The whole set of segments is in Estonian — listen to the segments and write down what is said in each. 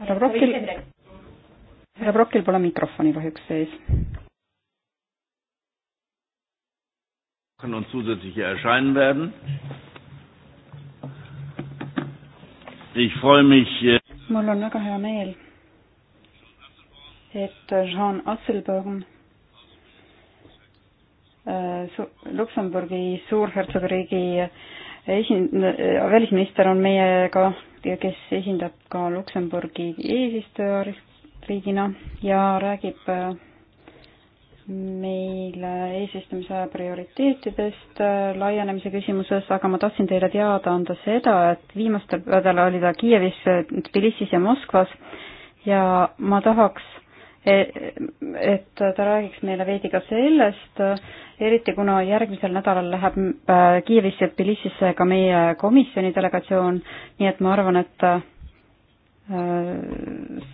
härra Brockil, härra Brockil pole mikrofoni kahjuks sees. und zusätzliche erscheinen werden. Ich freue mich. Äh, Mul on väga hea meel, et Jean Asselborn äh, Su Luksemburgi suurhertsogriigi esin-, äh, välisminister on meiega kes esindab ka Luksemburgi eesistujariigina ja räägib äh, meile eesistumise aja prioriteetidest äh, laienemise küsimuses, aga ma tahtsin teile teada anda seda, et viimastel päevadel oli ta Kiievis, Tbilisis ja Moskvas ja ma tahaks E, et ta räägiks meile veidi ka sellest, eriti kuna järgmisel nädalal läheb äh, Kiievisse ja Tbilisisse ka meie komisjoni delegatsioon, nii et ma arvan, et äh,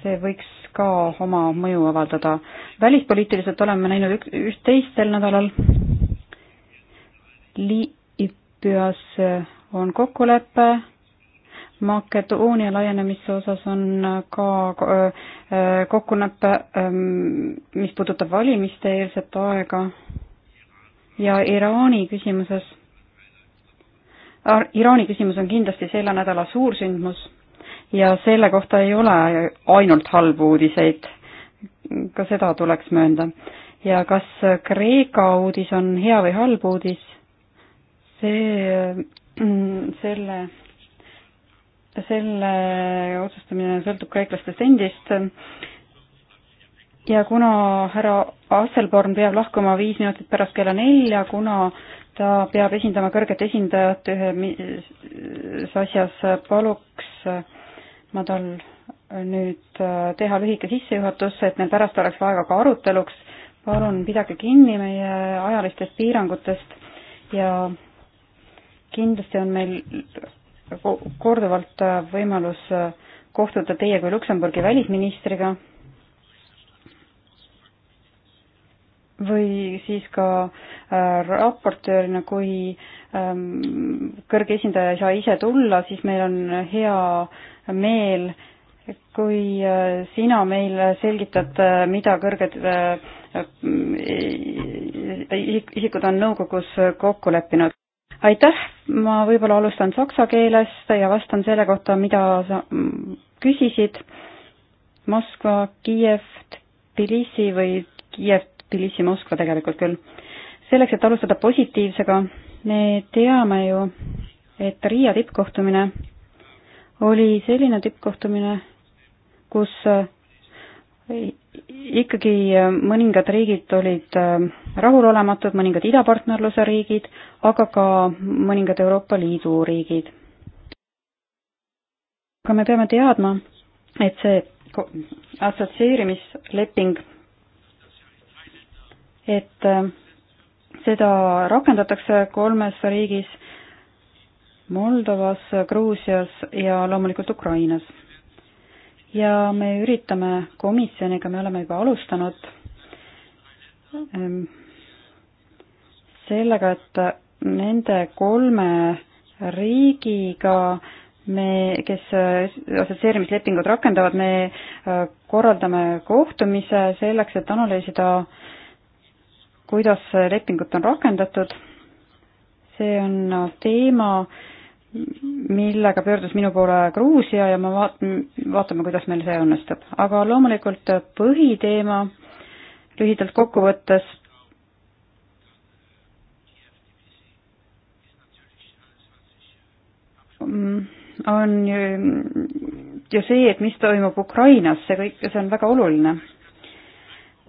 see võiks ka oma mõju avaldada. välispoliitiliselt oleme näinud ük-, üht-teist sel nädalal. Liibüas on kokkulepe Makedoonia laienemise osas on ka äh, kokkulepe, ähm, mis puudutab valimiste eelset aega ja Iraani küsimuses. Iraani küsimus on kindlasti selle nädala suursündmus ja selle kohta ei ole ainult halbu uudiseid, ka seda tuleks möönda. ja kas Kreeka uudis on hea või halb uudis, see, äh, selle selle otsustamine sõltub kreeklastest endist. ja kuna härra Asselborn peab lahkuma viis minutit pärast kella nelja, kuna ta peab esindama kõrget esindajat ühes asjas, paluks ma tal nüüd äh, teha lühike sissejuhatus, et meil pärast oleks aega ka aruteluks. palun pidage kinni meie ajalistest piirangutest ja kindlasti on meil korduvalt äh, võimalus äh, kohtuda teie kui Luksemburgi välisministriga või siis ka äh, raportöörina, kui ähm, kõrge esindaja ei saa ise tulla, siis meil on hea meel, kui sina meile selgitad, mida kõrged isikud on nõukogus kokku leppinud aitäh, ma võib-olla alustan saksa keelest ja vastan selle kohta, mida sa mm, küsisid. Moskva, Kiiev, Tbilisi või Kiiev, Tbilisi, Moskva tegelikult küll. selleks, et alustada positiivsega, me teame ju, et Riia tippkohtumine oli selline tippkohtumine, kus ikkagi äh, mõningad riigid olid äh, rahulolematud, mõningad idapartnerluse riigid, aga ka mõningad Euroopa Liidu riigid. aga me peame teadma, et see assotsieerimisleping, et äh, seda rakendatakse kolmes riigis, Moldovas, Gruusias ja loomulikult Ukrainas ja me üritame komisjoniga, me oleme juba alustanud ehm, sellega, et nende kolme riigiga me, kes assotsieerimislepingut rakendavad, me äh, korraldame kohtumise selleks, et analüüsida, kuidas lepingut on rakendatud. see on teema, millega pöördus minu poole Gruusia ja ma vaatan, vaatame, kuidas meil see õnnestub. aga loomulikult põhiteema lühidalt kokkuvõttes on ju, ju see, et mis toimub Ukrainas, see kõik, see on väga oluline.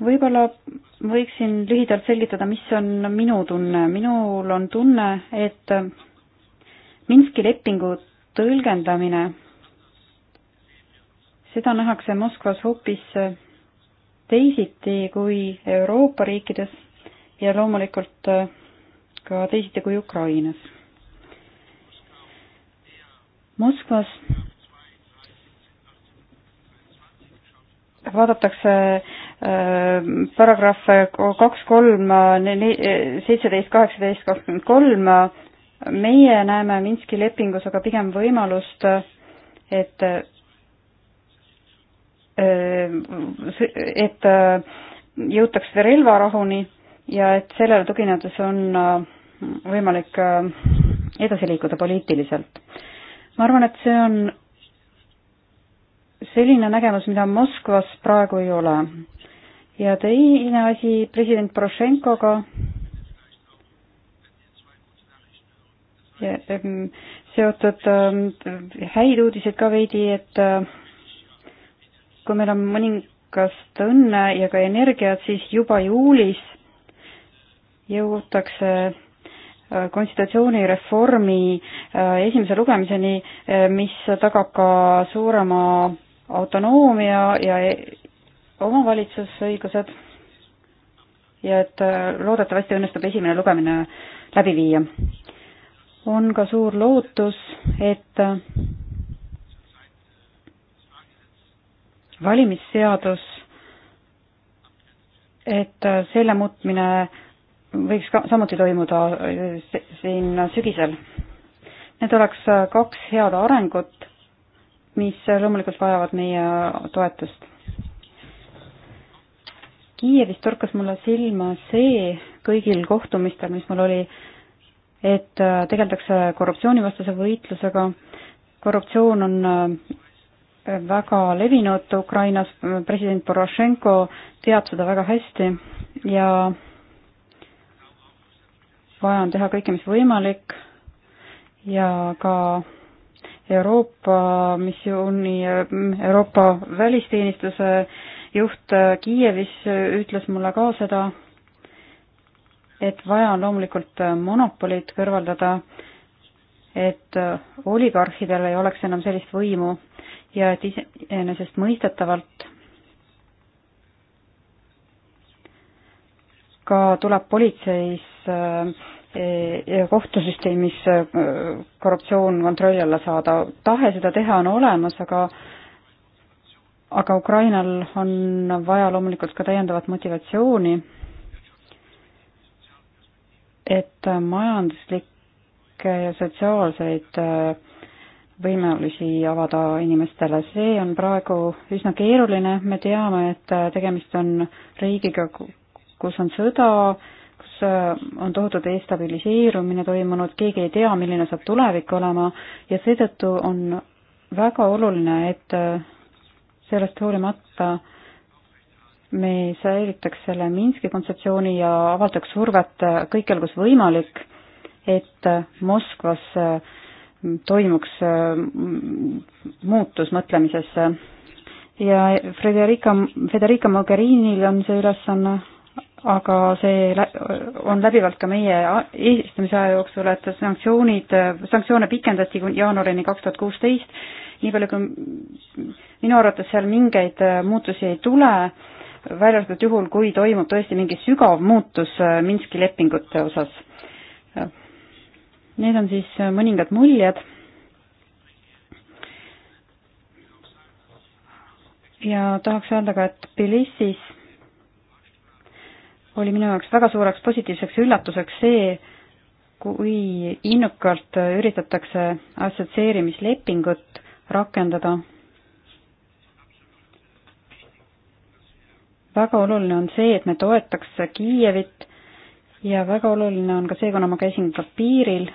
võib-olla võiksin lühidalt selgitada, mis on minu tunne. minul on tunne, et Minski lepingu tõlgendamine, seda nähakse Moskvas hoopis teisiti kui Euroopa riikides ja loomulikult äh, ka teisiti kui Ukrainas. Moskvas vaadatakse äh, paragrahve kaks, kolm, äh, seitseteist, kaheksateist, kakskümmend kolm meie näeme Minski lepingus aga pigem võimalust, et, et jõutakse relvarahuni ja et sellele tuginedes on võimalik edasi liikuda poliitiliselt. ma arvan, et see on selline nägemus, mida Moskvas praegu ei ole. ja teine asi president Porošenkoga Ähm, seotud ähm, häid uudiseid ka veidi, et äh, kui meil on mõningast õnne ja ka energiat, siis juba juulis jõutakse äh, konstitutsioonireformi äh, esimese lugemiseni, mis tagab ka suurema autonoomia ja e-, omavalitsusõigused ja et loodetavasti õnnestub esimene lugemine läbi viia on ka suur lootus, et valimisseadus, et selle muutmine võiks ka samuti toimuda äh, siin sügisel. Need oleks kaks head arengut, mis loomulikult vajavad meie toetust. Kiievis torkas mulle silma see kõigil kohtumistel, mis mul oli äh, et äh, tegeldakse korruptsioonivastase võitlusega. korruptsioon on äh, väga levinud Ukrainas, president Porošenko teab seda väga hästi ja vaja on teha kõike, mis võimalik ja ka Euroopa missiooni, Euroopa välisteenistuse juht Kiievis ütles mulle ka seda, et vaja on loomulikult äh, monopolid kõrvaldada, et äh, oligarhidel ei oleks enam sellist võimu ja et iseenesestmõistetavalt ka tuleb politseis äh, e-, ja kohtusüsteemis korruptsioon kontrolli alla saada. tahe seda teha on olemas, aga aga Ukrainal on vaja loomulikult ka täiendavat motivatsiooni et majanduslikke ja sotsiaalseid äh, võimalusi avada inimestele, see on praegu üsna keeruline, me teame, et äh, tegemist on riigiga, kus on sõda, kus äh, on tohutu destabiliseerumine toimunud, keegi ei tea, milline saab tulevik olema ja seetõttu on väga oluline, et sellest hoolimata äh, me säilitaks selle Minski kontseptsiooni ja avaldaks survet kõikjal, kus võimalik, et Moskvas mm, toimuks mm, muutus mõtlemises. ja Frederica, Federica Mogherinil on see ülesanne, aga see on läbivalt ka meie eesistumise aja jooksul, et sanktsioonid, sanktsioone pikendati kuni jaanuarini kaks tuhat kuusteist, nii palju kui minu arvates seal mingeid äh, muutusi ei tule välja arvatud juhul, kui toimub tõesti mingi sügav muutus äh, Minski lepingute osas. Need on siis äh, mõningad muljed. ja tahaks öelda ka, et Tbilisis oli minu jaoks väga suureks positiivseks üllatuseks see, kui innukalt äh, üritatakse assotsieerimislepingut rakendada väga oluline on see, et me toetaks Kiievit ja väga oluline on ka see, kuna ma käisin ka piiril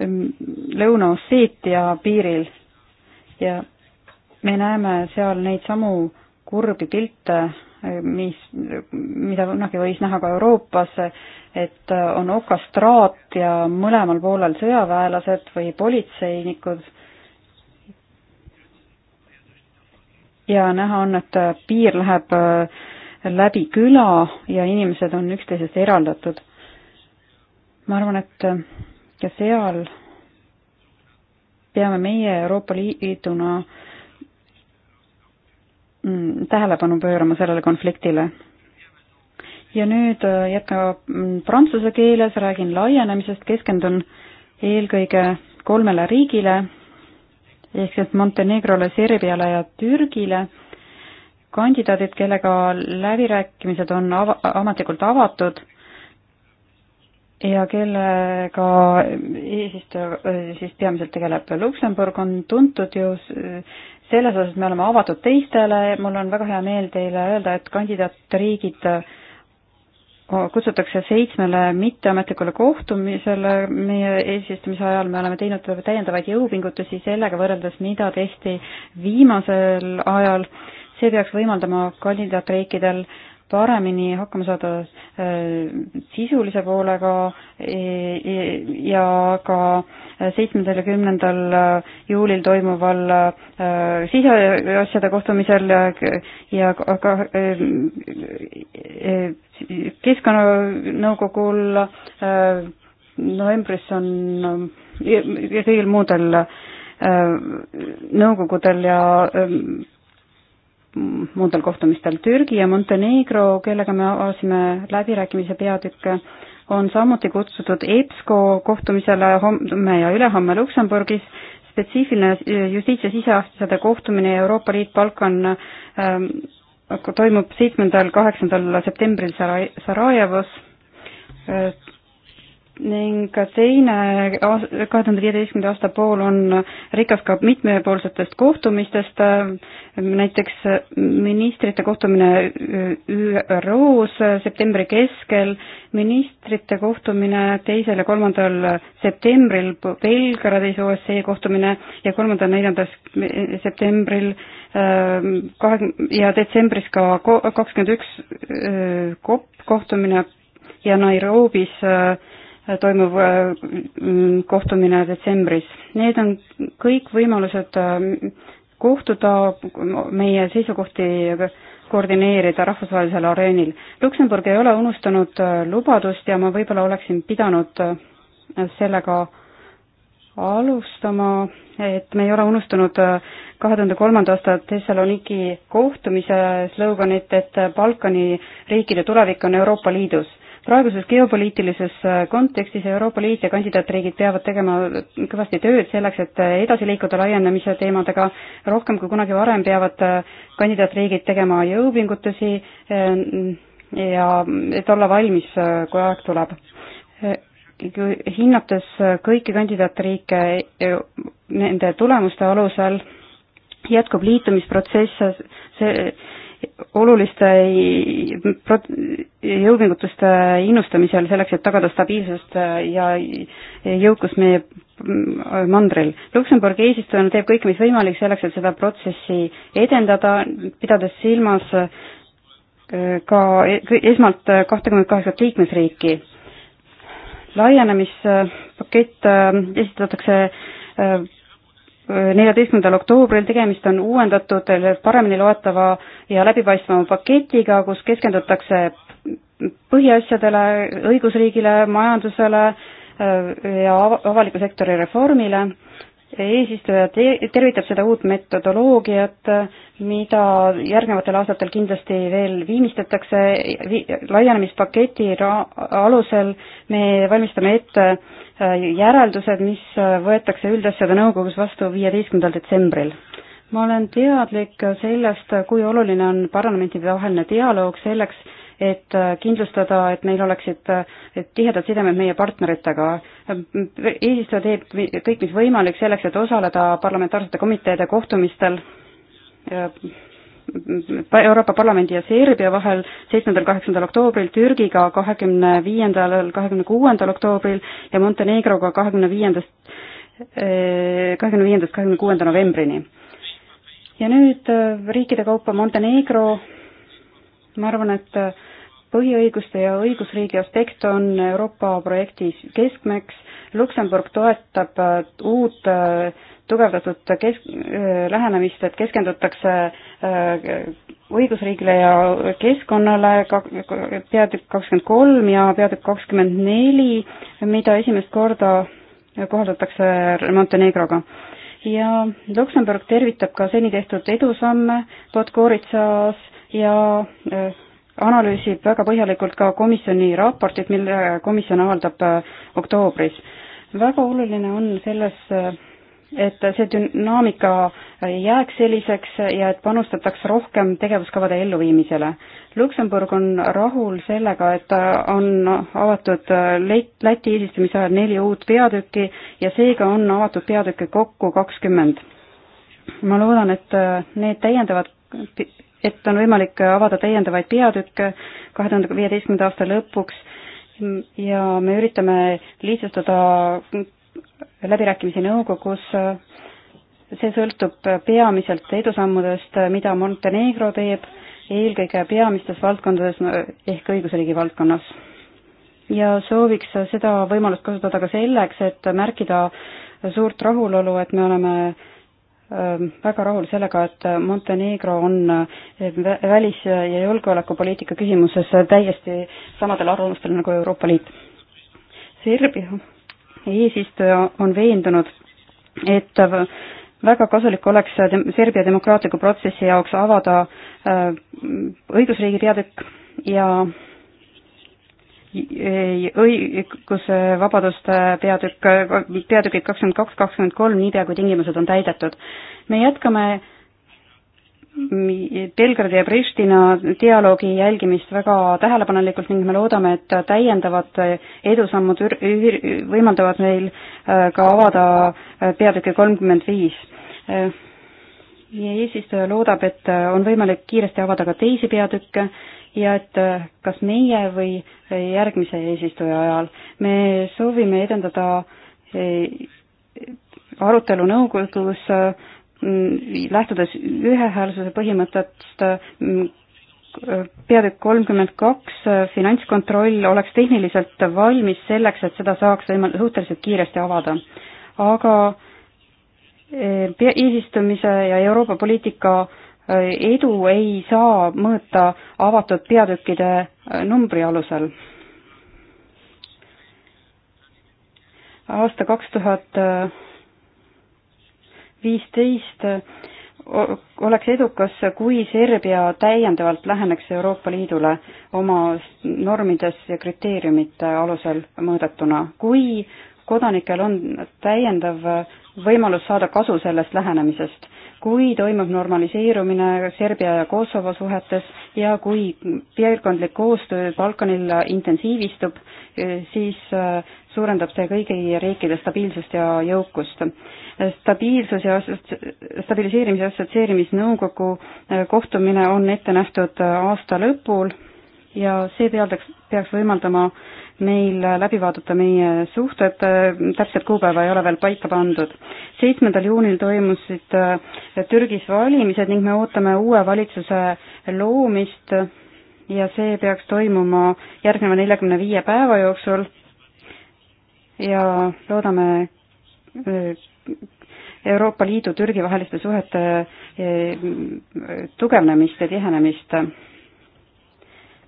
ehm, Lõuna-Osseetia piiril ja me näeme seal neid samu kurbi pilte, ehm, mis, mida kunagi võis näha ka Euroopas, et eh, on okastraat ja mõlemal poolel sõjaväelased või politseinikud ja näha on, et äh, piir läheb äh, läbi küla ja inimesed on üksteisest eraldatud. ma arvan, et äh, ka seal peame meie Euroopa Liiduna mm, tähelepanu pöörama sellele konfliktile. ja nüüd jätkan mm, prantsuse keeles, räägin laienemisest, keskendun eelkõige kolmele riigile, ehk siis Montenegrole, Serbiale ja Türgile. kandidaadid, kellega läbirääkimised on ava, ametlikult avatud ja kellega eesistuja siis peamiselt tegeleb Luksemburg, on tuntud ju selles osas, et me oleme avatud teistele, mul on väga hea meel teile öelda, et kandidaatriigid äh, kutsutakse seitsmele mitteametlikule kohtumisele meie eesistumise ajal, me oleme teinud täiendavaid jõupingutusi sellega võrreldes, mida tehti viimasel ajal, see peaks võimaldama kandidaatriikidel paremini hakkama saada äh, sisulise poolega e, e, ja ka seitsmendal ja kümnendal äh, juulil toimuval äh, siseasjade kohtumisel ja ka e, keskkonnanõukogul novembris on ja kõigil muudel nõukogudel ja muudel kohtumistel. Türgi ja Montenegro, kellega me avasime läbirääkimise peatükke, on samuti kutsutud EBSCO kohtumisele homme ja ülehomme Luksemburgis, spetsiifiline justiits- ja siseasjade kohtumine Euroopa Liit Balkan ähm, toimub seitsmendal, kaheksandal septembril Sarajevos äh, ning teine kahe tuhande viieteistkümnenda aasta pool on rikas ka mitmepoolsetest kohtumistest, näiteks ministrite kohtumine ÜRO-s septembri keskel, ministrite kohtumine teisel ja kolmandal septembril Belgradis OSCE kohtumine ja kolmandal, neljandal septembril ähm, kahekümne ja detsembris ka kakskümmend üks äh, kohtumine ja Nairobis äh, toimuv äh, kohtumine detsembris. Need on kõik võimalused äh, kohtuda, meie seisukohti koordineerida rahvusvahelisel areenil. Luksemburg ei ole unustanud äh, lubadust ja ma võib-olla oleksin pidanud sellega alustama, et me ei ole unustanud kahe tuhande kolmanda aasta Thessaloniki kohtumise sloganit, et Balkani riikide tulevik on Euroopa Liidus praeguses geopoliitilises äh, kontekstis Euroopa Liit ja kandidaatriigid peavad tegema kõvasti tööd selleks, et äh, edasi liikuda laienemise teemadega. rohkem kui kunagi varem peavad äh, kandidaatriigid tegema jõupingutusi ja et olla valmis, kui aeg tuleb. hinnates kõiki kandidaatriike nende tulemuste alusel jätkub liitumisprotsess oluliste jõupingutuste innustamisel selleks, et tagada stabiilsust ja jõukus meie mandril. Luksemburgi eesistujana teeb kõik, mis võimalik selleks, et seda protsessi edendada, pidades silmas äh, ka e-, esmalt kahtekümmet kaheksat liikmesriiki. laienemispakett äh, esitatakse äh, neljateistkümnendal oktoobril, tegemist on uuendatud, paremini loetava ja läbipaistvama paketiga, kus keskendutakse põhiasjadele, õigusriigile, majandusele äh, ja avaliku sektori reformile. eesistuja tervitab seda uut metodoloogiat, mida järgnevatel aastatel kindlasti veel viimistletakse, laienemispaketi alusel me valmistame ette järeldused, mis äh, võetakse üldasjade nõukogus vastu viieteistkümnendal detsembril. ma olen teadlik sellest, kui oluline on parlamentidevaheline dialoog selleks, et äh, kindlustada, et meil oleksid et äh, tihedad sidemed meie partneritega. eesistuja teeb kõik, mis võimalik selleks, et osaleda parlamentaarsete komiteede kohtumistel Euroopa Parlamendi ja Serbia vahel seitsmendal, kaheksandal oktoobril, Türgiga kahekümne viiendal, kahekümne kuuendal oktoobril ja Montenegroga kahekümne viiendast, eh, kahekümne viiendast kahekümne kuuenda novembrini. ja nüüd eh, riikide kaupa Montenegro, ma arvan, et eh, põhiõiguste ja õigusriigi aspekt on Euroopa projekti keskmeks, Luksemburg toetab uut tugevdatud kesk-, lähenemist, et keskendutakse õigusriigile ja keskkonnale, peatükk kakskümmend kolm ja peatükk kakskümmend neli, mida esimest korda kohaldatakse Montenegroga. ja Luksemburg tervitab ka seni tehtud edusamme Podgoritsas ja analüüsib väga põhjalikult ka komisjoni raportit, mille komisjon avaldab oktoobris. väga oluline on selles et see dünaamika jääks selliseks ja et panustataks rohkem tegevuskavade elluviimisele. Luksemburg on rahul sellega, et on avatud Läti eesistumise ajal neli uut peatükki ja seega on avatud peatükke kokku kakskümmend. ma loodan, et need täiendavad et on võimalik avada täiendavaid peatükke kahe tuhande viieteistkümnenda aasta lõpuks ja me üritame lihtsustada läbirääkimisi nõukogus. see sõltub peamiselt edusammudest, mida Montenegro teeb, eelkõige peamistes valdkondades ehk õigusriigi valdkonnas. ja sooviks seda võimalust kasutada ka selleks, et märkida suurt rahulolu, et me oleme ähm, väga rahul sellega, et Montenegro on äh, välis- ja julgeolekupoliitika küsimuses täiesti samadel arvamustel nagu Euroopa Liit. Serbia eesistuja on veendunud, et väga kasulik oleks Serbia demokraatliku protsessi jaoks avada äh, õigusriigi peatükk ja õiguse vabaduste peatükk, peatükid kakskümmend kaks, kakskümmend kolm, niipea kui tingimused on täidetud. me jätkame Belgradi ja Pristina dialoogi jälgimist väga tähelepanelikult ning me loodame, et täiendavad edusammud võimaldavad meil äh, ka avada äh, peatüki kolmkümmend viis. ja äh, eesistuja loodab, et on võimalik kiiresti avada ka teisi peatükke ja et kas meie või järgmise eesistuja ajal me soovime edendada arutelu nõukogus äh, Mm, lähtudes ühehäälsuse põhimõttest, mm, peatükk kolmkümmend kaks, äh, finantskontroll oleks tehniliselt valmis selleks, et seda saaks võimal-, suhteliselt kiiresti avada. aga äh, eesistumise ja Euroopa poliitika äh, edu ei saa mõõta avatud peatükkide numbri alusel. aasta kaks tuhat viisteist oleks edukas, kui Serbia täiendavalt läheneks Euroopa Liidule oma normides ja kriteeriumite alusel mõõdetuna. kui kodanikel on täiendav võimalus saada kasu sellest lähenemisest, kui toimub normaliseerumine Serbia ja Kosovo suhetes ja kui piirkondlik koostöö Balkanil intensiivistub, siis äh, suurendab see kõigi riikide stabiilsust ja jõukust. stabiilsus ja stabiliseerimise assotsieerimisnõukogu äh, kohtumine on ette nähtud äh, aasta lõpul ja see pealdaks, peaks võimaldama meil läbi vaadata meie suhted, täpset kuupäeva ei ole veel paika pandud. seitsmendal juunil toimusid äh, Türgis valimised ning me ootame uue valitsuse loomist ja see peaks toimuma järgneva neljakümne viie päeva jooksul ja loodame äh, Euroopa Liidu Türgi vaheliste suhete äh, tugevnemist ja tihenemist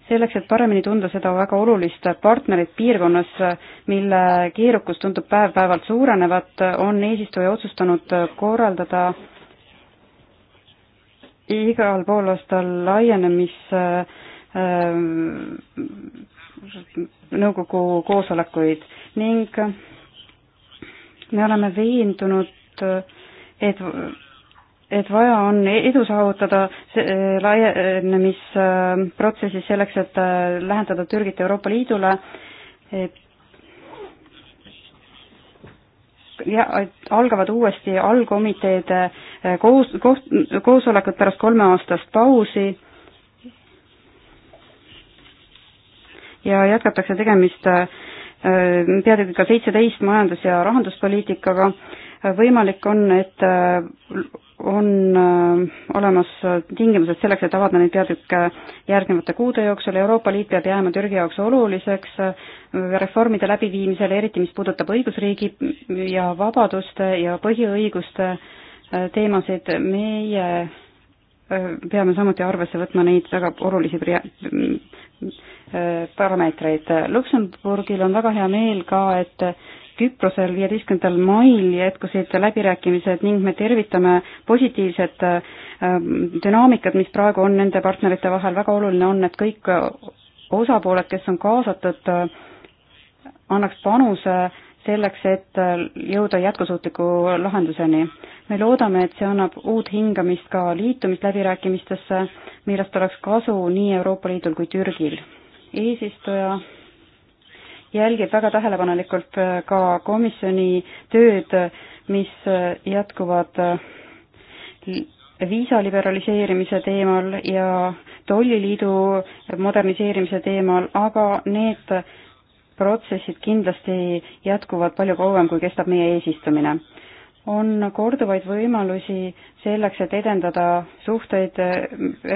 selleks, et paremini tunda seda väga olulist partnerit piirkonnas, mille keerukus tundub päev-päevalt suurenevat, on eesistuja otsustanud korraldada igal poolaastal laienemis ähm, nõukogu koosolekuid ning me oleme veendunud, et et vaja on e-, edu saavutada e, laienemisprotsessis selleks, et e, lähendada Türgit Euroopa Liidule, et ja et algavad uuesti allkomiteede koos, koos, koosolekud pärast kolmeaastast pausi ja jätkatakse tegemist peatükiga seitseteist majandus- ja rahanduspoliitikaga võimalik on, et on äh, olemas äh, tingimused selleks, et avada neid peatükke järgnevate kuude jooksul, Euroopa Liit peab jääma Türgi jaoks oluliseks äh, reformide läbiviimisel, eriti mis puudutab õigusriigi ja vabaduste ja põhiõiguste teemasid, meie peame samuti arvesse võtma neid väga olulisi pria-, parameetreid. Luksemburgil on väga hea meel ka, et Küprosel viieteistkümnendal mail jätkusid läbirääkimised ning me tervitame positiivset äh, dünaamikat, mis praegu on nende partnerite vahel, väga oluline on, et kõik osapooled, kes on kaasatud, äh, annaks panuse selleks, et äh, jõuda jätkusuutliku lahenduseni. me loodame, et see annab uut hingamist ka liitumisläbirääkimistesse, millest oleks kasu nii Euroopa Liidul kui Türgil. eesistuja jälgib väga tähelepanelikult äh, ka komisjoni tööd, mis äh, jätkuvad äh, viisa liberaliseerimise teemal ja tolliliidu moderniseerimise teemal, aga need protsessid kindlasti jätkuvad palju kauem, kui kestab meie eesistumine. on korduvaid võimalusi selleks, et edendada suhteid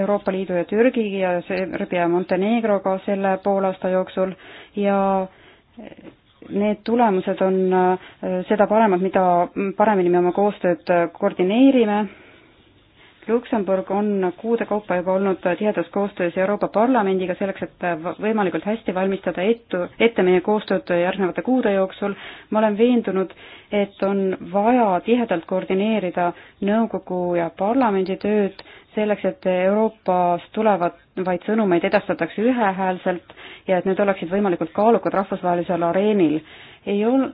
Euroopa Liidu ja Türgi ja Serbia ja Montenegroga selle poolaasta jooksul ja need tulemused on äh, seda paremad, mida paremini me oma koostööd koordineerime Luksemburg on kuude kaupa juba olnud tihedas koostöös Euroopa Parlamendiga selleks, et võimalikult hästi valmistada ette, ette meie koostööd järgnevate kuude jooksul. ma olen veendunud, et on vaja tihedalt koordineerida nõukogu ja parlamendi tööd selleks, et Euroopast tulevad vaid sõnumeid edastatakse ühehäälselt ja et need oleksid võimalikult kaalukad rahvusvahelisel areenil ei ol-,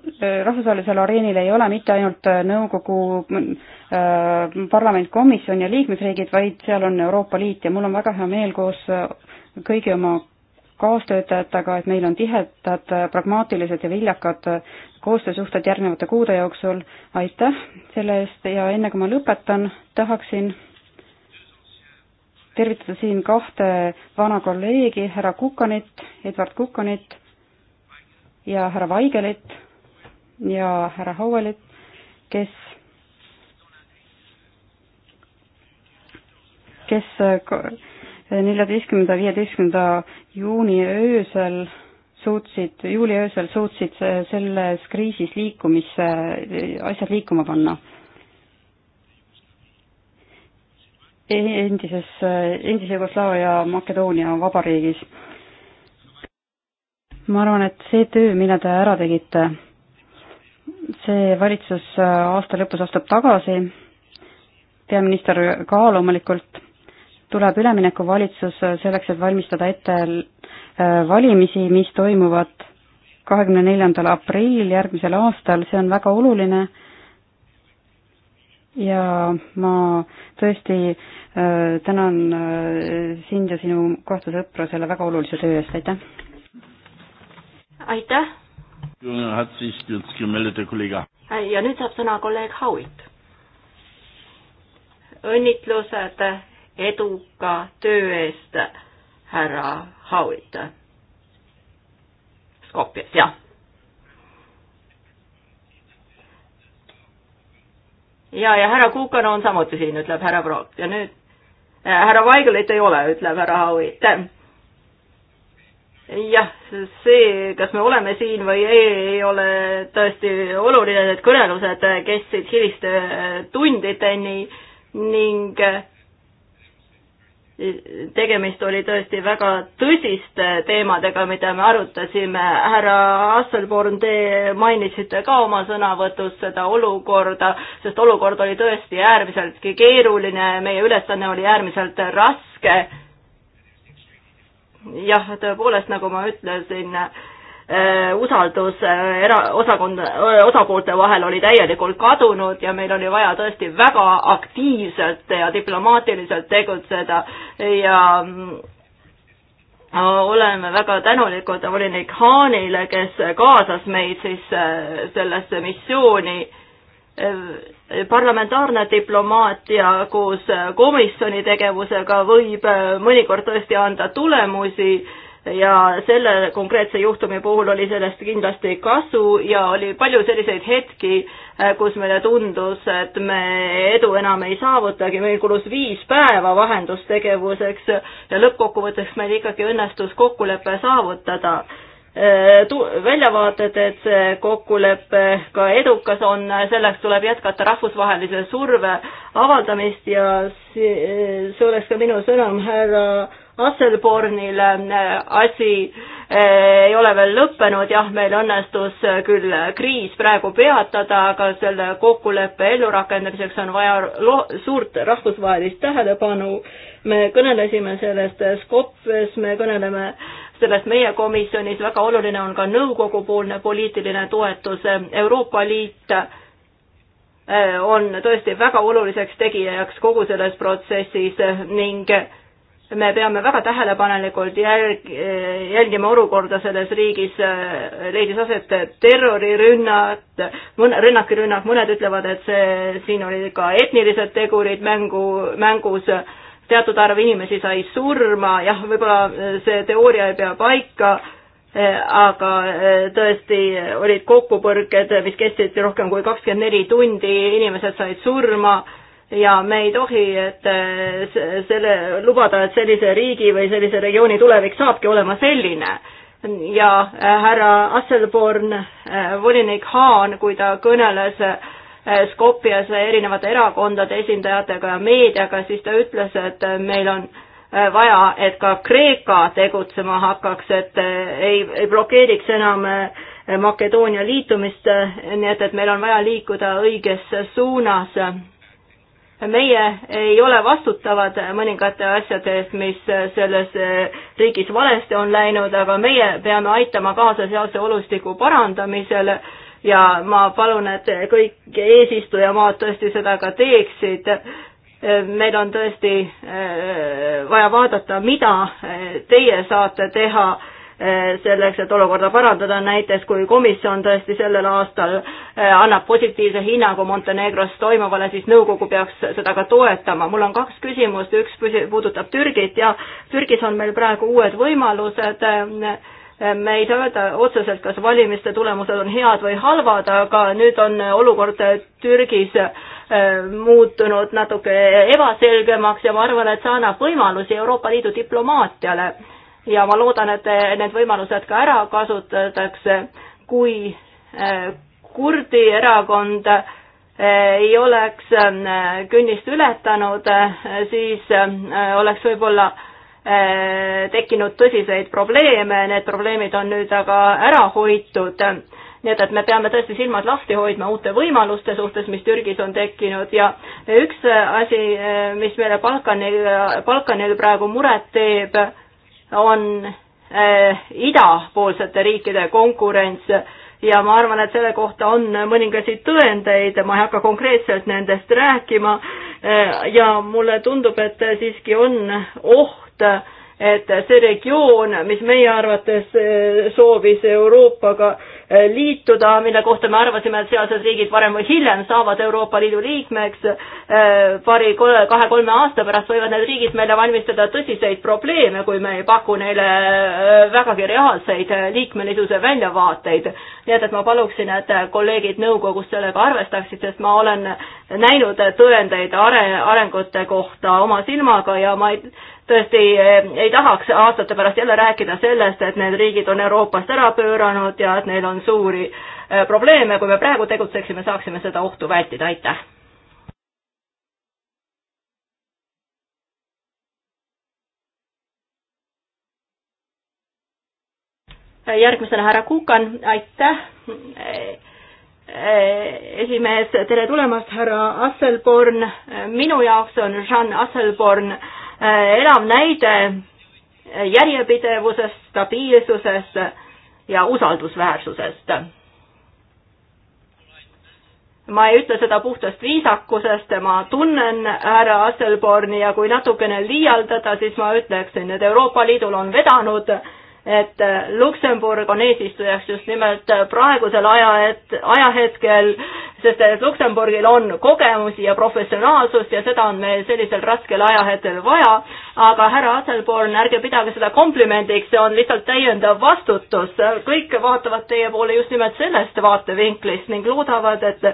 rahvusvahelisel areenil ei ole mitte ainult äh, nõukogu äh,, parlament, komisjon ja liikmesriigid, vaid seal on Euroopa Liit ja mul on väga hea meel koos äh, kõigi oma kaastöötajatega, et meil on tihedad, äh, pragmaatilised ja viljakad koostöösuhted järgnevate kuude jooksul. aitäh selle eest ja enne kui ma lõpetan, tahaksin tervitada siin kahte vana kolleegi, härra Kukanit, Edward Kukanit ja härra Vaigelit ja härra Hauelit, kes, kes eh, neljateistkümnenda, viieteistkümnenda juuni öösel suutsid, juuli öösel suutsid selles kriisis liikumisse, asjad liikuma panna. E-, endises, eh, endise Jugoslaavia Makedoonia vabariigis ma arvan, et see töö, mille te ära tegite, see valitsus äh, aasta lõpus astub tagasi, peaminister ka loomulikult, tuleb üleminekuvalitsus äh, selleks, et valmistada ette äh, valimisi, mis toimuvad kahekümne neljandal aprillil järgmisel aastal, see on väga oluline ja ma tõesti tänan sind ja sinu kohta sõpra selle väga olulise töö eest, aitäh! aitäh! Äh, ja nüüd saab sõna kolleeg Howitt. õnnitlused eduka töö eest, härra Howitt. Skopjas, jah. ja, ja, ja härra Kukan on samuti siin, ütleb härra Brock ja nüüd äh, härra Vaigelit ei ole, ütleb härra Howitt jah, see, kas me oleme siin või ei, ei ole tõesti oluline, need kõnelused kestsid hiliste äh, tundideni ning äh, tegemist oli tõesti väga tõsiste teemadega, mida me arutasime. härra Asselborn, te mainisite ka oma sõnavõtus seda olukorda, sest olukord oli tõesti äärmiseltki keeruline, meie ülesanne oli äärmiselt raske jah, tõepoolest, nagu ma ütlesin, äh, usaldus äh, era-, osakond, äh, osapoolte vahel oli täielikult kadunud ja meil oli vaja tõesti väga aktiivselt ja diplomaatiliselt tegutseda ja oleme väga tänulikud volinik Haanile, kes kaasas meid siis sellesse missiooni parlamentaarne diplomaatia koos äh, komisjoni tegevusega võib äh, mõnikord tõesti anda tulemusi ja selle konkreetse juhtumi puhul oli sellest kindlasti kasu ja oli palju selliseid hetki, äh, kus meile tundus, et me edu enam ei saavutagi, meil kulus viis päeva vahendustegevuseks ja lõppkokkuvõtteks meil ikkagi õnnestus kokkulepe saavutada Äh, väljavaated, et see kokkulepe ka edukas on, selleks tuleb jätkata rahvusvahelise surve avaldamist ja see, see oleks ka minu sõnum härra Asselbornil asi äh, ei ole veel lõppenud, jah, meil õnnestus küll kriis praegu peatada, aga selle kokkuleppe ellurakendamiseks on vaja lo-, suurt rahvusvahelist tähelepanu. me kõnelesime sellest Skopjas, me kõneleme äh, sellest meie komisjonis, väga oluline on ka nõukogupoolne poliitiline toetus, Euroopa Liit eh, on tõesti väga oluliseks tegijaks kogu selles protsessis ning me peame väga tähelepanelikult jälg-, jälgima olukorda selles riigis, leidis aset terrorirünnad, mõne, rünnak, rünnak, mõned ütlevad, et see, siin olid ka etnilised tegurid mängu, mängus teatud arv inimesi sai surma, jah, võib-olla äh, see teooria ei pea paika, äh, aga äh, tõesti olid kokkupõrked, mis kestsid rohkem kui kakskümmend neli tundi, inimesed said surma ja me ei tohi, et selle, lubada, et sellise riigi või sellise regiooni tulevik saabki olema selline. ja härra Asselborn, volinik Haan, kui ta kõneles äh, Äh, Skopjas erinevate erakondade esindajatega ja meediaga, siis ta ütles, et äh, meil on äh, vaja, et ka Kreeka tegutsema hakkaks, et ei, ei blokeeriks enam Makedoonia liitumist, nii et, et meil on vaja liikuda õiges suunas. meie ei ole vastutavad mõningate asjade eest, mis selles riigis valesti on läinud, aga meie peame aitama kaasa sealse olustiku parandamisele ja ma palun, et kõik eesistujamaad tõesti seda ka teeksid. meil on tõesti eh, vaja vaadata, mida eh, teie saate teha eh, selleks, et olukorda parandada, näiteks kui komisjon tõesti sellel aastal annab positiivse hinnangu Montenegros toimuvale, siis nõukogu peaks seda ka toetama. mul on kaks küsimust, üks puudutab Türgit ja Türgis on meil praegu uued võimalused äh, me ei saa öelda otseselt, kas valimiste tulemused on head või halvad, aga nüüd on olukord Türgis äh, muutunud natuke ebaselgemaks ja ma arvan, et see annab võimalusi Euroopa Liidu diplomaatiale. ja ma loodan, et need võimalused ka ära kasutatakse, kui äh, kurdi erakond äh, ei oleks künnist ületanud, siis oleks võib-olla Äh, tekkinud tõsiseid probleeme, need probleemid on nüüd aga ära hoitud. nii et, et me peame tõesti silmad lahti hoidma uute võimaluste suhtes, mis Türgis on tekkinud ja üks asi, äh, mis meile Balkanil, Balkanil praegu muret teeb, on äh, idapoolsete riikide konkurents ja ma arvan, et selle kohta on mõningaid tõendeid, ma ei hakka konkreetselt nendest rääkima ja mulle tundub, et siiski on oht, poolt, et see regioon, mis meie arvates eh, soovis Euroopaga eh, liituda, mille kohta me arvasime, et sealsed riigid varem või hiljem saavad Euroopa Liidu liikmeks, eh, paari, kahe-kolme aasta pärast võivad need riigid meile valmistada tõsiseid probleeme, kui me ei paku neile vägagi reaalseid liikmelisuse väljavaateid. nii et, et ma paluksin, et kolleegid nõukogus sellega arvestaksid, sest ma olen näinud tõendeid are-, arengute kohta oma silmaga ja ma ei tõesti eh, ei tahaks aastate pärast jälle rääkida sellest, et need riigid on Euroopast ära pööranud ja et neil on suuri eh, probleeme, kui me praegu tegutseksime, saaksime seda ohtu vältida, aitäh! järgmisena härra Kukan, aitäh! Eh, esimees, tere tulemast, härra Asselborn, minu jaoks on Jean Asselborn äh, Äh, elav näide järjepidevusest, stabiilsusest ja usaldusväärsusest. ma ei ütle seda puhtast viisakusest, ma tunnen härra Asselborni ja kui natukene liialdada, siis ma ütleksin, et Euroopa Liidul on vedanud äh, et äh, Luksemburg on eesistujaks just nimelt äh, praegusel aja, et ajahetkel, sest et Luksemburgil on kogemusi ja professionaalsust ja seda on meil sellisel raskel ajahetkel vaja, aga härra Aselborn, ärge pidage seda komplimendiks, see on lihtsalt täiendav vastutus, kõik vaatavad teie poole just nimelt sellest vaatevinklist ning loodavad, et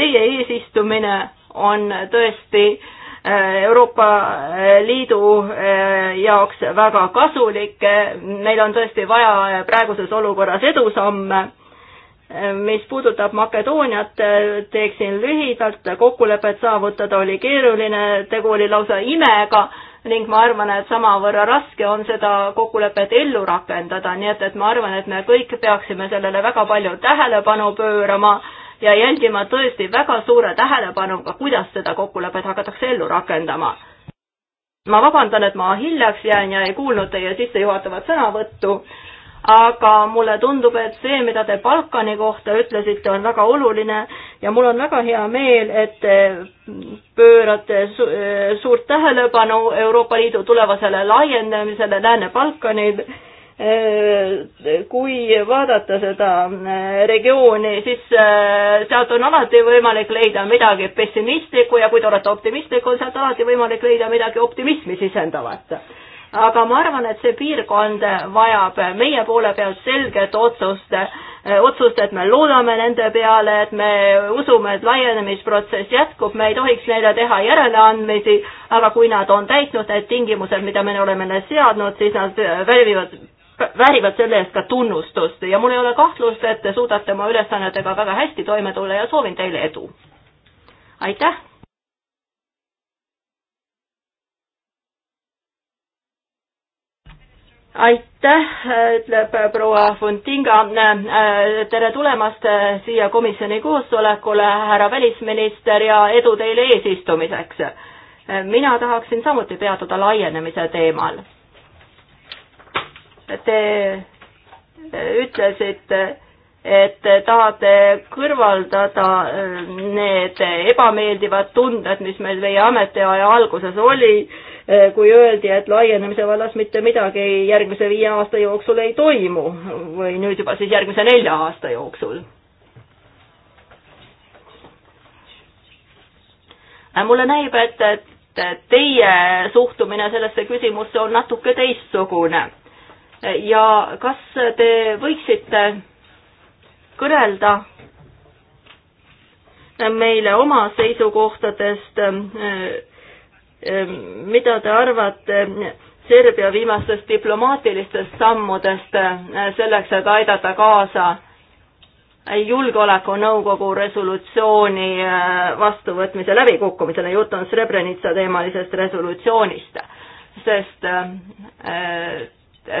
teie eesistumine on tõesti äh, Äh, Euroopa äh, Liidu äh, jaoks väga kasulik, meil on tõesti vaja praeguses olukorras edusamme. mis puudutab Makedooniat, teeksin lühidalt, kokkulepet saavutada oli keeruline, tegu oli lausa imega ning ma arvan, et samavõrra raske on seda kokkulepet ellu rakendada, nii et, et ma arvan, et me kõik peaksime sellele väga palju tähelepanu pöörama ja jälgima tõesti väga suure tähelepanuga, kuidas seda kokkulepet hakatakse ellu rakendama. ma vabandan, et ma hiljaks jään ja ei kuulnud teie sissejuhatavat sõnavõttu, aga mulle tundub, et see, mida te Balkani kohta ütlesite, on väga oluline ja mul on väga hea meel, et te pöörate su suurt tähelepanu Euroopa Liidu tulevasele laiendamisele Lääne-Balkanil Äh, kui vaadata seda äh, regiooni, siis äh, sealt on alati võimalik leida midagi pessimistlikku ja kui te olete optimistlik, on sealt alati võimalik leida midagi optimismi sisendavat. aga ma arvan, et see piirkond vajab meie poole pealt selget otsust, otsust, et me loodame nende peale, et me usume, et laienemisprotsess jätkub, me ei tohiks neile teha järeleandmisi, aga kui nad on täitnud need tingimused, mida me oleme neile seadnud, siis nad välvivad väärivad selle eest ka tunnustust ja mul ei ole kahtlust, et te suudate oma ülesannetega väga hästi toime tulla ja soovin teile edu. aitäh! aitäh, ütleb proua Fontinga. tere tulemast siia komisjoni koosolekule, härra välisminister ja edu teile eesistumiseks. mina tahaksin samuti peatuda laienemise teemal te äh, ütlesite, et tahate kõrvaldada äh, need ebameeldivad tunded, mis meil teie ametiaja alguses oli, äh, kui öeldi, et laienemise vallas mitte midagi järgmise viie aasta jooksul ei toimu või nüüd juba siis järgmise nelja aasta jooksul. mulle näib, et, et teie suhtumine sellesse küsimusse on natuke teistsugune ja kas te võiksite kõnelda meile oma seisukohtadest, ähm, mida te arvate Serbia viimastest diplomaatilistest sammudest äh, selleks, et aidata kaasa julgeolekunõukogu resolutsiooni äh, vastuvõtmise läbikukkumisele, jutt on Srebrenica teemalisest resolutsioonist, sest äh,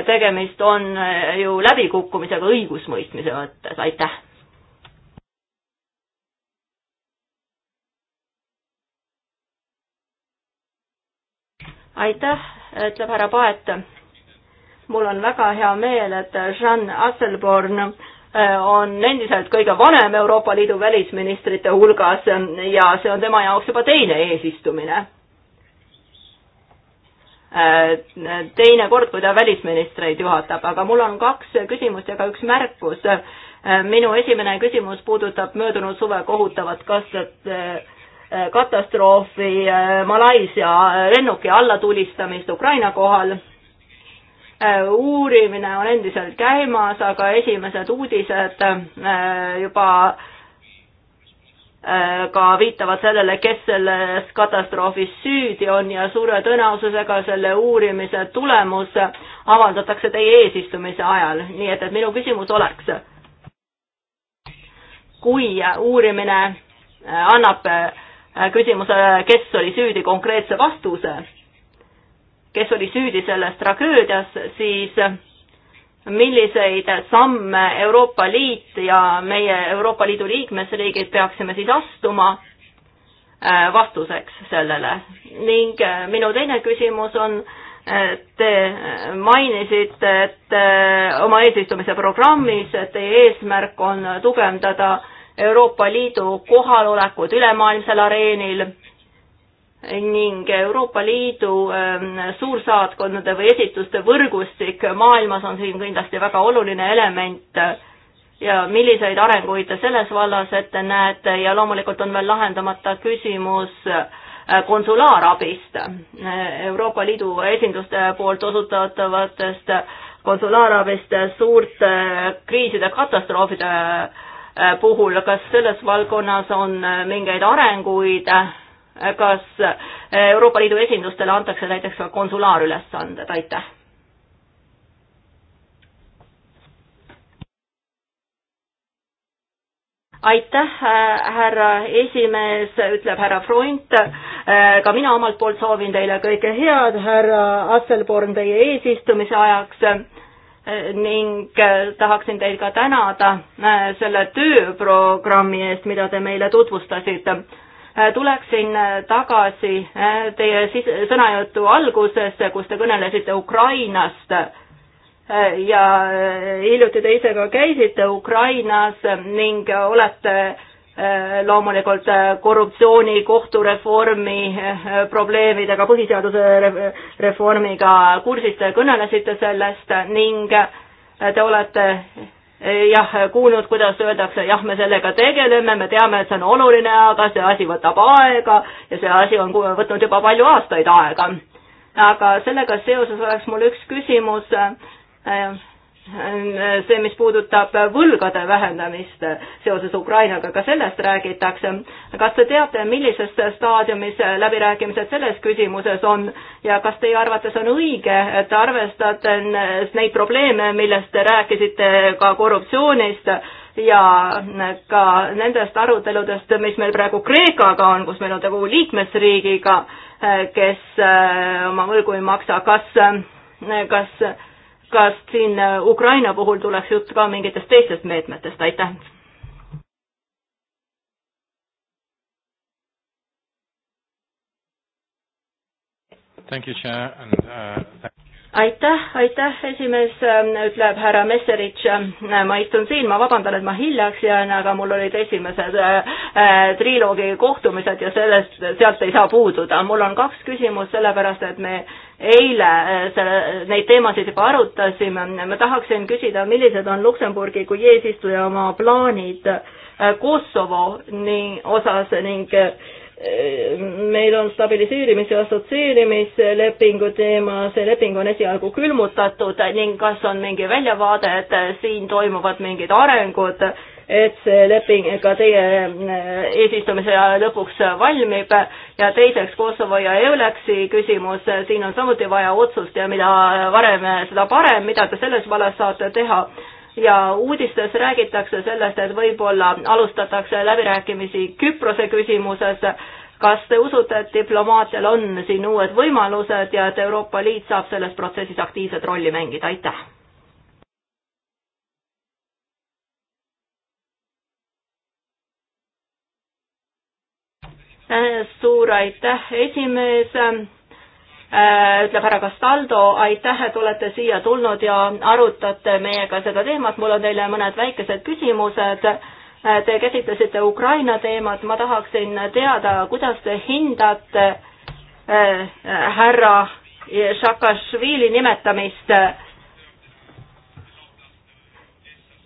tegemist on ju läbikukkumisega õigusmõistmise mõttes, aitäh. aitäh, ütleb härra Paet. mul on väga hea meel, et Jean Asselborn äh, on endiselt kõige vanem Euroopa Liidu välisministrite hulgas ja see on tema jaoks juba teine eesistumine Äh, teine kord, kui ta välisministreid juhatab, aga mul on kaks küsimust ja ka üks märkus. Äh, minu esimene küsimus puudutab möödunud suve kohutavat kastet, äh, katastroofi Malaisia lennuki allatulistamist Ukraina kohal. uurimine on endiselt käimas, aga esimesed uudised juba Äh, ka viitavad sellele, kes selles katastroofis süüdi on ja suure tõenäosusega selle uurimise tulemus avaldatakse teie eesistumise ajal, nii et, et minu küsimus oleks, kui uurimine äh, annab äh, küsimusele, kes oli süüdi, konkreetse vastuse, kes oli süüdi selles tragöödias, siis milliseid samme Euroopa Liit ja meie Euroopa Liidu liikmesriigid peaksime siis astuma äh, vastuseks sellele. ning äh, minu teine küsimus on, äh, te mainisite, et oma eesistumise programmis teie eesmärk on tugevdada Euroopa Liidu kohalolekut ülemaailmsel areenil ning Euroopa Liidu ähm, suursaatkondade või esituste võrgustik maailmas on siin kindlasti väga oluline element ja milliseid arenguid te selles vallas ette näete ja loomulikult on veel lahendamata küsimus äh, konsulaarabist, Euroopa Liidu esinduste poolt osutatavatest konsulaarabist suurte äh, kriiside, katastroofide äh, puhul, kas selles valdkonnas on mingeid arenguid kas Euroopa Liidu esindustele antakse näiteks ka konsulaarülesanded, aitäh? aitäh, härra esimees, ütleb härra Freund. ka mina omalt poolt soovin teile kõike head, härra Asselborn, teie eesistumise ajaks ning tahaksin teid ka tänada selle tööprogrammi eest, mida te meile tutvustasite Äh, tuleksin äh, tagasi äh, teie sõnajutu algusesse, kus te kõnelesite Ukrainast ja hiljuti te ise ka käisite Ukrainas ning olete loomulikult korruptsiooni, kohtureformi probleemidega, põhiseaduse reformiga kursis, te kõnelesite sellest ning te olete Eh, jah, kuulnud, kuidas öeldakse, jah, me sellega tegeleme, me teame, et see on oluline, aga see asi võtab aega ja see asi on võtnud juba palju aastaid aega. aga sellega seoses oleks mul üks küsimus eh, see, mis puudutab võlgade vähendamist seoses Ukrainaga, ka sellest räägitakse. kas te teate, millises staadiumis läbirääkimised selles küsimuses on ja kas teie arvates on õige, et arvestades neid probleeme, millest te rääkisite ka korruptsioonist, ja ka nendest aruteludest, mis meil praegu Kreekaga on, kus meil on tegu liikmesriigiga, kes oma võlgu ei maksa, kas, kas kas siin äh, Ukraina puhul tuleks jutt ka mingitest teistest meetmetest, aitäh? Thank you, Chair, and uh, thank aitäh, aitäh, esimees, ähm, ütleb härra Messerich. Äh, ma istun siin, ma vabandan, et ma hiljaks jään, aga mul olid esimesed äh, äh, triloogi kohtumised ja sellest, sealt ei saa puududa. mul on kaks küsimust, sellepärast et me eile äh, selle, neid teemasid juba arutasime. ma tahaksin küsida, millised on Luksemburgi kui eesistuja oma plaanid Kosovo nii osas ning äh, meil on stabiliseerimis- ja assotsieerimislepingu teema, see leping on esialgu külmutatud ning kas on mingi väljavaade, et siin toimuvad mingid arengud, et see leping ka teie äh, eesistumise aja lõpuks valmib ja teiseks Kosovo ja EULEX-i küsimus, siin on samuti vaja otsust ja mida varem, seda parem, mida te selles vallas saate teha ja uudistes räägitakse sellest, et võib-olla alustatakse läbirääkimisi Küprose küsimuses. kas te usute, et diplomaatial on siin uued võimalused ja et Euroopa Liit saab selles protsessis aktiivset rolli mängida, aitäh! suur aitäh, esimees Äh, ütleb härra Castaldo, aitäh, et olete siia tulnud ja arutate meiega seda teemat, mul on teile mõned väikesed küsimused. Äh, te käsitlesite Ukraina teemat, ma tahaksin teada, kuidas te hindate äh, härra Šakašvili nimetamist äh,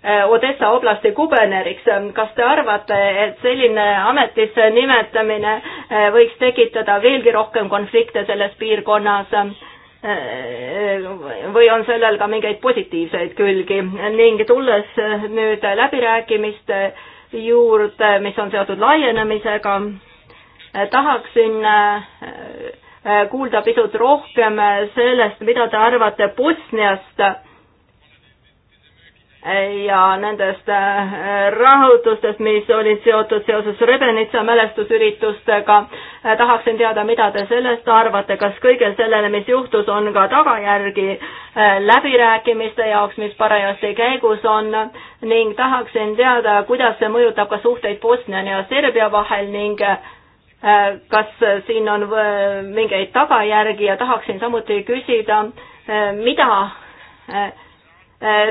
Äh, Odessa oblasti kubeneriks. Ähm, kas te arvate, et selline ametisse nimetamine äh, võiks tekitada veelgi rohkem konflikte selles piirkonnas? Ähm, äh, või on sellel ka mingeid positiivseid külgi ning tulles nüüd läbirääkimiste juurde, mis on seotud laienemisega, tahaksin kuulda pisut rohkem sellest, mida te arvate Bosniast ja nendest äh, rahutustest, mis olid seotud seoses Rebrenitsa mälestusüritustega. Äh, tahaksin teada, mida te sellest arvate, kas kõigele sellele, mis juhtus, on ka tagajärgi äh, läbirääkimiste jaoks, mis parajasti käigus on ning tahaksin teada, kuidas see mõjutab ka suhteid Bosnia ja Serbia vahel ning kas siin on mingeid tagajärgi ja tahaksin samuti küsida, mida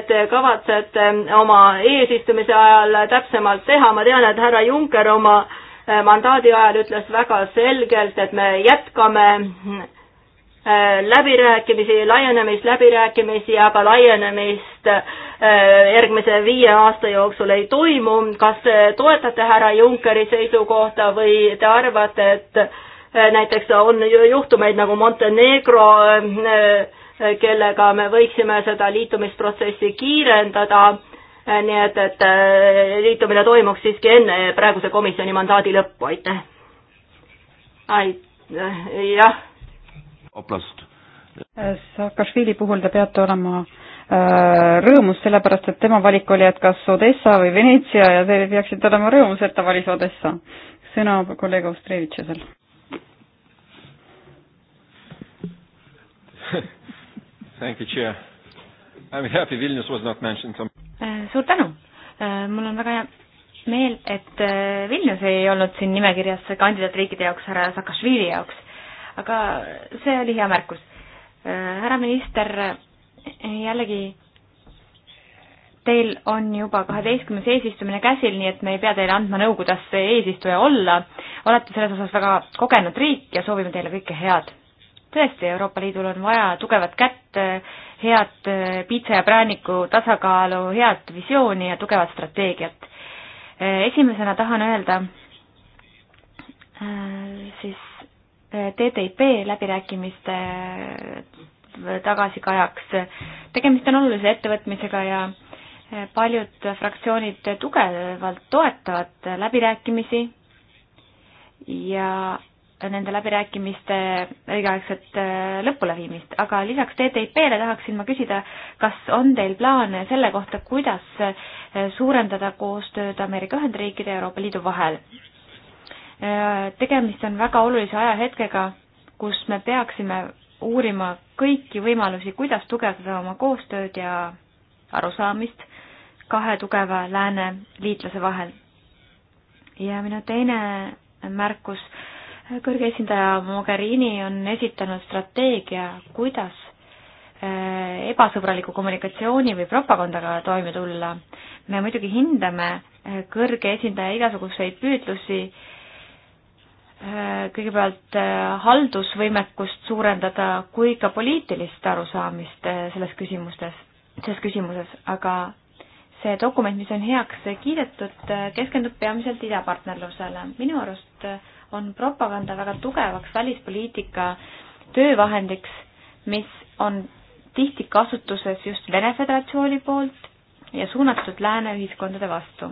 te kavatsete oma eesistumise ajal täpsemalt teha, ma tean, et härra Juncker oma eh, mandaadi ajal ütles väga selgelt, et me jätkame eh, läbirääkimisi, laienemisläbirääkimisi, aga laienemist eh, järgmise viie aasta jooksul ei toimu. kas te toetate härra Junckeri seisukohta või te arvate, et näiteks on juhtumeid nagu Montenegro äh, kellega me võiksime seda liitumisprotsessi kiirendada, nii et, et äh, liitumine toimuks siiski enne praeguse komisjoni mandaadi lõppu, aitäh. aitäh, jah. oplast. Saakašvili puhul te peate olema äh, rõõmus, sellepärast et tema valik oli, et kas Odessa või Venetsia ja te peaksite olema rõõmus, et ta valis Odessa. sõna kolleeg Ostrevitšesel Thank you, Chair. I am happy Vilnius was not mentioned. Äh, suur tänu. Äh, mul on väga hea meel, et äh, Vilnius ei olnud siin nimekirjas kandidaatriikide jaoks, härra Saakašvili jaoks. aga see oli hea märkus. härra minister, jällegi teil on juba kaheteistkümnes eesistumine käsil, nii et me ei pea teile andma nõu, kuidas eesistuja olla. olete selles osas väga kogenud riik ja soovime teile kõike head tõesti, Euroopa Liidul on vaja tugevat kätt, head piitsa ja prääniku tasakaalu, head visiooni ja tugevat strateegiat. esimesena tahan öelda äh, siis äh, TTIP läbirääkimiste äh, tagasikajaks. tegemist on olulise ettevõtmisega ja paljud fraktsioonid tugevalt toetavad läbirääkimisi ja nende läbirääkimiste õigeaegset äh, lõpuleviimist, aga lisaks TTIP-le tahaksin ma küsida, kas on teil plaane selle kohta, kuidas äh, suurendada koostööd Ameerika Ühendriikide ja Euroopa Liidu vahel? Äh, tegemist on väga olulise ajahetkega, kus me peaksime uurima kõiki võimalusi, kuidas tugevdada oma koostööd ja arusaamist kahe tugeva lääne liitlase vahel. ja minu teine märkus äh, kõrge esindaja Mogherini on esitanud strateegia, kuidas äh, ebasõbraliku kommunikatsiooni või propagandaga toime tulla. me muidugi hindame äh, kõrge esindaja igasuguseid püüdlusi äh, kõigepealt haldusvõimekust suurendada kui ka poliitilist arusaamist selles küsimustes, selles küsimuses, aga see dokument, mis on heaks kiidetud, keskendub peamiselt idapartnerlusele. minu arust äh, on propaganda väga tugevaks välispoliitika töövahendiks, mis on tihti kasutuses just Vene Föderatsiooni poolt ja suunatud lääne ühiskondade vastu.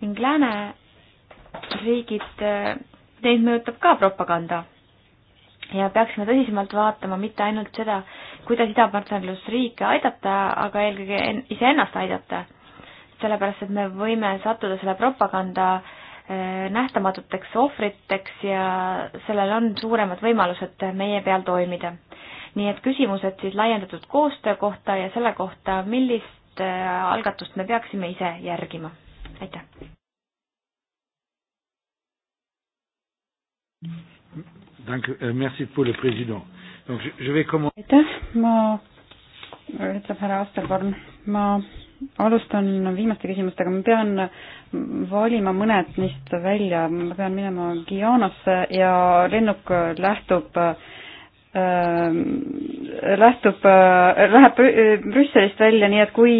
ning lääneriigid, eh, neid mõjutab ka propaganda. ja peaksime tõsisemalt vaatama mitte ainult seda, kuidas idapartnerlusriike aidata, aga eelkõige iseennast aidata. sellepärast, et me võime sattuda selle propaganda Eh, nähtamatuteks ohvriteks ja sellel on suuremad võimalused meie peal toimida. nii et küsimused siis laiendatud koostöö kohta ja selle kohta, millist eh, algatust me peaksime ise järgima. aitäh. Euh, aitäh, ma, ütleb härra Asperborn, ma alustan viimaste küsimustega, ma pean valima mõned neist välja, ma pean minema Guyanasse ja lennuk lähtub äh, lähtub äh,, läheb Brüsselist välja, nii et kui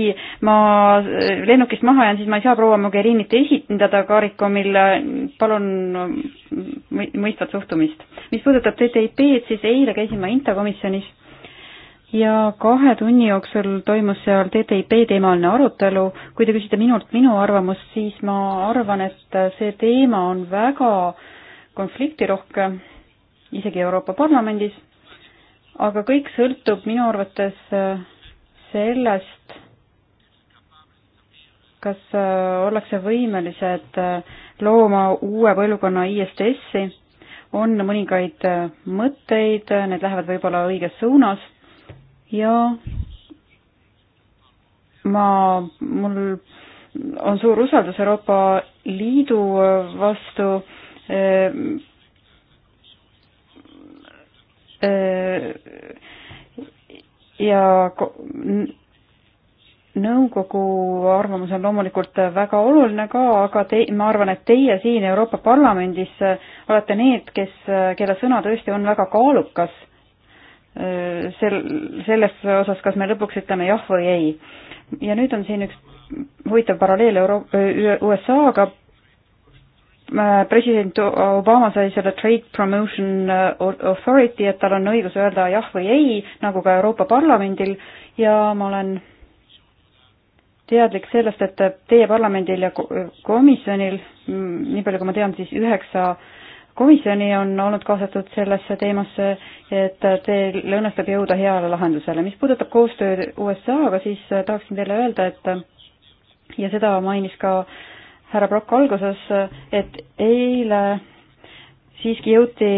ma lennukist maha jään, siis ma ei saa proua Mogherinit esindada Karikomil, palun mõistvat suhtumist. mis puudutab TTIP-d, siis eile käisin ma Inta komisjonis ja kahe tunni jooksul toimus seal TTIP teemaline arutelu. kui te küsite minult minu arvamust, siis ma arvan, et see teema on väga konfliktirohke, isegi Euroopa Parlamendis, aga kõik sõltub minu arvates sellest, kas ollakse võimelised looma uue põlvkonna ISDS-i, on mõningaid mõtteid, need lähevad võib-olla õiges suunas ja ma, mul on suur usaldus Euroopa Liidu vastu eh, eh, ja nõukogu arvamus on loomulikult väga oluline ka, aga te, ma arvan, et teie siin Euroopa Parlamendis olete need, kes, kelle sõna tõesti on väga kaalukas Äh, sel, selles osas, kas me lõpuks ütleme jah või ei. ja nüüd on siin üks huvitav paralleel Euro-, USA-ga, äh, president Obama sai selle Trade Promotion äh, Authority, et tal on õigus öelda jah või ei, nagu ka Euroopa Parlamendil, ja ma olen teadlik sellest, et teie parlamendil ja komisjonil, nii palju kui ma tean, siis üheksa äh, komisjoni on olnud kaasatud sellesse teemasse, et teil õnnestub jõuda heale lahendusele. mis puudutab koostööd USA-ga, siis äh, tahaksin teile öelda, et äh, ja seda mainis ka härra Brock alguses, äh, et eile siiski jõuti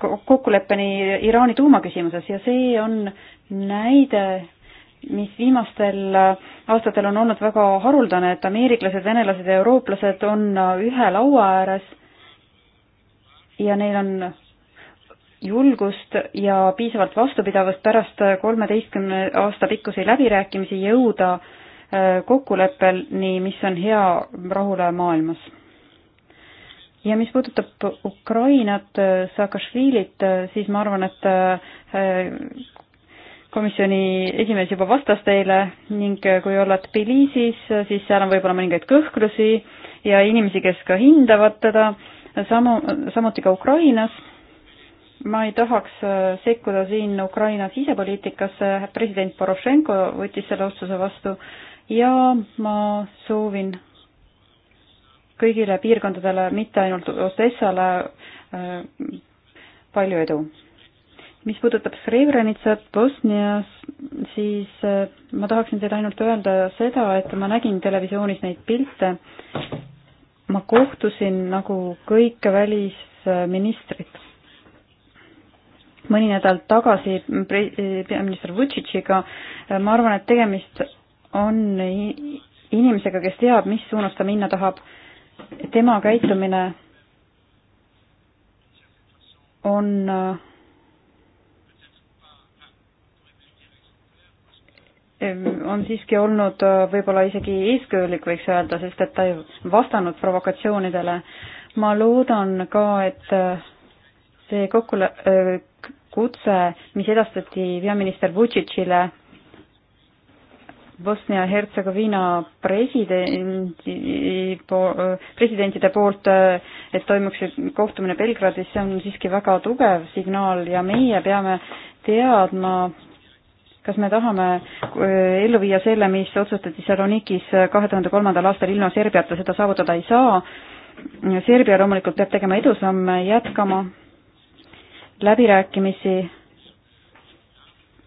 kokkuleppeni Iraani tuumaküsimuses ja see on näide mis viimastel aastatel on olnud väga haruldane, et ameeriklased, venelased ja eurooplased on ühe laua ääres ja neil on julgust ja piisavalt vastupidavust pärast kolmeteistkümne aasta pikkuseid läbirääkimisi jõuda äh, kokkuleppeni, mis on hea rahule maailmas. ja mis puudutab Ukrainat, äh, Saakašvilit, äh, siis ma arvan, et komisjoni esimees juba vastas teile ning kui olla Tbilisis, siis seal on võib-olla mõningaid kõhklusi ja inimesi, kes ka hindavad teda samu, samuti ka Ukrainas. ma ei tahaks äh, sekkuda siin Ukraina sisepoliitikasse, president Porošenko võttis selle otsuse vastu ja ma soovin kõigile piirkondadele, mitte ainult Odessale, äh, palju edu. mis puudutab Srebrenitsat Bosnias, siis äh, ma tahaksin teile ainult öelda seda, et ma nägin televisioonis neid pilte ma kohtusin nagu kõik välisministrid mõni nädal tagasi peaminister Vutšitšiga. ma arvan, et tegemist on inimesega, kes teab, mis suunas ta minna tahab. tema käitumine on äh, on siiski olnud äh, võib-olla isegi eeskujulik, võiks öelda, sest et ta ei vastanud provokatsioonidele. ma loodan ka, et äh, see kokkule-, äh, kutse, mis edastati peaminister Vutšitšile Bosnia-Hertsegoviina presidendi, presidentide poolt, et toimuks kohtumine Belgradis, see on siiski väga tugev signaal ja meie peame teadma, kas me tahame äh, ellu viia selle, mis otsustati Salonikis äh, kahe tuhande kolmandal aastal ilma Serbiata, seda saavutada ei saa. Serbia loomulikult peab tegema edusamme, jätkama läbirääkimisi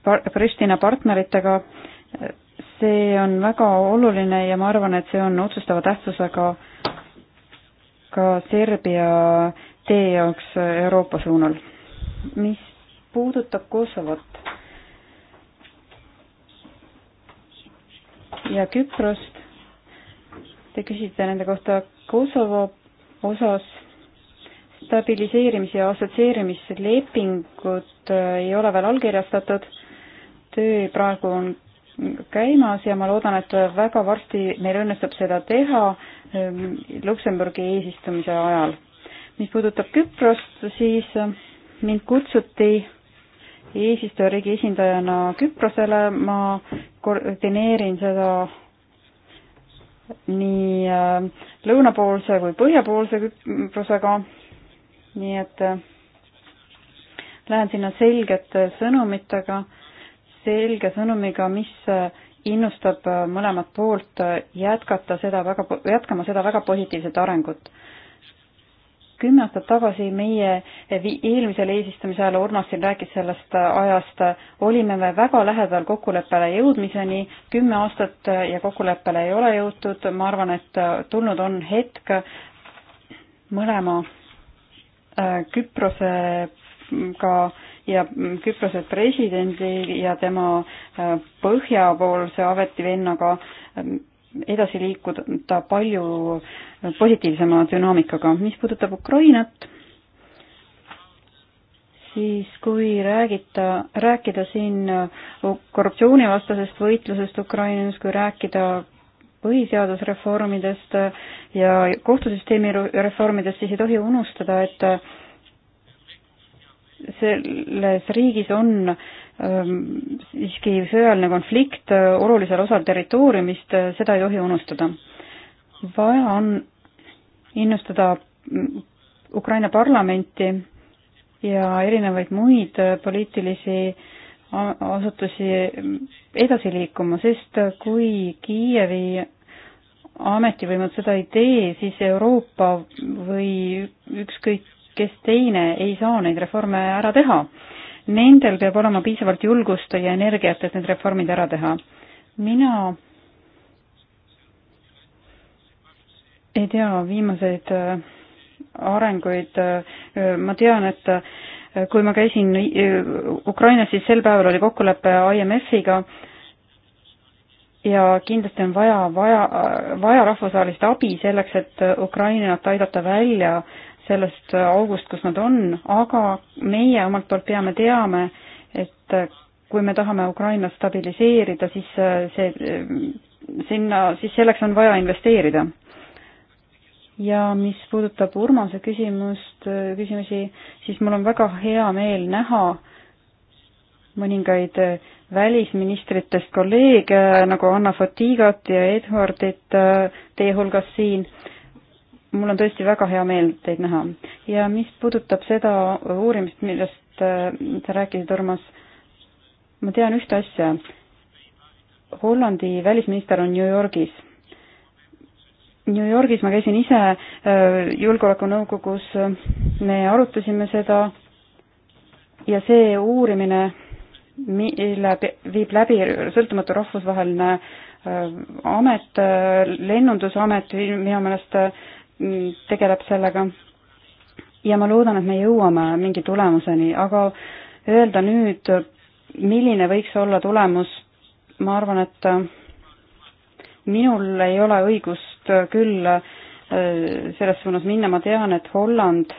par-, Pristina partneritega, see on väga oluline ja ma arvan, et see on otsustava tähtsusega ka Serbia tee jaoks Euroopa suunal. mis puudutab Kosovot ja Küprost. Te küsite nende kohta Kosovo osas stabiliseerimis- ja assotsieerimislepingut äh, ei ole veel allkirjastatud. töö praegu on käimas ja ma loodan, et väga varsti meil õnnestub seda teha ähm, Luksemburgi eesistumise ajal. mis puudutab Küprost, siis äh, mind kutsuti eesistujariigi esindajana Küprosele, ma koordineerin seda nii äh, lõunapoolse kui põhjapoolse Küprosega, nii et äh, lähen sinna selgete sõnumitega, selge sõnumiga, mis äh, innustab mõlemat poolt jätkata seda väga, jätkama seda väga positiivset arengut kümme aastat tagasi meie eelmisel eesistumise ajal, Urmas siin rääkis sellest ajast, olime me väga lähedal kokkuleppele jõudmiseni, kümme aastat ja kokkuleppele ei ole jõutud, ma arvan, et tulnud on hetk mõlema äh, Küprosega ja Küprose presidendi ja tema äh, põhjapoolse avetivennaga edasi liikuda palju positiivsema dünaamikaga. mis puudutab Ukrainat, siis kui räägita, rääkida siin korruptsioonivastasest võitlusest Ukrainas, kui rääkida põhiseadusreformidest ja kohtusüsteemi reformidest, siis ei tohi unustada, et selles riigis on äh, Ehm, siiski sõjaline konflikt äh, olulisel osal territooriumist, äh, seda ei tohi unustada. vaja on innustada mm, Ukraina parlamenti ja erinevaid muid äh, poliitilisi asutusi mm, edasi liikuma, sest kui Kiievi ametivõimud seda ei tee, siis Euroopa või ükskõik kes teine ei saa neid reforme ära teha nendel peab olema piisavalt julgust ja energiat, et need reformid ära teha. mina ei tea viimaseid äh, arenguid, äh, ma tean, et äh, kui ma käisin Ukrainas, siis sel päeval oli kokkulepe IMF-iga ja kindlasti on vaja, vaja, vaja rahvusvahelist abi selleks, et Ukrainat aidata välja sellest august, kus nad on, aga meie omalt poolt peame teame, et kui me tahame Ukrainat stabiliseerida, siis see, sinna, siis selleks on vaja investeerida. ja mis puudutab Urmase küsimust, küsimusi, siis mul on väga hea meel näha mõningaid välisministritest kolleege nagu Anna Fatigat ja Edwardit teie hulgas siin mul on tõesti väga hea meel teid näha. ja mis puudutab seda uurimist, millest äh, sa rääkisid, Urmas, ma tean ühte asja. Hollandi välisminister on New Yorgis. New Yorgis ma käisin ise äh, julgeolekunõukogus, äh, me arutasime seda ja see uurimine, mille viib läbi sõltumatu rahvusvaheline amet, lennundusamet minu meelest Mm, tegeleb sellega. ja ma loodan, et me jõuame mingi tulemuseni, aga öelda nüüd, milline võiks olla tulemus, ma arvan, et äh, minul ei ole õigust küll äh, selles suunas minna, ma tean, et Holland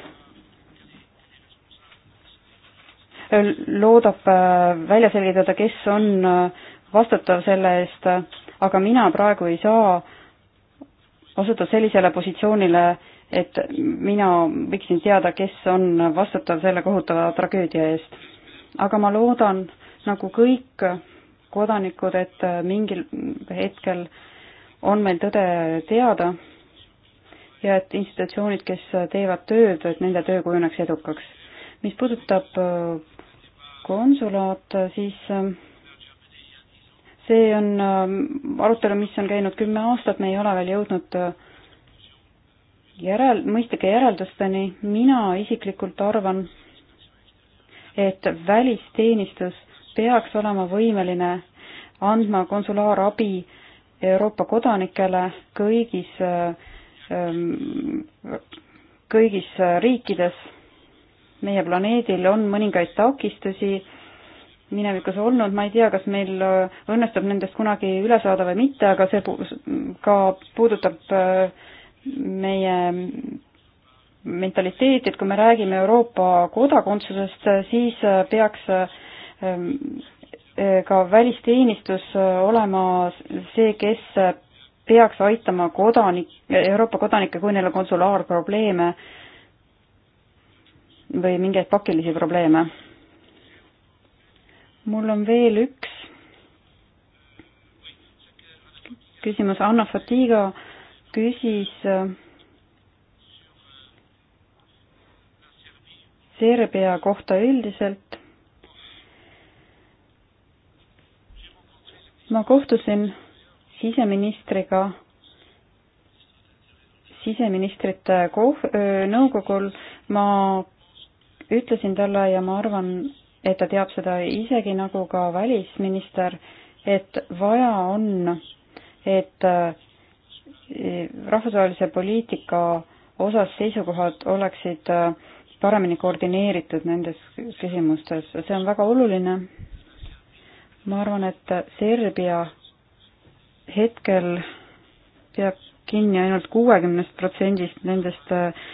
äh, loodab välja selgitada, kes on vastutav selle eest, aga mina praegu ei saa asuda sellisele positsioonile, et mina võiksin teada, kes on vastutav selle kohutava tragöödia eest. aga ma loodan, nagu kõik kodanikud, et mingil hetkel on meil tõde teada ja et institutsioonid, kes teevad tööd, et nende töö kujuneks edukaks. mis puudutab konsulaat, siis see on ähm, arutelu, mis on käinud kümme aastat, me ei ole veel jõudnud äh, järel, mõistlike järeldusteni, mina isiklikult arvan, et välisteenistus peaks olema võimeline andma konsulaarabi Euroopa kodanikele kõigis, äh, ähm, kõigis äh, riikides. meie planeedil on mõningaid takistusi minevikus olnud, ma ei tea, kas meil äh, õnnestub nendest kunagi üle saada või mitte, aga see ka puudutab äh, meie mentaliteeti, et kui me räägime Euroopa kodakondsusest, siis äh, peaks ka välisteenistus olema see, kes peaks aitama kodanik, Euroopa kodanikke, kui neil on konsulaarprobleeme või mingeid pakilisi probleeme mul on veel üks küsimus, Anna Fatiga küsis äh, Serbia kohta üldiselt. ma kohtusin siseministriga siseministrite koh-, äh, nõukogul, ma ütlesin talle ja ma arvan, et ta teab seda isegi nagu ka välisminister, et vaja on, et eh, rahvusvahelise poliitika osas seisukohad oleksid eh, paremini koordineeritud nendes küsimustes, see on väga oluline. ma arvan, et Serbia hetkel peab kinni ainult kuuekümnest protsendist nendest eh,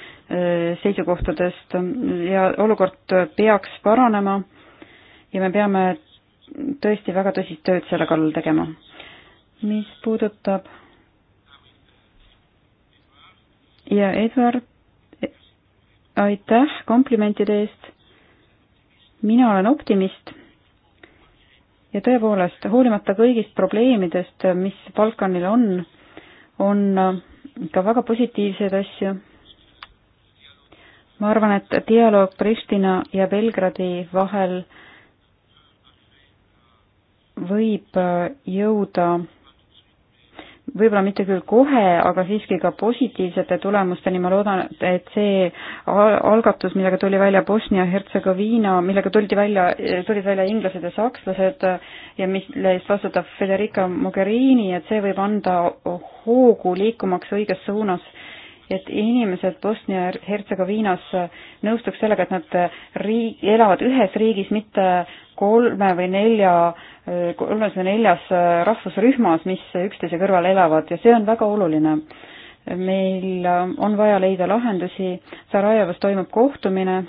seisukohtadest ja olukord peaks paranema ja me peame tõesti väga tõsist tööd selle kallal tegema. mis puudutab ja Edward, aitäh komplimentide eest. mina olen optimist. ja tõepoolest, hoolimata kõigist probleemidest, mis Balkanil on, on ka väga positiivseid asju. ma arvan, et dialoog Pristina ja Belgradi vahel äh, võib äh, jõuda võib-olla mitte küll kohe, aga siiski ka positiivsete tulemusteni, ma loodan, et see algatus, millega tuli välja Bosnia-Hertsegoviina, millega tuldi välja, tulid välja inglased ja sakslased äh, ja mille eest vastutab Federica Mogherini, et see võib anda hoogu liikumaks õiges suunas äh, et inimesed Bosnia-Hertsegoviinas nõustuks sellega, et nad riik, elavad ühes riigis, mitte kolme või nelja, kolmes või neljas rahvusrühmas, mis üksteise kõrval elavad ja see on väga oluline. meil on vaja leida lahendusi, Sarajevas toimub kohtumine,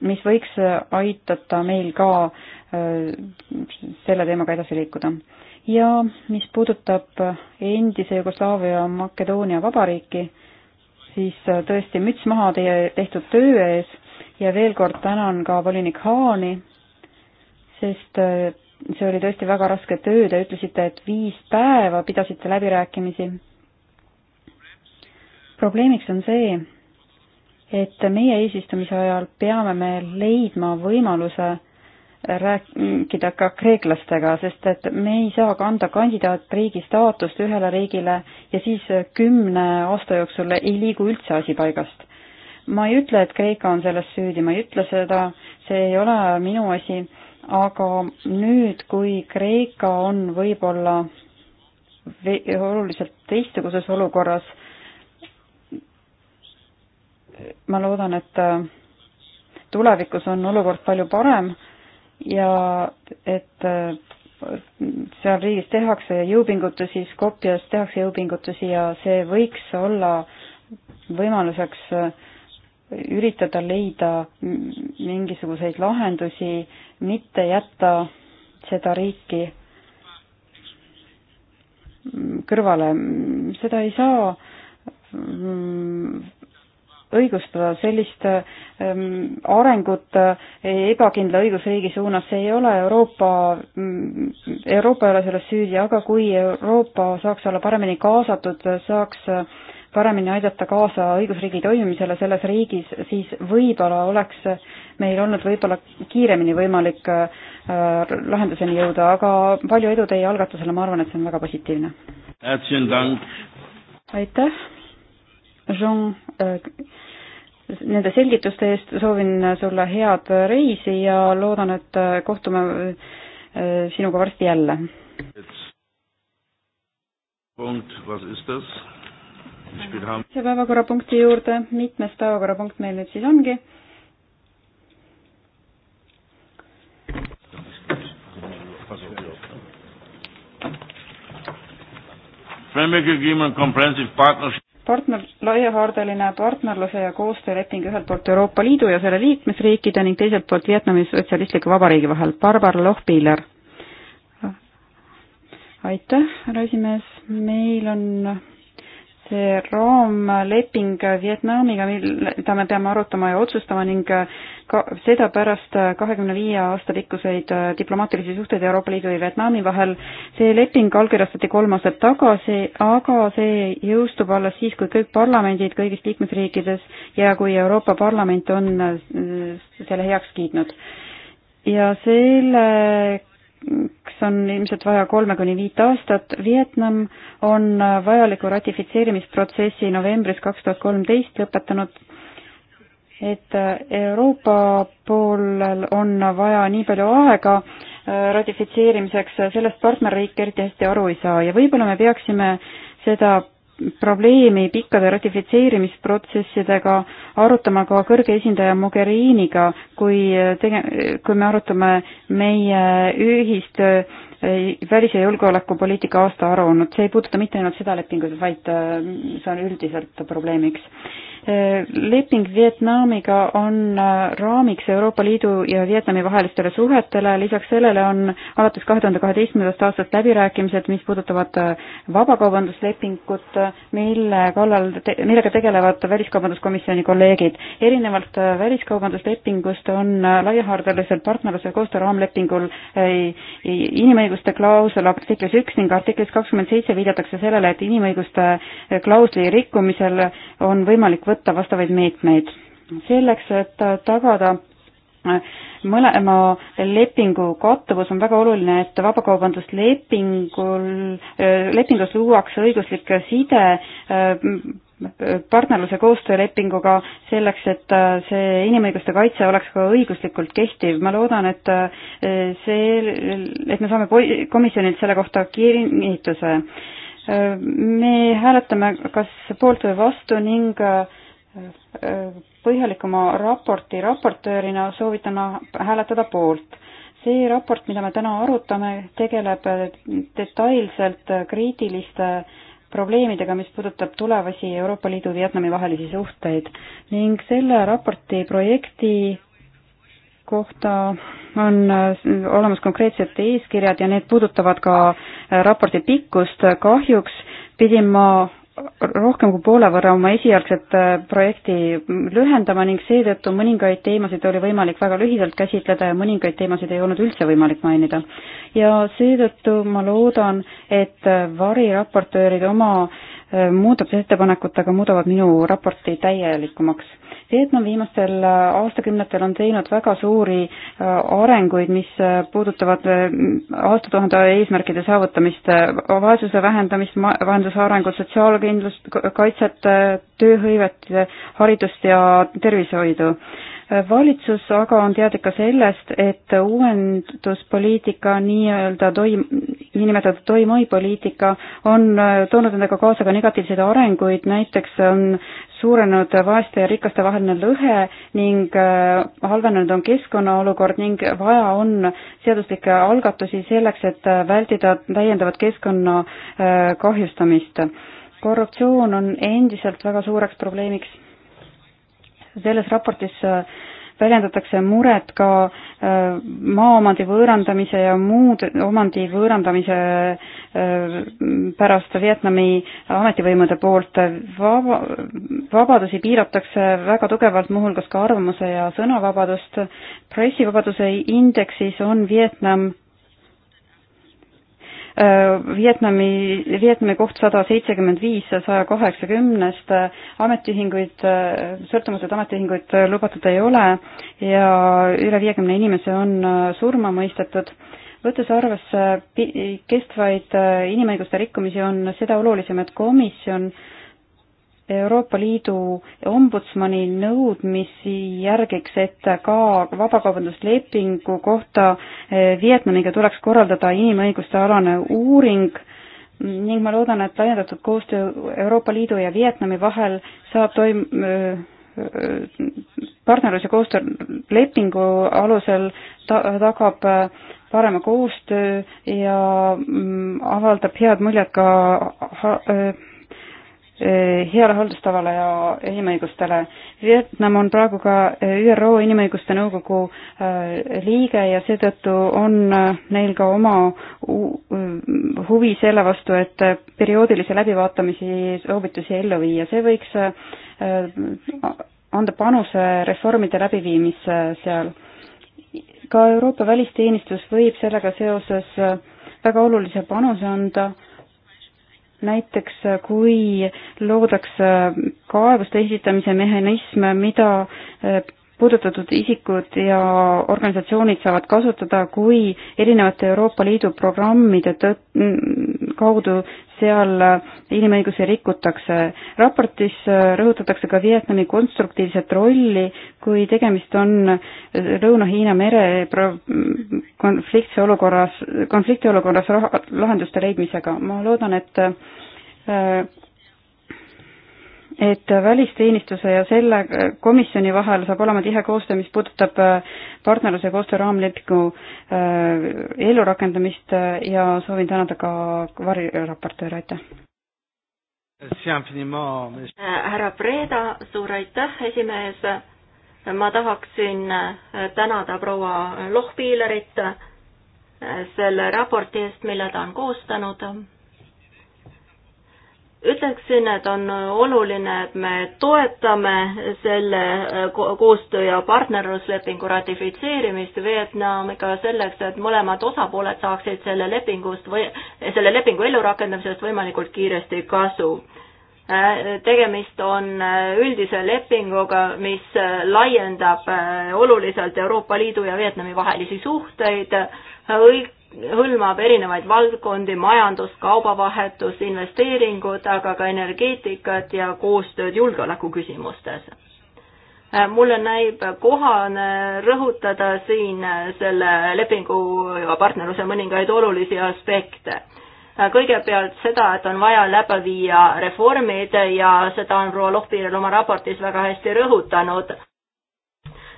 mis võiks aitata meil ka äh, selle teemaga edasi liikuda. ja mis puudutab endise Jugoslaavia Makedoonia vabariiki, siis äh, tõesti müts maha teie tehtud töö ees ja veel kord tänan ka volinik Haani, sest äh, see oli tõesti väga raske töö, te ütlesite, et viis päeva pidasite läbirääkimisi. probleemiks on see, et meie eesistumise ajal peame me leidma võimaluse rääkida ka kreeklastega, sest et me ei saa ka anda kandidaatriigi staatust ühele riigile ja siis kümne aasta jooksul ei liigu üldse asi paigast. ma ei ütle, et Kreeka on selles süüdi, ma ei ütle seda, see ei ole minu asi, aga nüüd, kui Kreeka on võib-olla oluliselt teistsuguses olukorras, ma loodan, et äh, tulevikus on olukord palju parem ja et seal riigis tehakse jõupingutusi, Skopjas tehakse jõupingutusi ja see võiks olla võimaluseks üritada leida mingisuguseid lahendusi, mitte jätta seda riiki kõrvale, seda ei saa õigustada sellist ähm, arengut äh, ebakindla õigusriigi suunas, see ei ole Euroopa, mm, Euroopa ei ole selles süüdi, aga kui Euroopa saaks olla paremini kaasatud, saaks paremini aidata kaasa õigusriigi toimimisele selles riigis, siis võib-olla oleks meil olnud võib-olla kiiremini võimalik äh, lahenduseni jõuda, aga palju edu teie algatusele, ma arvan, et see on väga positiivne. aitäh! Jean, äh, nende selgituste eest, soovin sulle head reisi ja loodan, et äh, kohtume äh, sinuga varsti jälle. ja päevakorrapunkti juurde, mitmes päevakorrapunkt meil nüüd siis ongi? framework agreement comprehensive partnership partner, laiahaardeline partnerluse ja koostööleping ühelt poolt Euroopa Liidu ja selle liikmesriikide ning teiselt poolt Vietnami Sotsialistliku Vabariigi vahel. Barbara Lohpiller. aitäh, härra esimees, meil on see raamleping Vietnamiga, mida me peame arutama ja otsustama ning äh, ka seda pärast äh, kahekümne viie aasta pikkuseid äh, diplomaatilisi suhteid Euroopa Liidu ja Vietnami vahel. see leping allkirjastati kolm aastat tagasi, aga see jõustub alles siis, kui kõik parlamendid kõigis liikmesriikides ja kui Euroopa Parlament on selle heaks kiitnud. ja selle milleks on ilmselt vaja kolme kuni viit aastat. Vietnam on vajaliku ratifitseerimisprotsessi novembris kaks tuhat kolmteist lõpetanud, et Euroopa poolel on vaja nii palju aega ratifitseerimiseks, sellest partnerriik eriti hästi aru ei saa ja võib-olla me peaksime seda probleemi pikkade ratifitseerimisprotsessidega arutama ka kõrge esindaja Mogheriniga, kui tege-, kui me arutame meie ühist äh, välis- ja julgeolekupoliitika aastaaruannet, see ei puuduta mitte ainult seda lepingut, vaid äh, see on üldiselt probleemiks leping Vietnamiga on äh, raamiks Euroopa Liidu ja Vietnami vahelistele suhetele, lisaks sellele on alates kahe tuhande kaheteistkümnendast aastast läbirääkimised, mis puudutavad äh, vabakaubanduslepingut, mille kallal, millega tegelevad Väliskaubanduskomisjoni kolleegid. erinevalt äh, väliskaubanduslepingust on laiahaardelisel partnerluse koostöö raamlepingul inimõiguste klausel artiklis üks ning artiklis kakskümmend seitse viidatakse sellele, et inimõiguste klausli rikkumisel on võimalik võtta võtta vastavaid meetmeid selleks, et tagada äh, mõlema lepingu kattuvus on väga oluline, et vabakaubanduslepingul, äh, lepingus luuakse õiguslik side äh, partnerluse koostöölepinguga selleks, et see inimõiguste kaitse oleks ka õiguslikult kehtiv. ma loodan, et see, et me saame komisjonilt selle kohta kinnituse. me hääletame kas poolt või vastu ning äh, põhjalikuma raporti raportöörina soovitan hääletada poolt. see raport, mida me täna arutame, tegeleb detailselt kriitiliste probleemidega, mis puudutab tulevasi Euroopa Liidu Vietnami vahelisi suhteid ning selle raporti projekti kohta on olemas konkreetsed eeskirjad ja need puudutavad ka raporti pikkust. kahjuks pidin ma rohkem kui poole võrra oma esialgset äh, projekti lühendama ning seetõttu mõningaid teemasid oli võimalik väga lühidalt käsitleda ja mõningaid teemasid ei olnud üldse võimalik mainida. ja seetõttu ma loodan, et äh, variraportöörid oma äh, muudatusettepanekutega muudavad minu raporti täielikumaks Vietnam viimastel äh, aastakümnetel on teinud väga suuri äh, arenguid, mis äh, puudutavad aastatuhande eesmärkide saavutamist, vaesuse vähendamist, majanduse arengut, sotsiaalkindlust, kaitset, tööhõivet, haridust ja tervishoidu valitsus aga on teadlik ka sellest, et uuenduspoliitika nii-öelda toim-, niinimetatud toimoi poliitika on toonud endaga kaasa ka negatiivseid arenguid, näiteks on suurenenud vaeste ja rikaste vaheline lõhe ning äh, halvenenud on keskkonna olukord ning vaja on seaduslikke algatusi selleks, et äh, vältida täiendavat keskkonna äh, kahjustamist. korruptsioon on endiselt väga suureks probleemiks. selles raportis väljendatakse muret ka äh, maaomandi võõrandamise ja muude omandi võõrandamise äh, pärast Vietnami ametivõimude poolt. Vaba, vabadusi piiratakse väga tugevalt, muuhulgas ka arvamuse ja sõnavabadust. pressivabaduse indeksis on Vietnam Vietnami, Vietnami koht sada seitsekümmend viis saja kaheksakümnest, ametiühinguid, sõltumatud ametiühinguid lubatud ei ole ja üle viiekümne inimese on surma mõistetud. võttes arvesse kestvaid inimõiguste rikkumisi, on seda olulisem, et komisjon äh, Euroopa Liidu ombudsmani nõudmisi järgiks, et ka vabakaubanduslepingu kohta eh, Vietnamiga tuleks korraldada inimõiguste alane uuring ning ma loodan, et laiendatud koostöö Euroopa Liidu ja Vietnami vahel saab toim-, eh, partnerluse koostöölepingu alusel ta-, tagab eh, parema koostöö ja mm, avaldab head muljet ka ha-, Eh, heale haldustavale ja inimõigustele. Vietnam on praegu ka eh, ÜRO Inimõiguste Nõukogu eh, liige ja seetõttu on neil ka oma huvi selle vastu, et perioodilisi läbivaatamisi soovitusi ellu viia. see võiks anda panuse reformide läbiviimisse seal. ka Euroopa välisteenistus võib sellega seoses väga olulise panuse anda näiteks äh, kui loodakse kaebuste esitamise mehhanism, mida äh, puudutatud isikud ja organisatsioonid saavad kasutada, kui erinevate Euroopa Liidu programmide tõt-, kaudu seal inimõigusi rikutakse. raportis rõhutatakse ka Vietnami konstruktiivset rolli, kui tegemist on Lõuna-Hiina mere konfliktse olukorras, konfliktiolukorras lahenduste leidmisega. ma loodan, et äh, et välisteenistuse ja selle komisjoni vahel saab olema tihe koostöö, mis puudutab äh, partnerluse ja koostöö raamlepingu äh, ellurakendamist äh, ja soovin tänada ka variraportööre, aitäh! härra Preeda, suur aitäh, esimees! ma tahaksin tänada proua Lohpiilerit selle raporti eest, mille ta on koostanud ütleksin, et on oluline, et me toetame selle äh, koostöö ja partnerluslepingu ratifitseerimist Vietnamiga selleks, et mõlemad osapooled saaksid selle lepingust või selle lepingu ellurakendamisest võimalikult kiiresti kasu. Äh, tegemist on äh, üldise lepinguga, mis laiendab oluliselt Euroopa Liidu ja Vietnami vahelisi suhteid, õig-, hõlmab erinevaid valdkondi, majandust, kaubavahetus, investeeringud, aga ka energeetikat ja koostööd julgeoleku küsimustes. mulle näib kohane rõhutada siin selle lepingu ja partnerluse mõningaid olulisi aspekte kõigepealt seda, et on vaja läbi viia reformid ja seda on proua Lohpiirel oma raportis väga hästi rõhutanud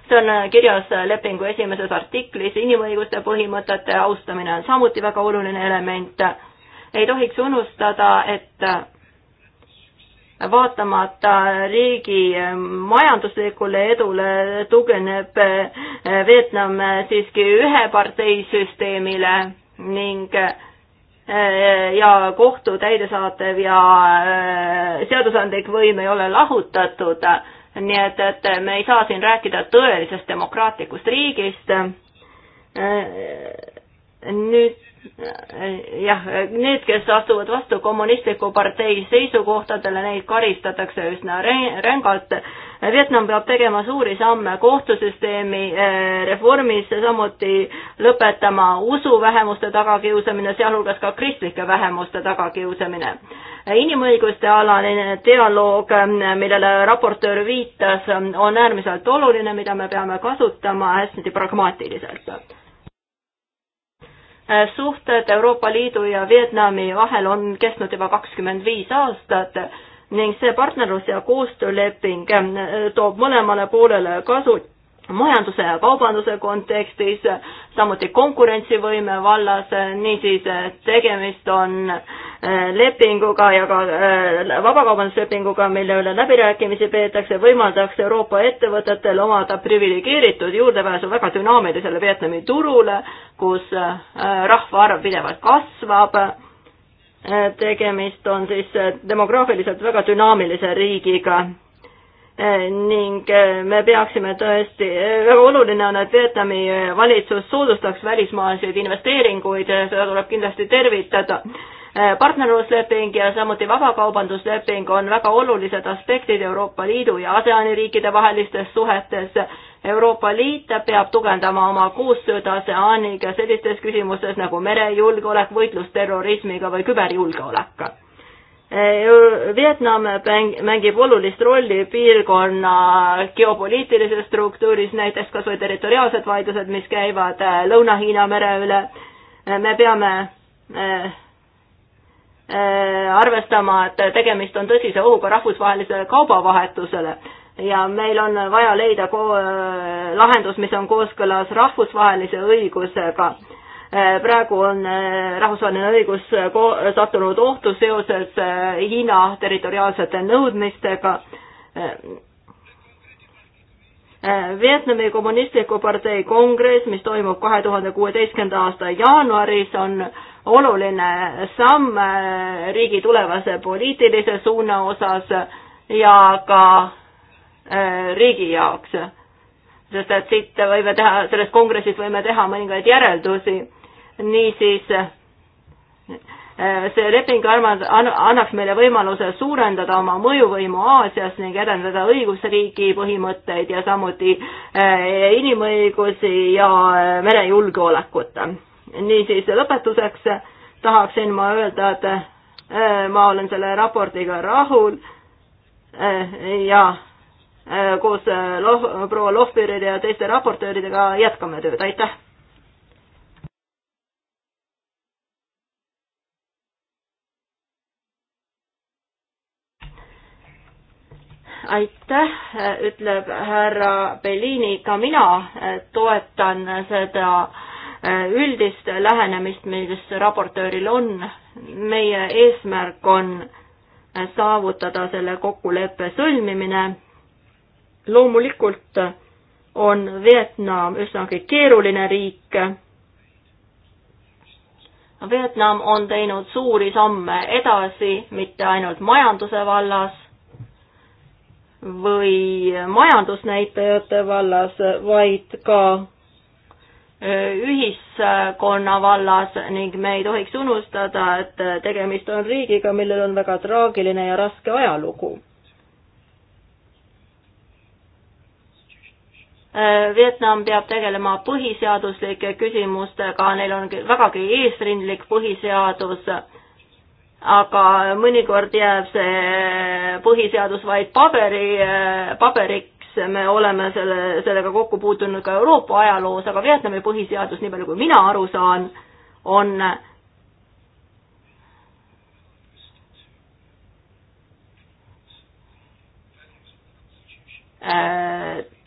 see on äh, kirjas äh, lepingu esimeses artiklis, inimõiguste põhimõtete austamine on samuti väga oluline element. ei tohiks unustada, et äh, vaatamata riigi majanduslikule edule tugineb Vietnam siiski ühe parteisüsteemile ning ja kohtu täidesaatev ja seadusandlik võim ei ole lahutatud nii et, et me ei saa siin rääkida tõelisest demokraatlikust riigist. nüüd jah, need, kes astuvad vastu kommunistliku partei seisukohtadele, neid karistatakse üsna rängalt. Vietnam peab tegema suuri samme kohtusüsteemi eh, reformis, samuti lõpetama usuvähemuste tagakiusamine, sealhulgas ka kristlike vähemuste tagakiusamine. inimõiguste alaline dialoog, millele raportöör viitas, on äärmiselt oluline, mida me peame kasutama hästi pragmaatiliselt suhted Euroopa Liidu ja Vietnami vahel on kestnud juba kakskümmend viis aastat ning see partnerlus- ja koostööleping äh, toob mõlemale poolele kasu majanduse ja kaubanduse kontekstis, samuti konkurentsivõime vallas, niisiis tegemist on äh, Äh, lepinguga ja ka äh, vabakaubanduslepinguga, mille üle läbirääkimisi peetakse, võimaldaks Euroopa ettevõtetel omada priviligeeritud juurdepääsu väga dünaamilisele Vietnami turule, kus äh, rahvaarv pidevalt kasvab. tegemist on siis demograafiliselt väga dünaamilise riigiga ning me peaksime tõesti, väga oluline on, et Vietnami valitsus soodustaks välismaaseid investeeringuid, seda tuleb kindlasti tervitada Äh, partnerlusleping ja samuti vabakaubandusleping on väga olulised aspektid Euroopa Liidu ja ASEAN-i riikide vahelistes suhetes. Euroopa Liit peab tugevdama oma koostööd ASEAN-iga sellistes küsimustes nagu merejulgeolek, võitlus terrorismiga või küberjulgeolek. Äh, Vietnam mängib olulist rolli piirkonna geopoliitilises struktuuris, näiteks kas või territoriaalsed vaidlused, mis käivad äh, Lõuna-Hiina mere üle. me peame Äh, arvestama, et tegemist on tõsise ohuga rahvusvahelisele kaubavahetusele ja meil on vaja leida ko-, äh, lahendus, mis on kooskõlas rahvusvahelise õigusega. Äh, praegu on rahvusvaheline õigus ko-, sattunud ohtu seoses Hiina territoriaalsete nõudmistega. Vietnami Kommunistliku Partei kongress, mis toimub kahe tuhande kuueteistkümnenda aasta jaanuaris, on oluline samm äh, riigi tulevase poliitilise suuna osas ja ka äh, riigi jaoks. sest et siit võime teha, sellest kongressist võime teha mõningaid järeldusi. niisiis äh, see leping annaks meile võimaluse suurendada oma mõjuvõimu Aasias ning edendada õigusriigi põhimõtteid ja samuti inimõigusi ja merejulgeolekut niisiis lõpetuseks tahaksin ma öelda, et äh, ma olen selle raportiga rahul äh, ja äh, koos Loh-, proua Lohbiril ja teiste raportööridega jätkame tööd, aitäh! aitäh, ütleb härra Bellini, ka mina toetan seda Äh, üldist lähenemist, mis raportööril on. meie eesmärk on äh, saavutada selle kokkuleppe sõlmimine. loomulikult on Vietnam üsnagi keeruline riik. Vietnam on teinud suuri samme edasi, mitte ainult majanduse vallas, või majandusnäitajate vallas, vaid ka ühiskonna vallas ning me ei tohiks unustada, et tegemist on riigiga, millel on väga traagiline ja raske ajalugu. Vietnam peab tegelema põhiseaduslike küsimustega, neil on vägagi eesrindlik põhiseadus, aga mõnikord jääb see põhiseadus vaid paberi, paberi, me oleme selle, sellega kokku puutunud ka Euroopa ajaloos, aga Vietnami põhiseadus, nii palju kui mina aru saan, on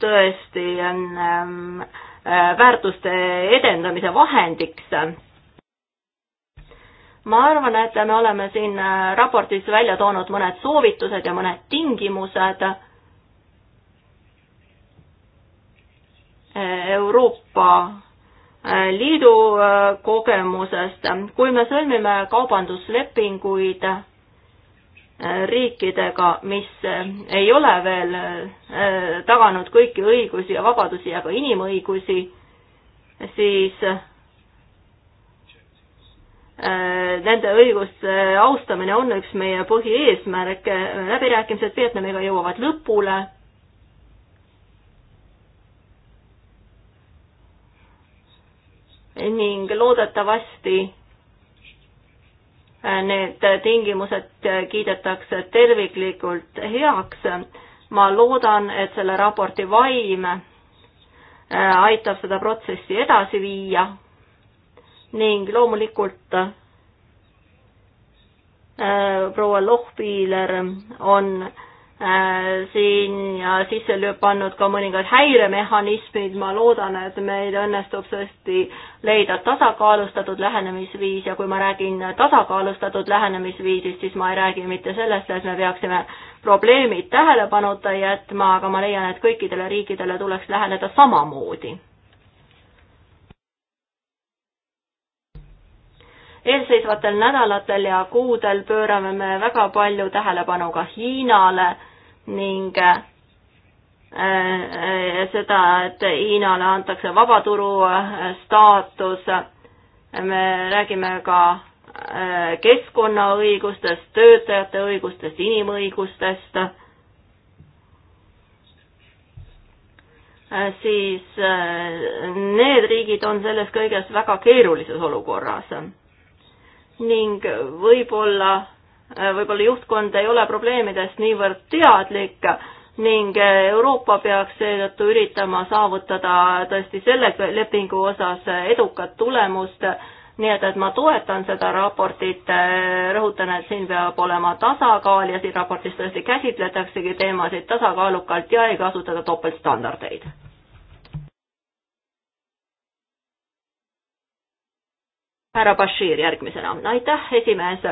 tõesti on ähm, äh, väärtuste edendamise vahendiks. ma arvan, et me oleme siin äh, raportis välja toonud mõned soovitused ja mõned tingimused Euroopa äh, Liidu äh, kogemusest. kui me sõlmime kaubanduslepinguid äh, riikidega, mis ei ole veel taganud kõiki õigusi ja vabadusi ja ka inimõigusi, siis nende õiguste austamine on üks meie põhieesmärke. läbirääkimised Vietnamiga jõuavad lõpule ning loodetavasti äh, need tingimused kiidetakse terviklikult heaks. ma loodan, et selle raporti vaim äh, aitab seda protsessi edasi viia ning loomulikult äh, proua Lohpiiler on Äh, siin ja sisse pannud ka mõningad häiremehhanismid, ma loodan, et meil õnnestub tõesti leida tasakaalustatud lähenemisviis ja kui ma räägin tasakaalustatud lähenemisviisist, siis ma ei räägi mitte sellest, et me peaksime probleemid tähelepanuta jätma, aga ma leian, et kõikidele riikidele tuleks läheneda samamoodi eelseisvatel nädalatel ja kuudel pöörame me väga palju tähelepanu ka Hiinale ning äh, äh, seda, et Hiinale antakse vabaturu äh, staatus. me räägime ka keskkonnaõigustest, töötajate õigustest, inimõigustest. siis need riigid on selles kõiges väga keerulises olukorras. ning võib-olla Äh, võib-olla juhtkond ei ole probleemidest niivõrd teadlik ning äh, Euroopa peaks seetõttu üritama saavutada tõesti selle lepingu osas äh, edukat tulemust, nii et, et ma toetan seda raportit, rõhutan, et siin peab olema tasakaal ja siin raportis tõesti käsitletaksegi teemasid tasakaalukalt ja ei kasutada topeltstandardeid. härra Bashir järgmisena, aitäh, esimees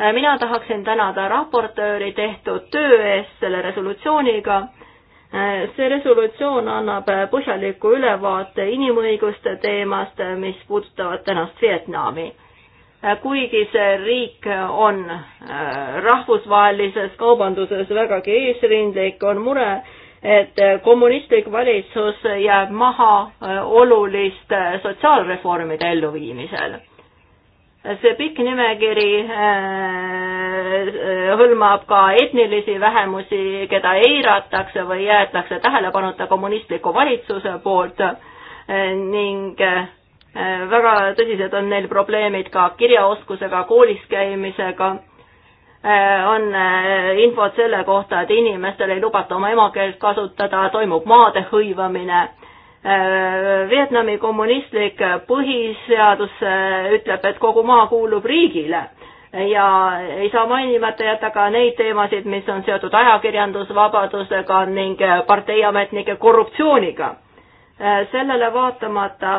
Äh, mina tahaksin tänada raportööri tehtud töö eest selle resolutsiooniga. Äh, see resolutsioon annab põhjaliku ülevaate inimõiguste teemast, mis puudutavad tänast Vietnami. Äh, kuigi see riik on rahvusvahelises kaubanduses vägagi eesrindlik, on mure, et kommunistlik valitsus jääb maha oluliste sotsiaalreformide elluviimisel see pikk nimekiri äh, äh, hõlmab ka etnilisi vähemusi, keda eiratakse või jäetakse tähelepanuta kommunistliku valitsuse poolt äh, ning väga tõsised on neil probleemid ka kirjaoskusega, koolis käimisega, on infot selle kohta, et inimestel ei lubata oma emakeelt kasutada, toimub maade hõivamine Äh, Vietnami kommunistlik põhiseadus äh, ütleb, et kogu maa kuulub riigile ja ei saa mainimata jätta ka neid teemasid, mis on seotud ajakirjandusvabadusega ning äh, parteiametnike korruptsiooniga. sellele vaatamata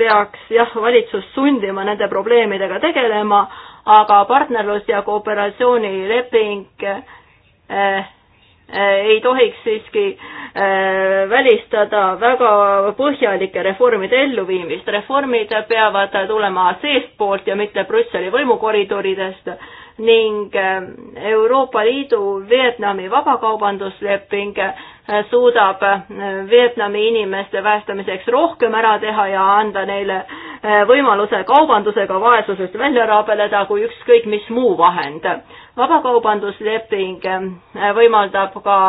peaks jah, valitsus sundima nende probleemidega tegelema, aga partnerlus- ja kooperatsioonileping eh, Äh, ei tohiks siiski äh, välistada väga põhjalike reformide elluviimist. reformid peavad tulema seestpoolt ja mitte Brüsseli võimukoridoridest ning äh, Euroopa Liidu Vietnami vabakaubandusleping suudab äh, Vietnami inimeste päästmiseks rohkem ära teha ja anda neile äh, võimaluse kaubandusega vaesusest välja rabeleda kui ükskõik mis muu vahend. vabakaubandusleping äh, võimaldab ka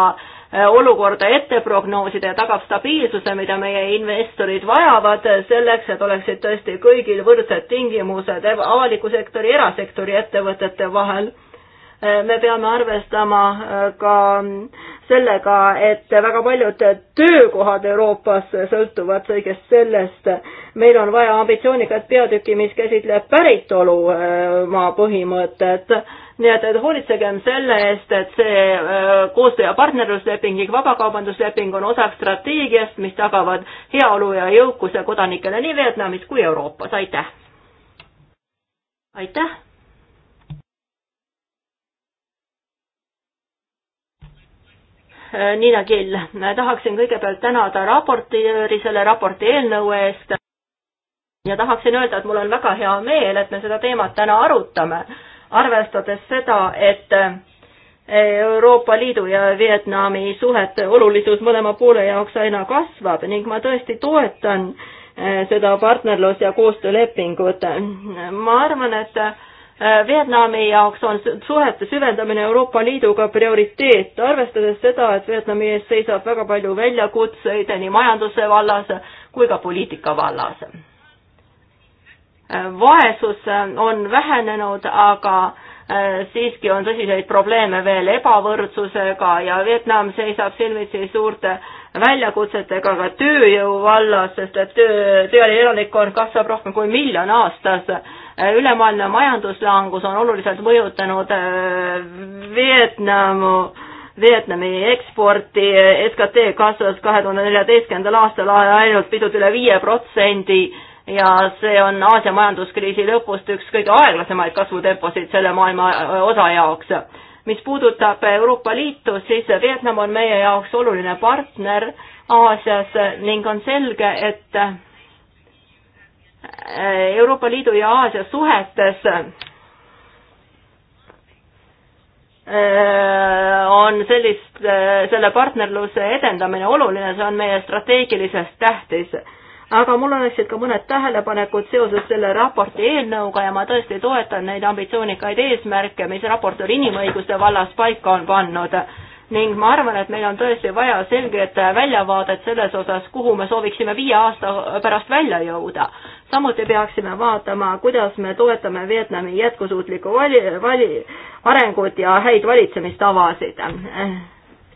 olukorda ette prognoosida ja tagab stabiilsuse, mida meie investorid vajavad selleks, et oleksid tõesti kõigil võrdsed tingimused avaliku sektori, erasektori ettevõtete vahel me peame arvestama ka sellega, et väga paljud töökohad Euroopas sõltuvad kõigest sellest. meil on vaja ambitsioonikat peatükki, mis käsitleb päritolumaa äh, põhimõtet. nii et, et hoolitsegem selle eest, et see äh, koostöö- ja partnerlusleping ning vabakaubandusleping on osaks strateegiast, mis tagavad heaolu ja jõukuse kodanikele nii Vietnamis kui Euroopas. aitäh! aitäh! Niina Kill, tahaksin kõigepealt tänada raportööri selle raporti eelnõu eest ja tahaksin öelda, et mul on väga hea meel, et me seda teemat täna arutame, arvestades seda, et Euroopa Liidu ja Vietnami suhete olulisus mõlema poole jaoks aina kasvab ning ma tõesti toetan seda partnerlus- ja koostöölepingut. ma arvan, et Äh, Vietnami jaoks on suhete süvendamine Euroopa Liiduga prioriteet, arvestades seda, et Vietnami ees seisab väga palju väljakutseid nii majanduse vallas kui ka poliitika vallas. Äh, vaesus äh, on vähenenud, aga siiski on tõsiseid probleeme veel ebavõrdsusega ja Vietnam seisab silmitsi suurte väljakutsetega ka tööjõu vallas, sest et töö, tööealine elanikkond kasvab rohkem kui miljon aastas ülemaailmne majanduslangus on oluliselt mõjutanud äh, Vietnamu Vietnami eksporti, SKT kasvas kahe tuhande neljateistkümnendal aastal ainult pisut üle viie protsendi ja see on Aasia majanduskriisi lõpust üks kõige aeglasemaid kasvutemposid selle maailma äh, osa jaoks. mis puudutab Euroopa Liitu, siis Vietnam on meie jaoks oluline partner Aasias ning on selge, et Äh, Euroopa Liidu ja Aasia suhetes äh, on sellist, äh, selle partnerluse edendamine oluline, see on meie strateegilisest tähtis. aga mul oleksid ka mõned tähelepanekud seoses selle raporti eelnõuga ja ma tõesti toetan neid ambitsioonikaid eesmärke, mis raportöör inimõiguste vallas paika on pannud ning ma arvan, et meil on tõesti vaja selget väljavaadet selles osas, kuhu me sooviksime viie aasta pärast välja jõuda. samuti peaksime vaatama, kuidas me toetame Vietnami jätkusuutlikku vali, vali, arengut ja häid valitsemistavasid.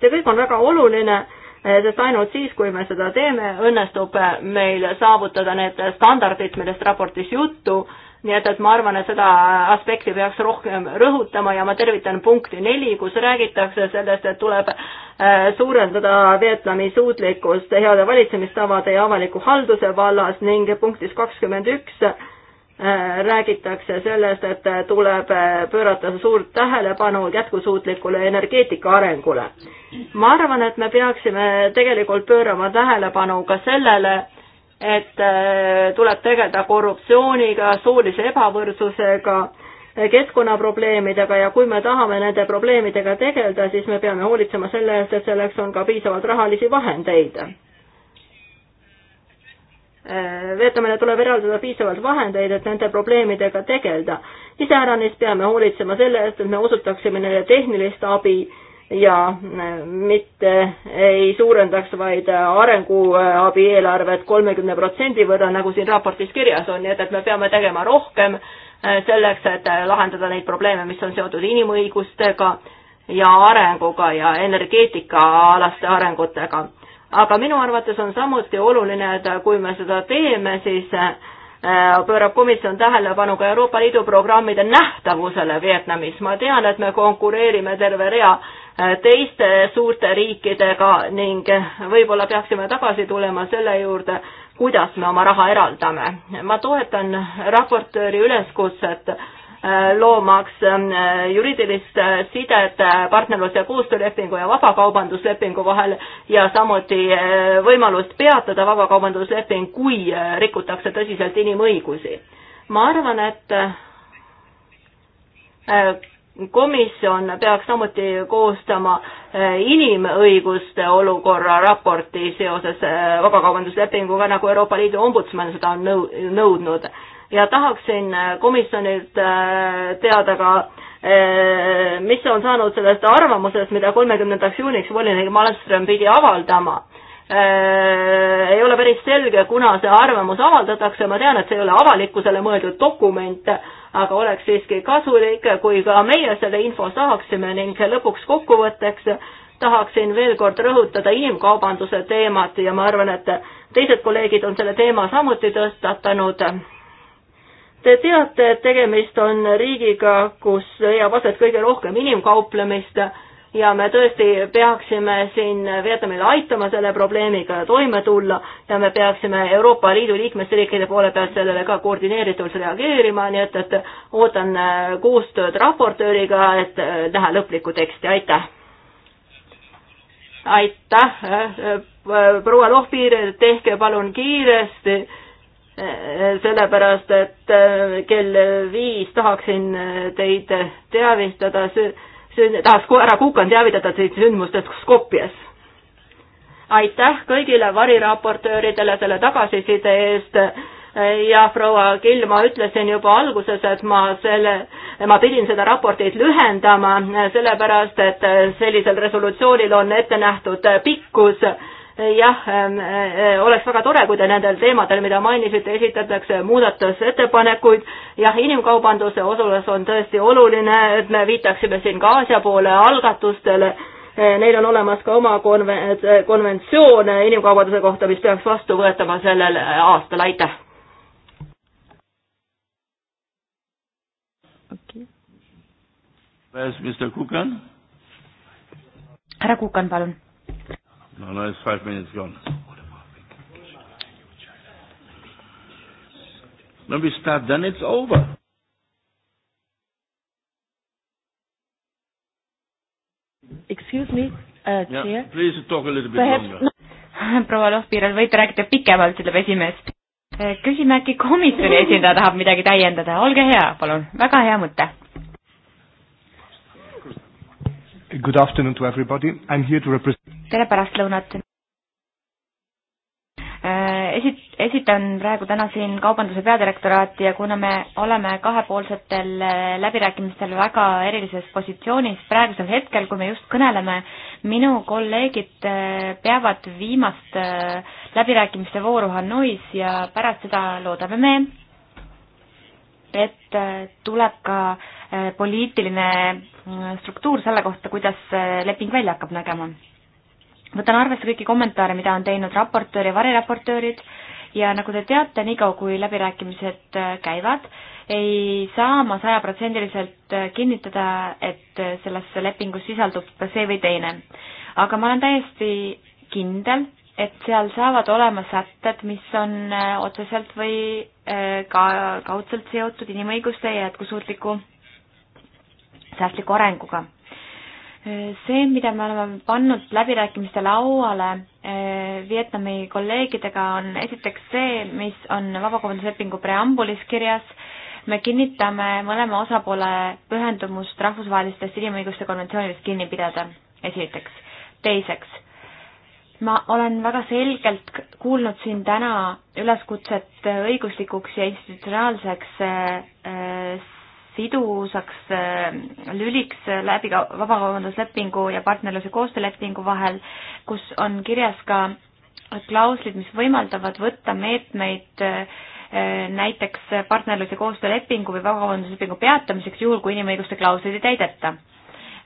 see kõik on väga oluline, sest ainult siis, kui me seda teeme, õnnestub meil saavutada need standardid, millest raportis juttu nii et, et ma arvan, et seda aspekti peaks rohkem rõhutama ja ma tervitan punkti neli, kus räägitakse sellest, et tuleb äh, suurendada Vietnami suutlikkust heade valitsemistavade ja avaliku halduse vallas ning punktis kakskümmend üks äh, räägitakse sellest, et tuleb äh, pöörata suurt tähelepanu jätkusuutlikule energeetika arengule. ma arvan, et me peaksime tegelikult pöörama tähelepanu ka sellele, et äh, tuleb tegeleda korruptsiooniga, soolise ebavõrdsusega, äh, keskkonnaprobleemidega ja kui me tahame nende probleemidega tegeleda, siis me peame hoolitsema selle eest, et selleks on ka piisavalt rahalisi vahendeid. Äh, Veetamine tuleb eraldada piisavalt vahendeid, et nende probleemidega tegeleda. iseäranis peame hoolitsema selle eest, et me osutaksime neile tehnilist abi ja äh, mitte ei suurendaks, vaid äh, arenguabi eelarvet kolmekümne protsendi võrra, nagu siin raportis kirjas on, nii et, et me peame tegema rohkem äh, selleks, et lahendada neid probleeme, mis on seotud inimõigustega ja arenguga ja energeetikaalaste arengutega. aga minu arvates on samuti oluline, et kui me seda teeme, siis pöörab komisjon tähelepanu ka Euroopa Liidu programmide nähtavusele Vietnamis. ma tean, et me konkureerime terve rea teiste suurte riikidega ning võib-olla peaksime tagasi tulema selle juurde, kuidas me oma raha eraldame. ma toetan raportööri üleskutset äh, loomaks äh, juriidilist äh, sidet partnerlus- ja koostöölepingu ja vabakaubanduslepingu vahel ja samuti võimalust peatada vabakaubandusleping, kui rikutakse tõsiselt inimõigusi. ma arvan, et komisjon peaks samuti koostama eh, inimõiguste olukorra raporti seoses eh, vabakaubanduslepinguga, nagu Euroopa Liidu ombudsman seda on nõu-, nõudnud. ja tahaksin eh, komisjonilt teada ka, mis on saanud sellest arvamusest, mida kolmekümnendaks juuniks volinik Malmström pidi avaldama ei ole päris selge, kuna see arvamus avaldatakse, ma tean, et see ei ole avalikkusele mõeldud dokument, aga oleks siiski kasulik, kui ka meie selle info saaksime ning lõpuks kokkuvõtteks tahaksin veel kord rõhutada inimkaubanduse teemat ja ma arvan, et teised kolleegid on selle teema samuti tõstatanud. Te teate, et tegemist on riigiga, kus leiab aset kõige rohkem inimkauplemist ja me tõesti peaksime siin Vietnamil aitama selle probleemiga toime tulla ja me peaksime Euroopa Liidu liikmesriikide poole pealt sellele ka koordineeritult reageerima, nii et, et ootan äh, koostööd raportööriga, et äh, näha lõplikku teksti, aitäh! aitäh, äh, proua Lohpiir, tehke palun kiiresti, sellepärast et kell viis tahaksin teid teavitada see tahaks härra Kukan teavitada teid sündmustest Skopjes. aitäh kõigile variraportööridele selle tagasiside eest ja proua Kill, ma ütlesin juba alguses, et ma selle, ma pidin seda raportit lühendama, sellepärast et sellisel resolutsioonil on ette nähtud pikkus jah, ähm, äh, oleks väga tore, kui te nendel teemadel, mida mainisite, esitatakse muudatusettepanekuid. jah, inimkaubanduse osas on tõesti oluline, et me viitaksime siin ka Aasia poole algatustele. Äh, neil on olemas ka oma konven-, äh, konventsioon inimkaubanduse kohta, mis peaks vastu võetama sellel aastal, aitäh. härra Kukan, palun No, no, it's five minutes gone. When we start, then it's over. Excuse me, uh, yeah, chair. Please talk a little bit Perhaps longer. proua Lohpiirel, võite rääkida pikemalt, ütleb esimees. Äh, küsime äkki komisjoni esindaja tahab midagi täiendada, olge hea, palun, väga hea mõte. Good afternoon to everybody, I am here to represent tere pärastlõunat! Äh, esit-, esitan praegu täna siin Kaubanduse peadirektoraati ja kuna me oleme kahepoolsetel äh, läbirääkimistel väga erilises positsioonis praegusel hetkel, kui me just kõneleme, minu kolleegid äh, peavad viimast läbirääkimiste vooru Hanois ja pärast seda loodame me, et tuleb ka poliitiline struktuur selle kohta, kuidas leping välja hakkab nägema võtan arvesse kõiki kommentaare, mida on teinud raportöör ja variraportöörid ja nagu te teate, niikaua kui läbirääkimised äh, käivad, ei saa ma sajaprotsendiliselt äh, kinnitada, et äh, selles lepingus sisaldub see või teine. aga ma olen täiesti kindel, et seal saavad olema sätted, mis on otseselt või ka kaudselt seotud inimõiguste ja jätkusuutliku säästliku arenguga see, mida me oleme pannud läbirääkimiste lauale eh, Vietnami kolleegidega, on esiteks see, mis on vabakaubanduslepingu preambulis kirjas, me kinnitame mõlema osapoole pühendumust rahvusvahelistest inimõiguste konventsioonidest kinni pidada, esiteks. teiseks, ma olen väga selgelt kuulnud siin täna üleskutset õiguslikuks ja institutsionaalseks eh, eh, sidusaks äh, lüliks läbi ka vabakaubanduslepingu ja partnerluse koostöölepingu vahel, kus on kirjas ka klauslid, mis võimaldavad võtta meetmeid äh, näiteks partnerluse koostöölepingu või vabakaubanduslepingu peatamiseks, juhul kui inimõiguste klausleid ei täideta.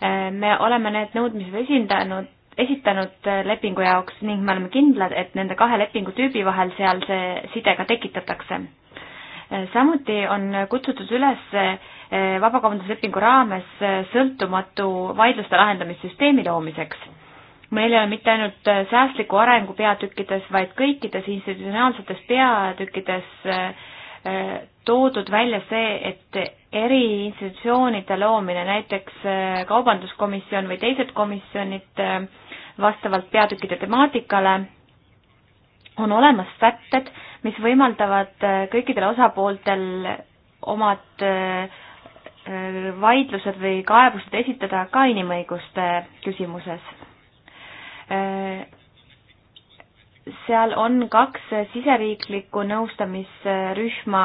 Äh, me oleme need nõudmised esindanud, esitanud lepingu jaoks ning me oleme kindlad, et nende kahe lepingutüübi vahel seal see side ka tekitatakse samuti on kutsutud üles Eh, vabakaubanduslepingu raames eh, sõltumatu vaidluste lahendamissüsteemi loomiseks. meil ei ole mitte ainult eh, säästliku arengu peatükkides, vaid kõikides institutsionaalsetes peatükkides toodud välja see, et eri institutsioonide loomine, näiteks Kaubanduskomisjon või teised komisjonid vastavalt peatükkide temaatikale, on olemas sätted, mis võimaldavad kõikidel osapooltel omad äh, vaidlused või kaebused esitada ka inimõiguste küsimuses. seal on kaks siseriiklikku nõustamisrühma,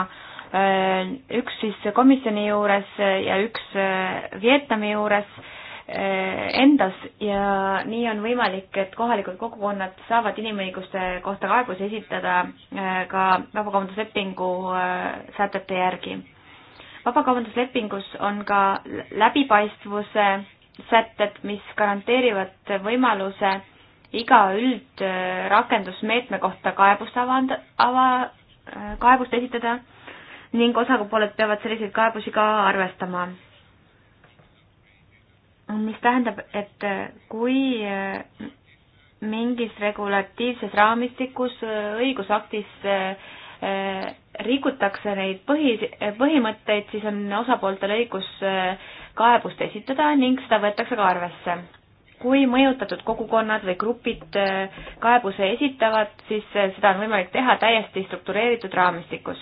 üks siis komisjoni juures ja üks Vietnami juures endas ja nii on võimalik, et kohalikud kogukonnad saavad inimõiguste kohta kaebusi esitada ka vabakaubanduslepingu äh, sätete järgi vabakaubanduslepingus on ka läbipaistvuse sätted, mis garanteerivad võimaluse iga üldrakendusmeetme kohta kaebust avanda, ava, kaebust esitada ning osapooled peavad selliseid kaebusi ka arvestama. mis tähendab, et kui äh, mingis regulatiivses raamistikus õigusaktis äh, Äh, rikutakse neid põhi, põhimõtteid, siis on osapooltel õigus äh, kaebust esitada ning seda võetakse ka arvesse. kui mõjutatud kogukonnad või grupid äh, kaebuse esitavad, siis seda on võimalik teha täiesti struktureeritud raamistikus.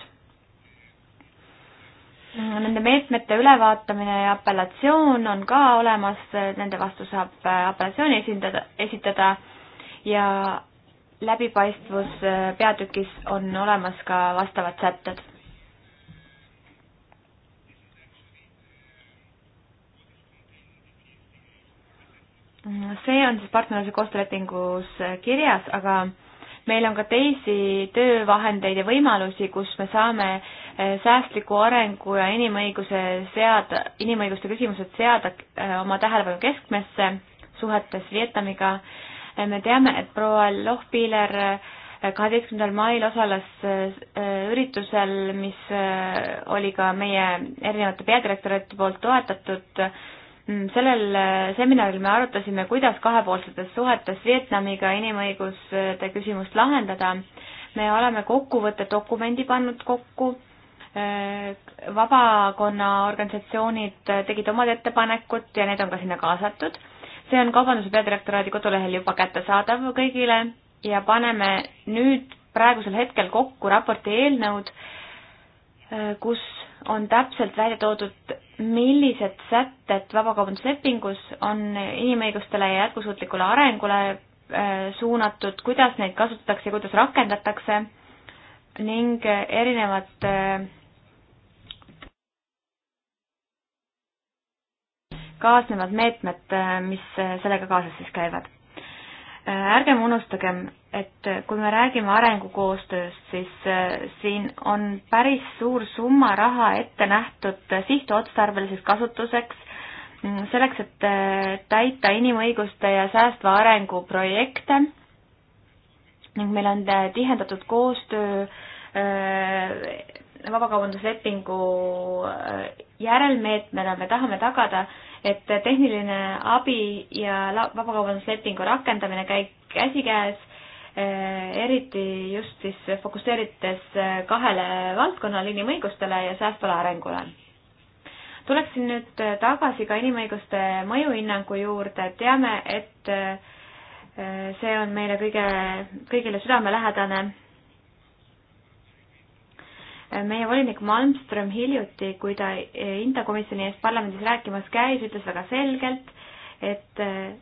Nende meetmete ülevaatamine ja apellatsioon on ka olemas, nende vastu saab apellatsiooni esindada, esitada ja läbipaistvus äh, peatükis on olemas ka vastavad sätted. see on siis partnerluse koostöölepingus äh, kirjas, aga meil on ka teisi töövahendeid ja võimalusi, kus me saame äh, säästliku arengu ja inimõiguse seada, inimõiguste küsimused seada oma tähelepanu keskmesse suhetes Vietnamiga äh, me teame, et proua Lohpiiler äh, kaheteistkümnendal mail osales äh, üritusel, mis äh, oli ka meie erinevate peadirektorite poolt toetatud. Mm, sellel seminaril me arutasime, kuidas kahepoolsetes suhetes Vietnamiga inimõiguste küsimust lahendada. me oleme kokkuvõtte dokumendi pannud kokku vabakonna organisatsioonid tegid omad ettepanekud ja need on ka sinna kaasatud see on Kaubanduse Peadirektoraadi kodulehel juba kättesaadav kõigile ja paneme nüüd praegusel hetkel kokku raporti eelnõud, äh, kus on täpselt välja toodud, millised sätted vabakaubanduslepingus on inimõigustele ja jätkusuutlikule arengule äh, suunatud, kuidas neid kasutatakse ja kuidas rakendatakse ning erinevad äh, kaasnevad meetmed, mis sellega kaasas siis käivad. ärgem unustagem, et kui me räägime arengukoostööst, siis äh, siin on päris suur summa raha ette nähtud sihtotstarbeliseks kasutuseks, mm, selleks, et äh, täita inimõiguste ja säästva arengu projekte ning meil on äh, tihendatud koostöö vabakaubanduslepingu järelmeetmena me tahame tagada, et tehniline abi ja vabakaubanduslepingu rakendamine käib käsikäes, äh, eriti just siis fokusseerides äh, kahele valdkonnale, inimõigustele ja säästvale arengule. tuleksin nüüd äh, tagasi ka inimõiguste mõjuhinnangu juurde, teame, et see on meile kõige, kõigile südamelähedane meie volinik Malmström hiljuti, kui ta Inta komisjoni ees parlamendis rääkimas käis, ütles väga selgelt, et äh,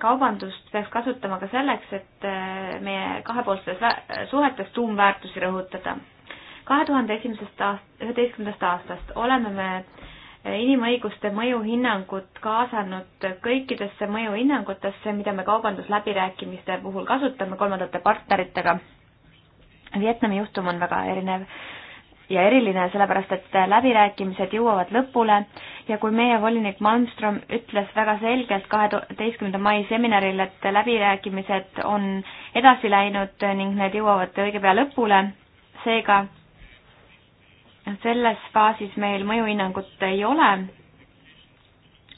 kaubandust peaks kasutama ka selleks, et äh, meie kahepoolsetes suhetes tuumväärtusi rõhutada. kahe tuhande esimesest aast-, üheteistkümnendast aastast oleme me äh, inimõiguste mõjuhinnangut kaasanud kõikidesse mõjuhinnangutesse, mida me kaubandusläbirääkimiste puhul kasutame kolmandate partneritega Vietnami juhtum on väga erinev ja eriline, sellepärast et läbirääkimised jõuavad lõpule ja kui meie volinik Malmström ütles väga selgelt kaheteistkümnenda mai seminaril, et läbirääkimised on edasi läinud ning need jõuavad õige pea lõpule, seega selles faasis meil mõjuhinnangut ei ole,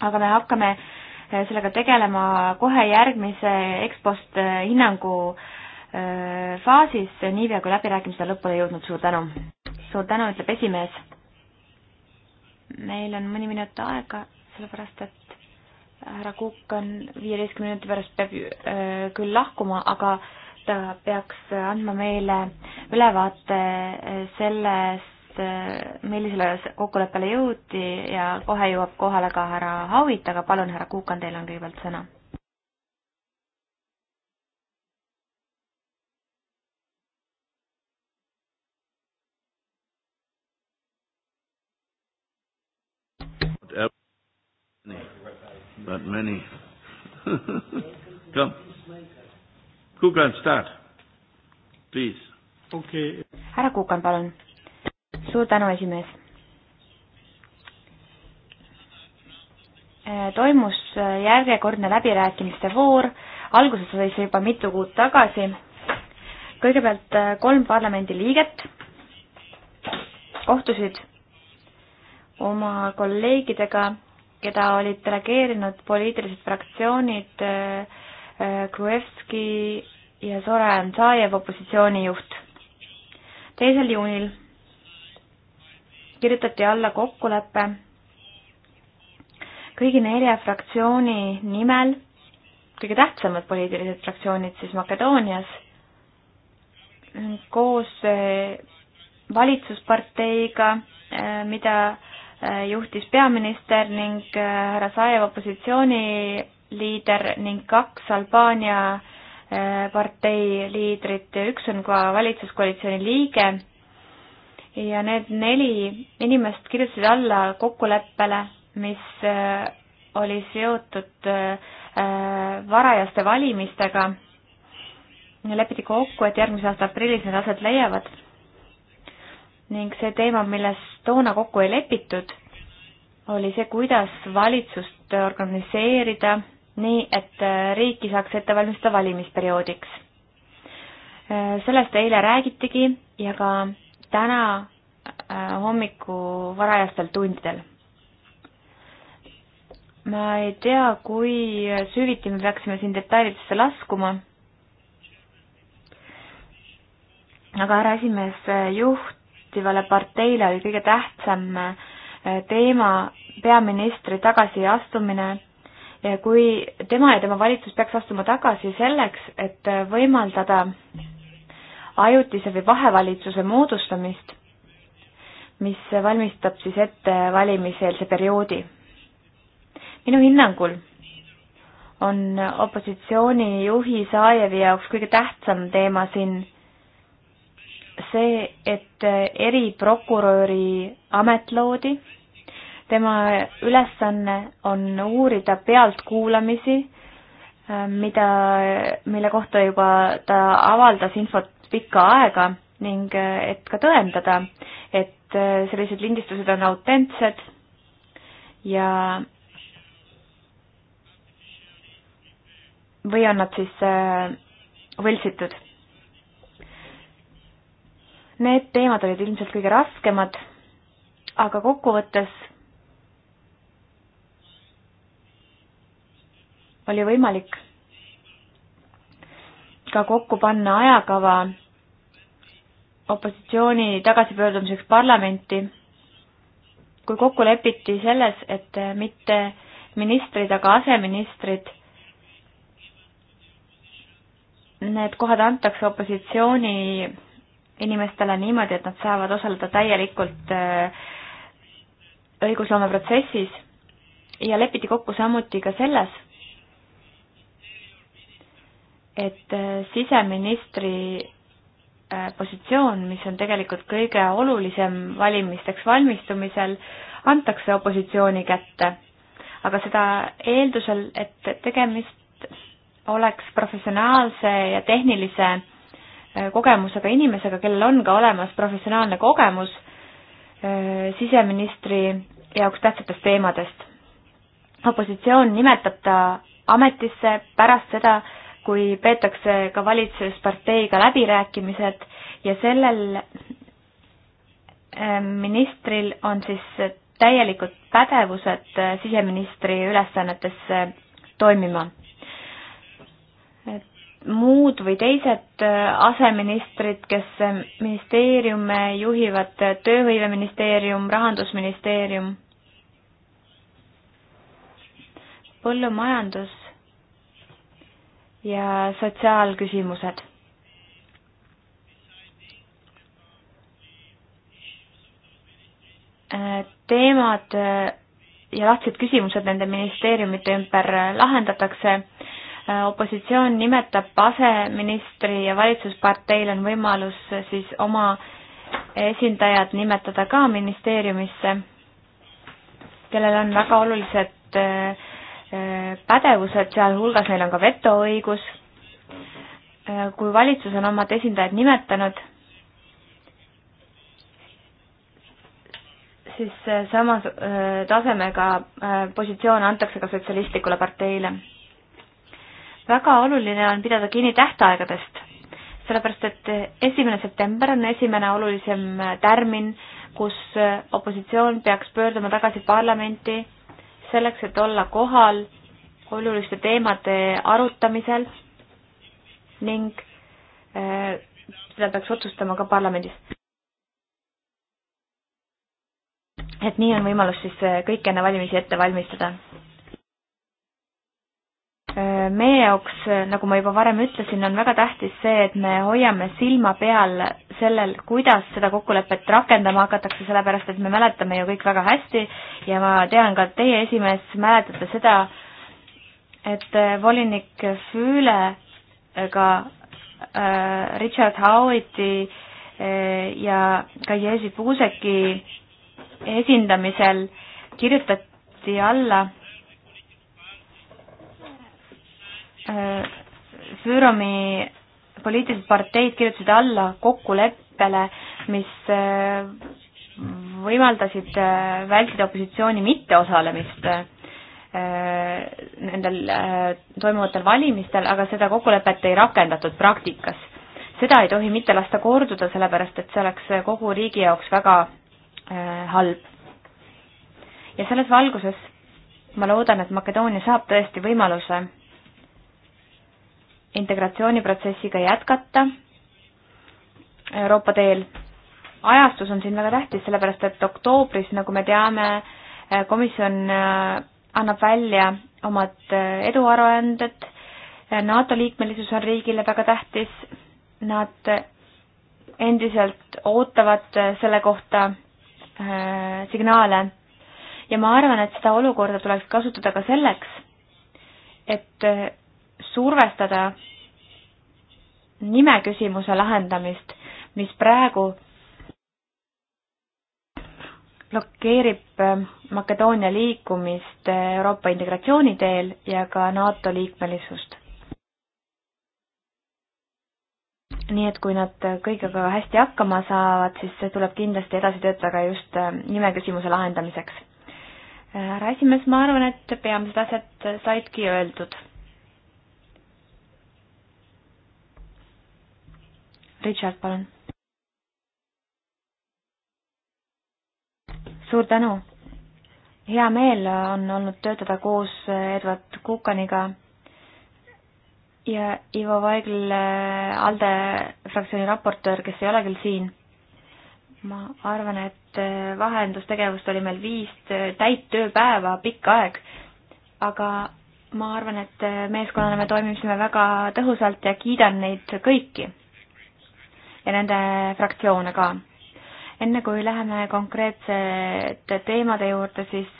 aga me hakkame sellega tegelema kohe järgmise EXPO-st hinnangu äh, Äh, faasis, niipea kui läbirääkimised on lõpule jõudnud, suur tänu. suur tänu, ütleb esimees. meil on mõni minut aega, sellepärast et härra Kukk on viieteistkümne minuti pärast peab äh, küll lahkuma, aga ta peaks andma meile ülevaate äh, sellest, millisele kokkuleppele jõuti ja kohe jõuab kohale ka härra Haavit, aga palun, härra Kuukan, teil on kõigepealt sõna many. Come. Who can start? Please. Okay. härra Kukan, palun. suur tänu, esimees. Äh, toimus äh, järjekordne läbirääkimiste voor, alguses oli see juba mitu kuud tagasi. kõigepealt äh, kolm parlamendiliiget kohtusid oma kolleegidega keda olid delegeerinud poliitilised fraktsioonid äh, äh, Gruevski ja Zora Antsajev, opositsioonijuht. teisel juunil kirjutati alla kokkulepe kõigi nelja fraktsiooni nimel, kõige tähtsamad poliitilised fraktsioonid siis Makedoonias, koos äh, valitsusparteiga, mida juhtis peaminister ning äh, härra Saev opositsiooniliider ning kaks Albaania äh, partei liidrit ja üks on ka valitsuskoalitsiooni liige. ja need neli inimest kirjutasid alla kokkuleppele, mis äh, oli seotud varajaste valimistega. lepiti kokku, et järgmise aasta aprillis need aset leiavad ning see teema, milles toona kokku ei lepitud, oli see, kuidas valitsust organiseerida nii, et riiki saaks ette valmistada valimisperioodiks. sellest eile räägitigi ja ka täna äh, hommiku varajastel tundidel. ma ei tea, kui süviti me peaksime siin detailidesse laskuma, aga härra esimees, juht juhtivale parteile oli kõige tähtsam äh, teema peaministri tagasiastumine ja kui tema ja tema valitsus peaks astuma tagasi selleks, et äh, võimaldada ajutise või vahevalitsuse moodustamist, mis valmistab siis ette valimiseelse perioodi. minu hinnangul on opositsiooni juhi Saajevi jaoks kõige tähtsam teema siin see, et eriprokuröri amet loodi. tema ülesanne on uurida pealtkuulamisi, mida, mille kohta juba ta avaldas infot pikka aega ning et ka tõendada, et sellised lindistused on autentsed ja või on nad siis äh, võltsitud Need teemad olid ilmselt kõige raskemad, aga kokkuvõttes oli võimalik ka kokku panna ajakava opositsiooni tagasipöördumiseks parlamenti, kui kokku lepiti selles, et mitte ministrid, aga aseministrid, need kohad antakse opositsiooni inimestele niimoodi, et nad saavad osaleda täielikult äh, õigusloome protsessis ja lepiti kokku samuti ka selles, et äh, siseministri äh, positsioon, mis on tegelikult kõige olulisem valimisteks valmistumisel, antakse opositsiooni kätte. aga seda eeldusel, et tegemist oleks professionaalse ja tehnilise Äh, kogemusega inimesega, kellel on ka olemas professionaalne kogemus äh, siseministri jaoks tähtsatest teemadest. opositsioon nimetab ta ametisse pärast seda, kui peetakse ka valitsusparteiga läbirääkimised ja sellel äh, ministril on siis täielikud pädevused siseministri ülesannetes toimima muud või teised äh, aseministrid, kes äh, ministeeriume juhivad, äh, Tööhõiveministeerium, Rahandusministeerium, põllumajandus ja sotsiaalküsimused. teemad ja lahtised küsimused nende ministeeriumite ümber lahendatakse Äh, opositsioon nimetab aseministri ja valitsusparteil on võimalus äh, siis oma esindajad nimetada ka ministeeriumisse, kellel on väga olulised äh, pädevused, sealhulgas neil on ka vetoõigus. kui valitsus on omad esindajad nimetanud, siis sama tasemega positsioon antakse ka sotsialistlikule parteile väga oluline on pidada kinni tähtaegadest, sellepärast et esimene september on esimene olulisem äh, tärmin, kus äh, opositsioon peaks pöörduma tagasi parlamenti selleks, et olla kohal oluliste teemade arutamisel ning äh, seda peaks otsustama ka parlamendis. et nii on võimalus siis äh, kõike enne valimisi ette valmistada meie jaoks, nagu ma juba varem ütlesin, on väga tähtis see, et me hoiame silma peal sellel, kuidas seda kokkulepet rakendama hakatakse, sellepärast et me mäletame ju kõik väga hästi ja ma tean ka, et teie esimees mäletate seda, et äh, volinik Füülega äh, äh, Richard Howitti äh, ja ka Jerzy Puuseki esindamisel kirjutati alla Füürumi äh, poliitilised parteid kirjutasid alla kokkuleppele, mis äh, võimaldasid äh, vältida opositsiooni mitteosalemist nendel toimuvatel valimistel, aga seda kokkulepet ei rakendatud praktikas. seda ei tohi mitte lasta korduda, sellepärast et see oleks kogu riigi jaoks väga halb. ja selles valguses ma loodan, et Makedoonia saab tõesti võimaluse integratsiooniprotsessiga jätkata Euroopa teel. ajastus on siin väga tähtis, sellepärast et oktoobris, nagu me teame, komisjon äh, annab välja omad äh, eduaruanded, NATO liikmelisus on riigile väga tähtis, nad endiselt ootavad äh, selle kohta signaale ja ma arvan, et seda olukorda tuleks kasutada ka selleks, et survestada nimeküsimuse lahendamist, mis praegu blokeerib äh, Makedoonia liikumist äh, Euroopa integratsiooni teel ja ka NATO liikmelisust. nii et kui nad kõigega hästi hakkama saavad, siis tuleb kindlasti edasi töötada ka just äh, nimeküsimuse lahendamiseks. härra esimees, ma arvan, et peamised asjad saidki öeldud Richard, palun. suur tänu. hea meel on olnud töötada koos Edward Kukaniga ja Ivo Vaigl, ALDE fraktsiooni raportöör, kes ei ole küll siin. ma arvan, et vahendustegevust oli meil viis täit tööpäeva, pikk aeg, aga ma arvan, et meeskonnana me toimisime väga tõhusalt ja kiidan neid kõiki ja nende fraktsioone ka. enne kui läheme konkreetsete teemade juurde, siis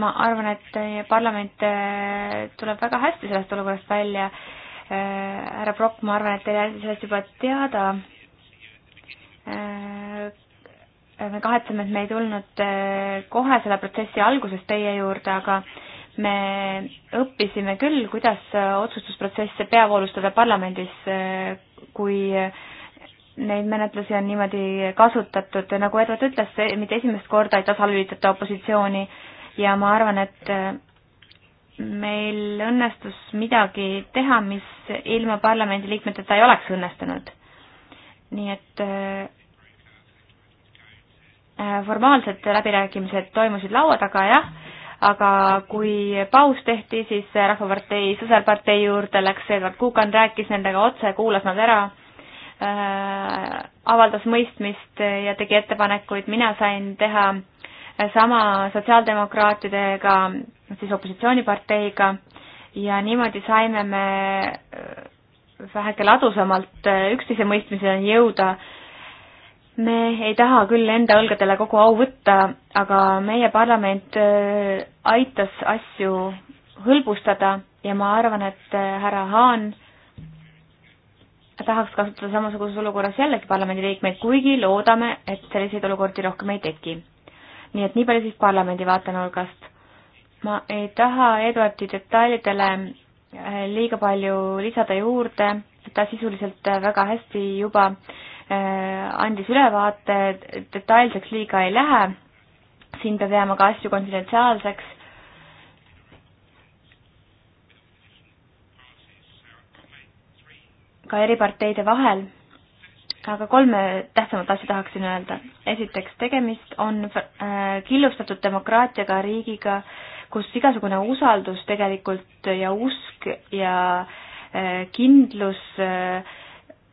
ma arvan, et parlament äh, tuleb väga hästi sellest olukorrast välja. Äh, härra Prokk, ma arvan, et teile jäi sellest juba teada. Äh, me kahetseme, et me ei tulnud kohe selle protsessi alguses teie juurde, aga me õppisime küll, kuidas otsustusprotsesse peavoolustada parlamendis, kui neid menetlusi on niimoodi kasutatud, nagu Edward ütles, mitte esimest korda ei tasalülitata opositsiooni ja ma arvan, et äh, meil õnnestus midagi teha, mis ilma parlamendiliikmeteta ei oleks õnnestunud. nii et äh, äh, formaalsed läbirääkimised toimusid laua taga, jah, aga kui paus tehti, siis Rahvapartei sõsarpartei juurde läks Edward Kukan, rääkis nendega otse, kuulas nad ära Äh, avaldas mõistmist ja tegi ettepanekuid, mina sain teha sama sotsiaaldemokraatidega, siis opositsiooniparteiga ja niimoodi saime me äh, väheke ladusamalt äh, üksteise mõistmiseni jõuda. me ei taha küll enda õlgadele kogu au võtta, aga meie parlament aitas asju hõlbustada ja ma arvan, et härra Haan äh, tahaks kasutada samasuguses olukorras jällegi parlamendiliikmeid, kuigi loodame, et selliseid olukordi rohkem ei teki. nii et nii palju siis parlamendi vaatenurgast. ma ei taha Eduardi detailidele äh, liiga palju lisada juurde, ta sisuliselt äh, väga hästi juba äh, andis ülevaate, detailseks liiga ei lähe, siin peab jääma ka asju konfidentsiaalseks ka eri parteide vahel, aga kolme tähtsamat asja tahaksin öelda. esiteks, tegemist on äh, killustatud demokraatiaga riigiga, kus igasugune usaldus tegelikult ja usk ja äh, kindlus äh,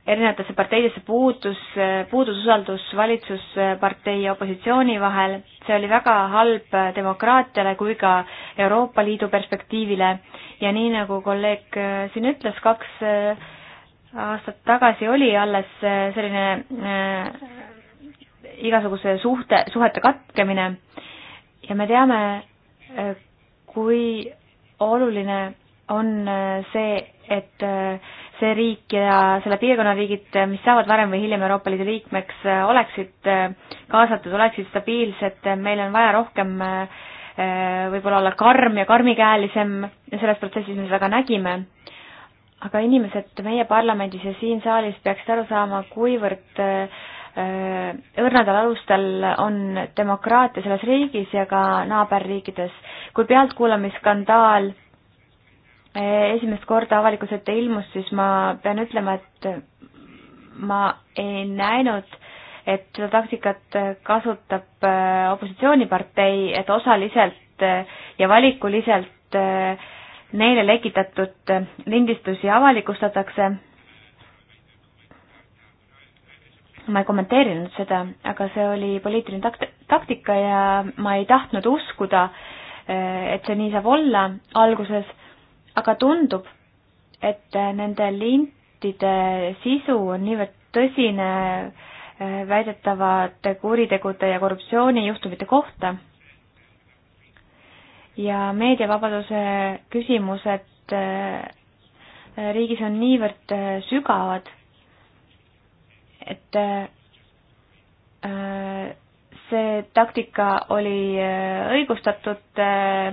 erinevatesse parteidesse puudus, puudus usaldus valitsuspartei ja opositsiooni vahel, see oli väga halb demokraatiale kui ka Euroopa Liidu perspektiivile ja nii, nagu kolleeg siin ütles, kaks aastat tagasi oli alles äh, selline äh, igasuguse suhte, suhete katkemine ja me teame äh,, kui oluline on äh, see, et äh, see riik ja selle piirkonna riigid, äh, mis saavad varem või hiljem Euroopa Liidu liikmeks, äh, oleksid kaasatud, oleksid stabiilsed, meil on vaja rohkem võib-olla olla karm ja karmikäelisem selles protsessis me seda ka nägime aga inimesed meie parlamendis ja siin saalis peaksid aru saama, kuivõrd äh, õrnadel alustel on demokraatia selles riigis ja ka naaberriikides. kui pealtkuulamisskandaal äh, esimest korda avalikkuse ette ilmus, siis ma pean ütlema, et ma ei näinud, et seda taktikat kasutab äh, opositsioonipartei, et osaliselt ja valikuliselt äh, neile lekitatud lindistusi avalikustatakse. ma ei kommenteerinud seda, aga see oli poliitiline takt-, taktika ja ma ei tahtnud uskuda, et see nii saab olla alguses, aga tundub, et nende lintide sisu on niivõrd tõsine eh, väidetavate kuritegude ja korruptsioonijuhtumite kohta ja meediavabaduse küsimused äh, riigis on niivõrd äh, sügavad, et äh, see taktika oli õigustatud,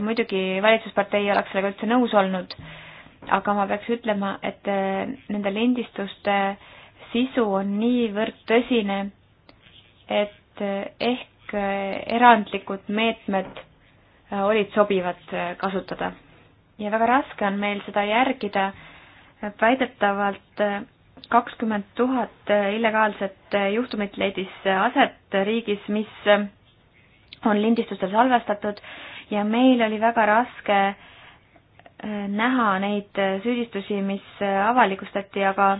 muidugi valitsuspartei oleks sellega üldse nõus olnud, aga ma peaks ütlema, et nende lindistuste sisu on niivõrd tõsine, et ehk erandlikud meetmed Äh, olid sobivad äh, kasutada. ja väga raske on meil seda järgida, väidetavalt äh, kakskümmend tuhat illegaalset juhtumit leidis aset riigis, mis on lindistustel salvestatud ja meil oli väga raske näha neid süüdistusi, mis avalikustati, aga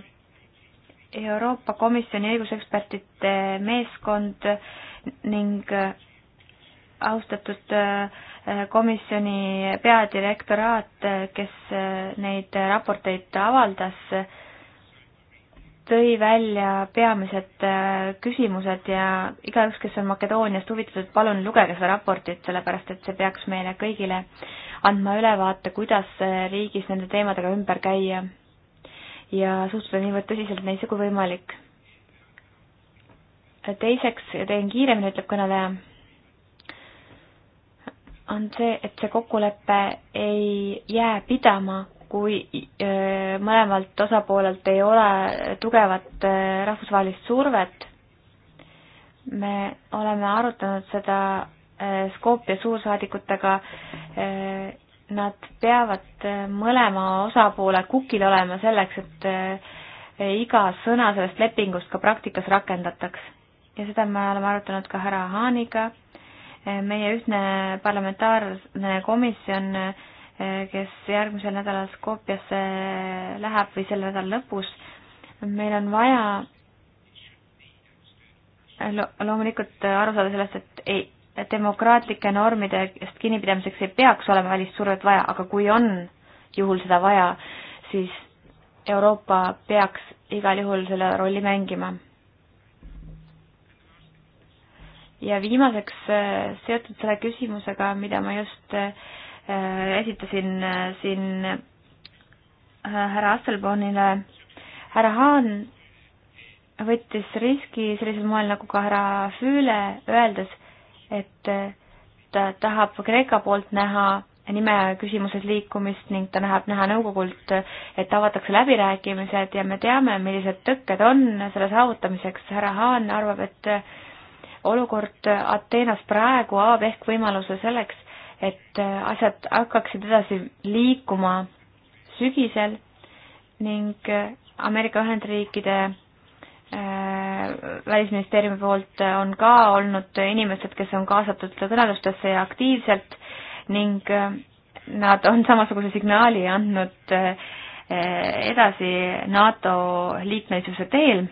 Euroopa Komisjoni õigusekspertide meeskond ning austatud äh, komisjoni peadirektoraat, kes neid raporteid avaldas, tõi välja peamised äh, küsimused ja igaüks, kes on Makedooniast huvitatud, palun lugege seda raportit, sellepärast et see peaks meile kõigile andma ülevaate, kuidas äh, riigis nende teemadega ümber käia ja suhtuda niivõrd tõsiselt neisse kui võimalik. teiseks, teen kiiremini, ütleb kõneleja on see, et see kokkulepe ei jää pidama, kui mõlemalt osapoolelt ei ole tugevat rahvusvahelist survet. me oleme arutanud seda Skopje suursaadikutega. Nad peavad mõlema osapoole kukil olema selleks, et iga sõna sellest lepingust ka praktikas rakendataks. ja seda me oleme arutanud ka härra Haaniga meie ühtne parlamentaarne komisjon, kes järgmisel nädalal Skopjasse läheb või selle nädala lõpus, meil on vaja lo loomulikult aru saada sellest, et ei, demokraatlike normidest kinnipidamiseks ei peaks olema välissurvet vaja, aga kui on juhul seda vaja, siis Euroopa peaks igal juhul selle rolli mängima ja viimaseks äh, seotud selle küsimusega, mida ma just äh, äh, esitasin siin härra Asselbornile, härra Haan võttis riski sellisel moel, nagu ka härra Füüle, öeldes, et ta tahab Kreeka poolt näha nime küsimuses liikumist ning ta näeb näha nõukogult, et avatakse läbirääkimised ja me teame, millised tõkked on selle saavutamiseks. härra Haan arvab, et olukord Ateenas praegu avab ehk võimaluse selleks, et äh, asjad hakkaksid edasi liikuma sügisel ning äh, Ameerika Ühendriikide äh, välisministeeriumi poolt on ka olnud inimesed, kes on kaasatud kõnelustesse ja aktiivselt ning nad on samasuguse signaali andnud edasi NATO liikmelisuse teel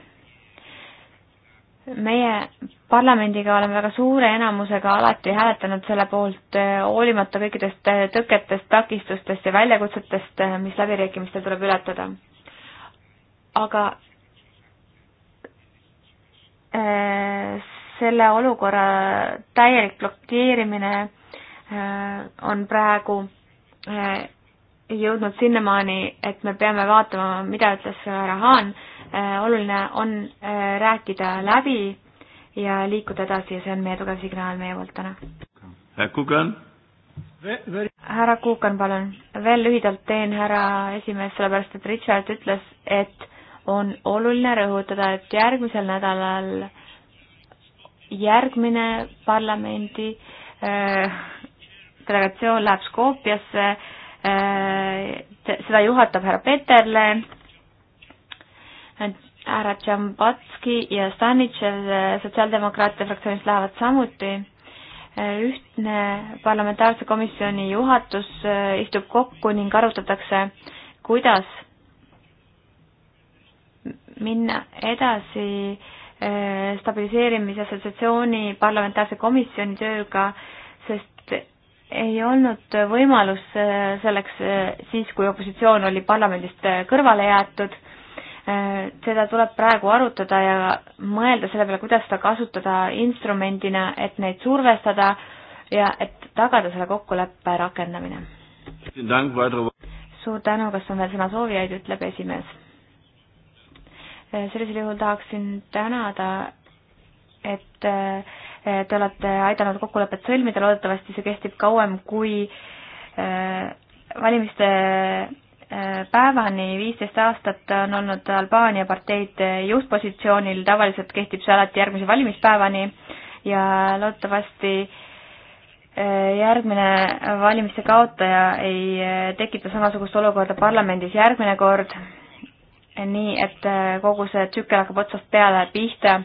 meie parlamendiga oleme väga suure enamusega alati hääletanud selle poolt, eh, hoolimata kõikidest eh, tõketest, takistustest ja väljakutsetest, eh, mis läbirääkimistel tuleb ületada. aga selle olukorra täielik blokeerimine on praegu jõudnud sinnamaani, et me peame vaatama, mida ütles härra Haan. Äh, oluline on äh, rääkida läbi ja liikuda edasi ja see on meie tugev signaal meie poolt täna. härra äh, Kukan. härra Kukan, palun. veel lühidalt teen, härra esimees, sellepärast et Richard ütles, et on oluline rõhutada, et järgmisel nädalal järgmine parlamendi äh, delegatsioon läheb Skopjasse äh, Äh, seda juhatab härra Peterle, härra Tšambatski ja Stanitšev Sotsiaaldemokraatide fraktsioonist lähevad samuti. Äh, ühtne parlamentaarse komisjoni juhatus äh, istub kokku ning arutatakse, kuidas minna edasi stabiliseerimise assotsiatsiooni parlamentaarse komisjoni tööga, sest ei olnud võimalus äh, selleks äh, siis, kui opositsioon oli parlamendist äh, kõrvale jäetud. seda tuleb praegu arutada ja mõelda selle peale, kuidas seda kasutada instrumendina, et neid survestada ja et tagada selle kokkuleppe rakendamine. suur tänu, kas on veel sõnasoovijaid, ütleb esimees. sellisel juhul tahaksin tänada, et äh, Te olete aidanud kokkulepet sõlmida, loodetavasti see kehtib kauem kui äh, valimiste äh, päevani, viisteist aastat on olnud Albaania parteid juhtpositsioonil, tavaliselt kehtib see alati järgmise valimispäevani ja loodetavasti äh, järgmine valimiste kaotaja ei tekita samasugust olukorda parlamendis järgmine kord nii, et äh, kogu see tsükkel hakkab otsast peale pihta.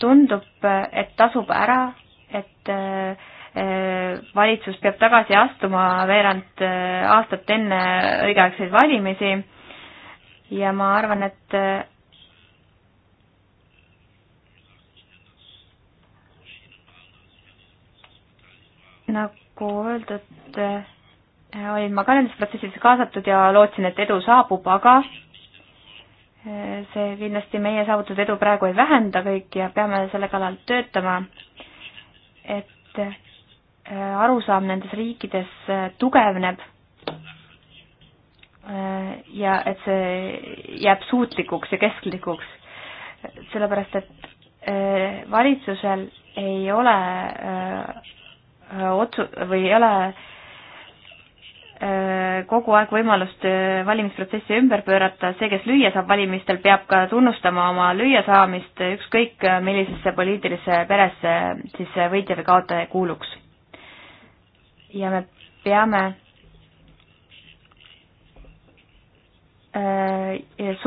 tundub, äh, et tasub ära, et äh, valitsus peab tagasi astuma veerand aastat enne õigeaegseid valimisi ja ma arvan, et nagu öeldud, olin ma ka nendes protsessides kaasatud ja lootsin, et edu saabub, aga see kindlasti meie saavutatud edu praegu ei vähenda kõik ja peame selle kallal töötama, et äh, arusaam nendes riikides äh, tugevneb äh, ja et see jääb suutlikuks ja kestlikuks, sellepärast et valitsusel ei ole otsu- või ei ole äh, Äh, kogu aeg võimalust äh, valimisprotsessi ümber pöörata, see, kes lüüa saab valimistel, peab ka tunnustama oma lüüasaamist, äh, ükskõik millisesse poliitilisse peresse siis võitja või kaotaja kuuluks. ja me peame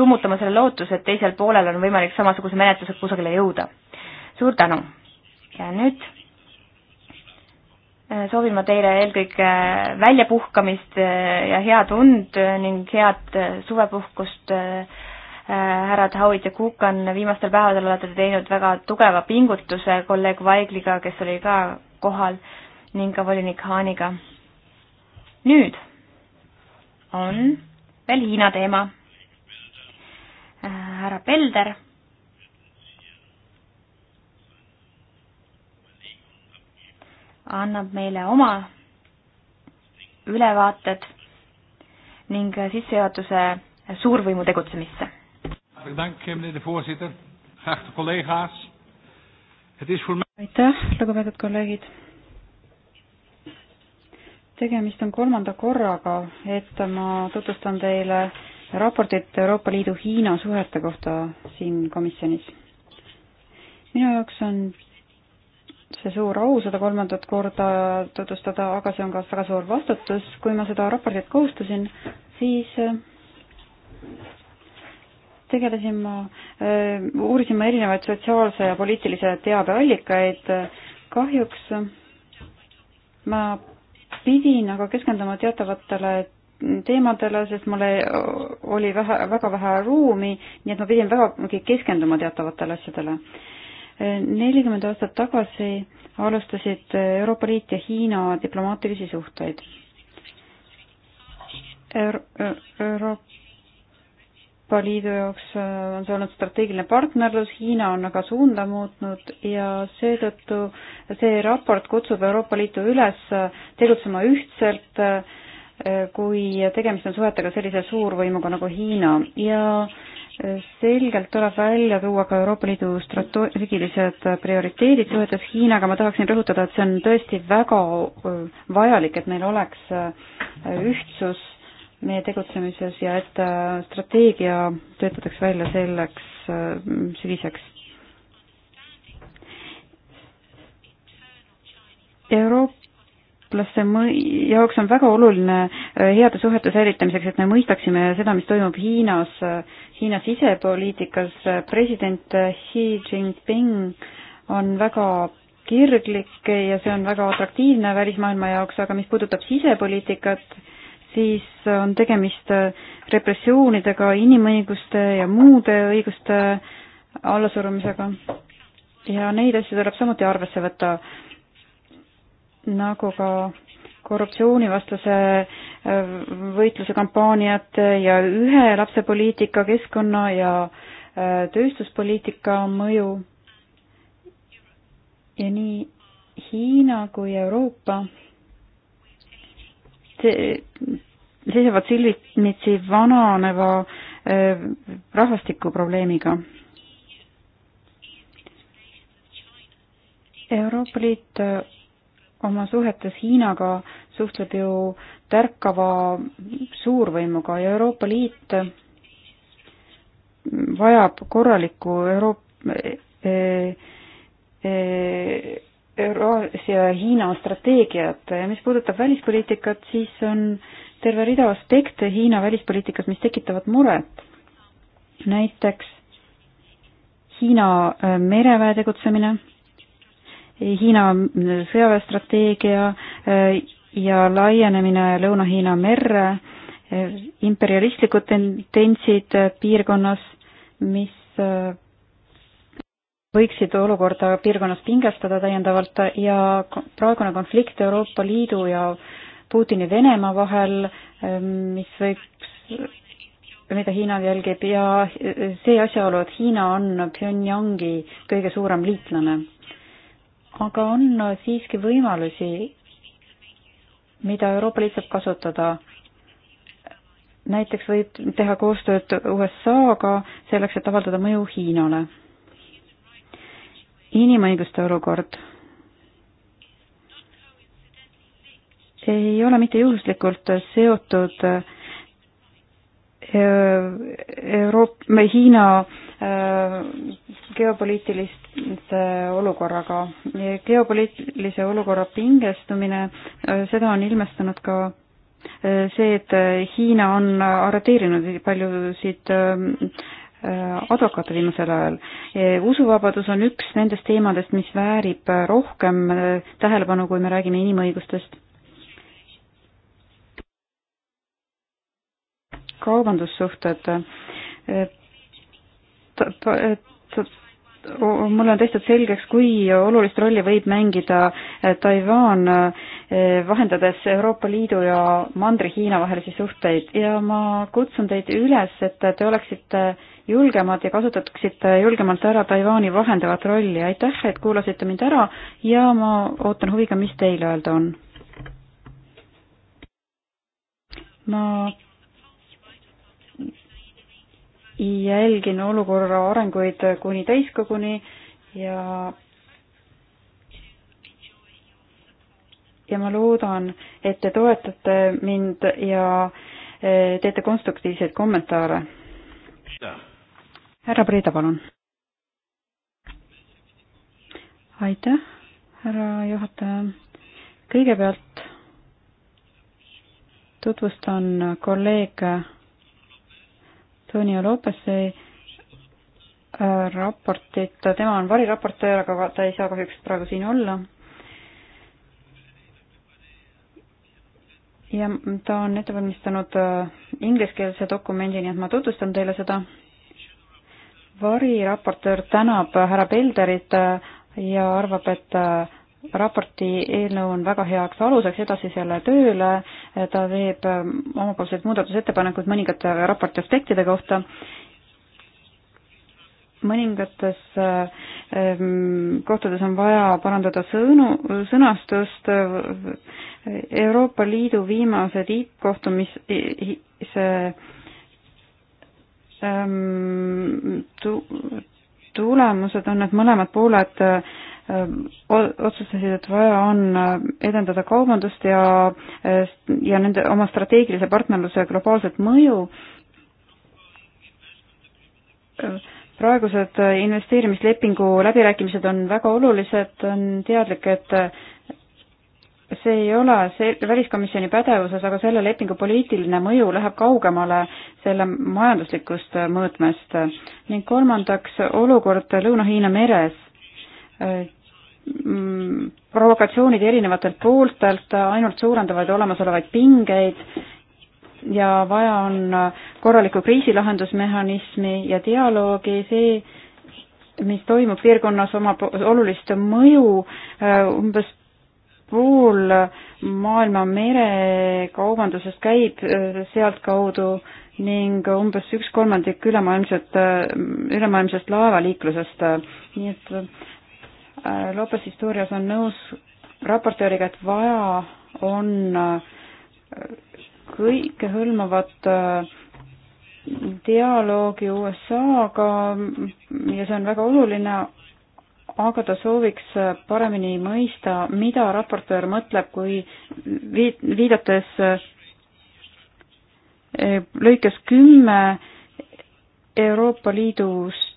summutama selle lootuse, et teisel poolel on võimalik samasuguse menetlusega kusagile jõuda. suur tänu! ja nüüd Äh, soovin ma teile eelkõige äh, väljapuhkamist äh, ja head und ning head suvepuhkust. härrad Howitt ja Kukan, viimastel päevadel olete te teinud väga tugeva pingutuse kolleeg Vaigliga, kes oli ka kohal, ning ka volinik Haaniga. nüüd on veel Hiina teema. härra Pelder annab meile oma ülevaated ning sissejuhatuse suurvõimu tegutsemisse. aitäh, lugupeetud kolleegid. tegemist on kolmanda korraga, et ma tutvustan teile raportit Euroopa Liidu Hiina suhete kohta siin komisjonis. minu jaoks on see suur au seda kolmandat korda tutvustada, aga see on ka väga suur vastutus. kui ma seda raportit koostasin, siis äh, tegelesin ma, äh, uurisin ma erinevaid sotsiaalse ja poliitilise teabeallikaid. kahjuks ma pidin aga keskenduma teatavatele teemadele, sest mul oli vähe, väga vähe ruumi, nii et ma pidin vägagi keskenduma teatavatele asjadele nelikümmend aastat tagasi alustasid Euroopa Liit ja Hiina diplomaatilisi suhteid Euro. Euroopa Liidu jaoks äh, on see olnud strateegiline partnerlus, Hiina on aga suunda muutnud ja seetõttu see raport kutsub Euroopa Liitu üles tegutsema ühtselt, äh, kui tegemist on suhetega sellise suurvõimuga nagu Hiina ja äh, selgelt tuleb välja tuua ka Euroopa Liidu strateegilised prioriteedid suhetes Hiinaga, ma tahaksin rõhutada, et see on tõesti väga vajalik, et meil oleks ühtsus meie tegutsemises ja et strateegia töötatakse välja selleks sügiseks. Euroop-, eurooplaste jaoks on väga oluline äh, heade suhete säilitamiseks, et me mõistaksime seda, mis toimub Hiinas, äh, Hiina sisepoliitikas. president äh, Xi Jinping on väga kirglik ja see on väga atraktiivne välismaailma jaoks, aga mis puudutab sisepoliitikat, siis on tegemist repressioonidega, inimõiguste ja muude õiguste allasurumisega. ja neid asju tuleb samuti arvesse võtta nagu ka korruptsioonivastase äh, võitluse kampaaniat ja ühe lapse poliitika, keskkonna ja äh, tööstuspoliitika mõju. ja nii Hiina kui Euroopa seisavad silmitsi vananeva äh, rahvastikuprobleemiga. Euroopa Liit oma suhetes Hiinaga suhtleb ju tärkava suurvõimuga ja Euroopa Liit vajab korralikku Euroop- e,, e, e- Euraasia Hiina strateegiat ja mis puudutab välispoliitikat, siis on terve rida aspekte Hiina välispoliitikas, mis tekitavad muret. näiteks Hiina mereväe tegutsemine Hiina sõjaväestrateegia eh, ja laienemine Lõuna-Hiina merre, eh, imperialistlikud tendentsid eh, piirkonnas, mis võiksid olukorda piirkonnas pingestada täiendavalt ja praegune konflikt Euroopa Liidu ja Putini Venemaa vahel, mis võiks, mida Hiina jälgib ja see asjaolu, et Hiina on Pyongyangi kõige suurem liitlane aga on siiski võimalusi, mida Euroopa Liit saab kasutada. näiteks võib teha koostööd USA-ga selleks, et avaldada mõju Hiinale. inimõiguste olukord ei ole mitte juhuslikult seotud Euroop-, Hiina äh, geopoliitiliste äh, olukorraga. geopoliitilise olukorra pingestumine, äh, seda on ilmestanud ka see, et Hiina on arreteerinud paljusid advokaate viimasel ajal. usuvabadus on üks nendest teemadest, mis väärib rohkem tähelepanu, kui me räägime inimõigustest kaubandussuhted. mulle on tehtud selgeks, kui olulist rolli võib mängida Taiwan, vahendades Euroopa Liidu ja Mandri-Hiina vahelisi suhteid ja ma kutsun teid üles, et te oleksite julgemad ja kasutaksite julgemalt ära Taiwan'i vahendavat rolli. aitäh, et kuulasite mind ära ja ma ootan huviga, mis teil öelda on. ma jälgin olukorra arenguid kuni täiskoguni ja ja ma loodan, et te toetate mind ja eh, teete konstruktiivseid kommentaare. härra Preeda, palun. aitäh, härra juhataja. kõigepealt tutvustan kolleeg Antonio Lopese äh, raportit, tema on variraportöör, aga ta ei saa kahjuks praegu siin olla. ja ta on ette valmistanud äh, ingliskeelse dokumendi, nii et ma tutvustan teile seda. variraportöör tänab härra Pelderit äh, ja arvab, et raporti eelnõu on väga heaks aluseks edasisele tööle, ta teeb ähm, omapoolseid muudatusettepanekuid mõningate raporti aspektide kohta, mõningates ähm, kohtades on vaja parandada sõnu, sõnastust, Euroopa Liidu viimase tippkohtumise ähm, tulemused on, et mõlemad pooled otsustasid, et vaja on edendada kaubandust ja, ja nende oma strateegilise partnerluse globaalset mõju. praegused investeerimislepingu läbirääkimised on väga olulised, on teadlik, et see ei ole see väliskomisjoni pädevuses, aga selle lepingu poliitiline mõju läheb kaugemale selle majanduslikust mõõtmest. ning kolmandaks, olukord Lõuna-Hiina meres Mm, provokatsioonid erinevatelt pooltelt ainult suurendavad olemasolevaid pingeid ja vaja on korralikku kriisilahendusmehhanismi ja dialoogi, see, mis toimub piirkonnas, omab olulist mõju äh, umbes pool maailma merekaubandusest käib äh, sealtkaudu ning umbes üks kolmandik ülemaailmset, äh, ülemaailmsest laevaliiklusest. nii et Äh, Lopes Historias on nõus raportööriga, et vaja on äh, kõikehõlmavat äh, dialoogi USA-ga ja see on väga oluline, aga ta sooviks paremini mõista, mida raportöör mõtleb, kui viid-, viidates lõikes kümme Euroopa Liidus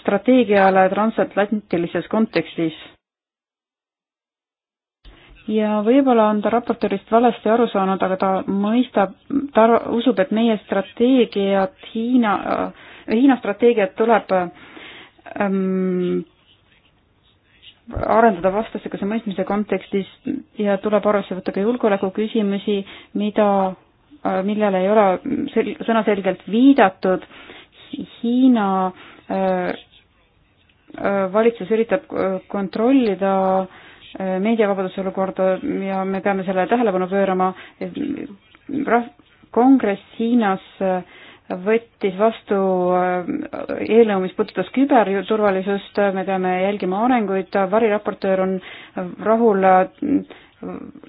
strateegiale transatlantilises kontekstis. ja võib-olla on ta raportöörist valesti aru saanud, aga ta mõistab, ta usub, et meie strateegiat Hiina, Hiina strateegiat tuleb ähm, arendada vastastikuse mõistmise kontekstis ja tuleb arvesse võtta ka julgeolekuküsimusi, mida, äh, millele ei ole sel-, sõnaselgelt viidatud. Hiina äh, Äh, äh, valitsus üritab äh, kontrollida meediavabaduse olukorda ja me peame sellele tähelepanu pöörama. kongress Hiinas võttis vastu eelnõu, mis puudutas küberturvalisust, me peame jälgima arenguid, variraportöör on rahul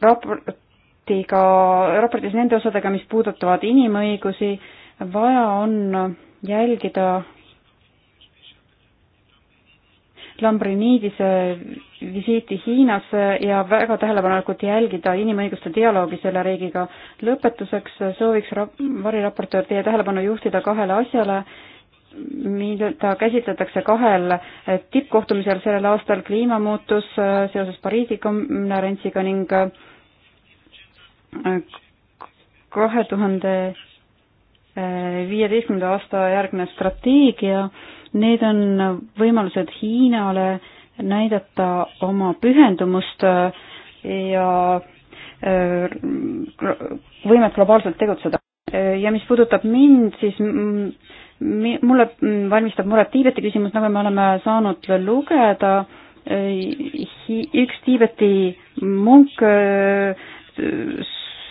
raportiga, raportis nende osadega, mis puudutavad inimõigusi, vaja on jälgida Lambrinidise visiiti Hiinas ja väga tähelepanelikult jälgida inimõiguste dialoogi selle riigiga. lõpetuseks sooviks variraportöör teie tähelepanu juhtida kahele asjale mida käsitletakse kahel tippkohtumisel sellel aastal, kliimamuutus seoses Pariisi konverentsiga ning äh, kahe tuhande äh, viieteistkümnenda aasta järgne strateegia Need on võimalused Hiinale näidata oma pühendumust ja äh, võimet globaalselt tegutseda. Äh, ja mis puudutab mind, siis mulle valmistab muret Tiibeti küsimus, nagu me oleme saanud lugeda. Äh, üks Tiibeti munk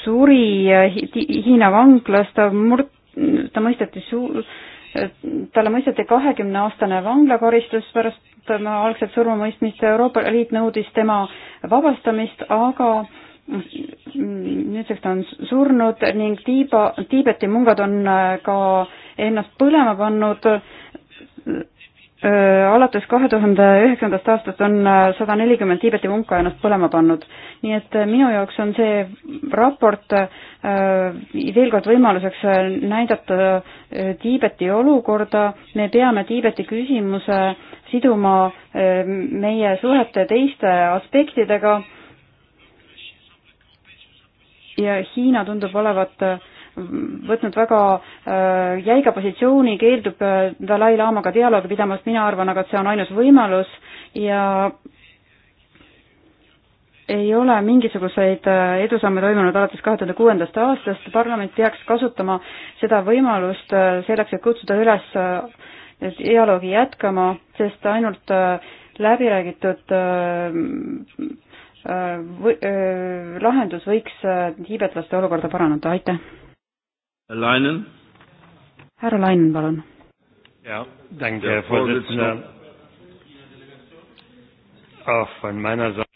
suri Hiina vanglas, ta murd-, ta mõisteti su-, talle mõisteti kahekümne aastane vanglakaristus pärast tema algset surmamõistmist, Euroopa Liit nõudis tema vabastamist, aga nüüdseks ta on surnud ning Tiiba, Tiibeti mungad on ka ennast põlema pannud alates kahe tuhande üheksandast aastast on äh, sada nelikümmend Tiibeti munka ennast põlema pannud. nii et äh, minu jaoks on see raport äh, veel kord võimaluseks näidata Tiibeti olukorda, me peame Tiibeti küsimuse siduma meie suhete teiste aspektidega ja Hiina tundub olevat äh, võtnud väga äh, jäiga positsiooni, keeldub äh, Dalai-laamaga dialoogi pidamast, mina arvan aga, et see on ainus võimalus ja ei ole mingisuguseid äh, edusamme toimunud alates kahe tuhande kuuendast aastast, parlament peaks kasutama seda võimalust selleks, et kutsuda üles dialoogi jätkama, sest ainult läbiräägitud või, lahendus võiks tiibetlaste olukorda parandada, aitäh! Lainen. härra Lainen, palun. ja, tänke, Herr Vorsitzender. Auch von meiner Seite.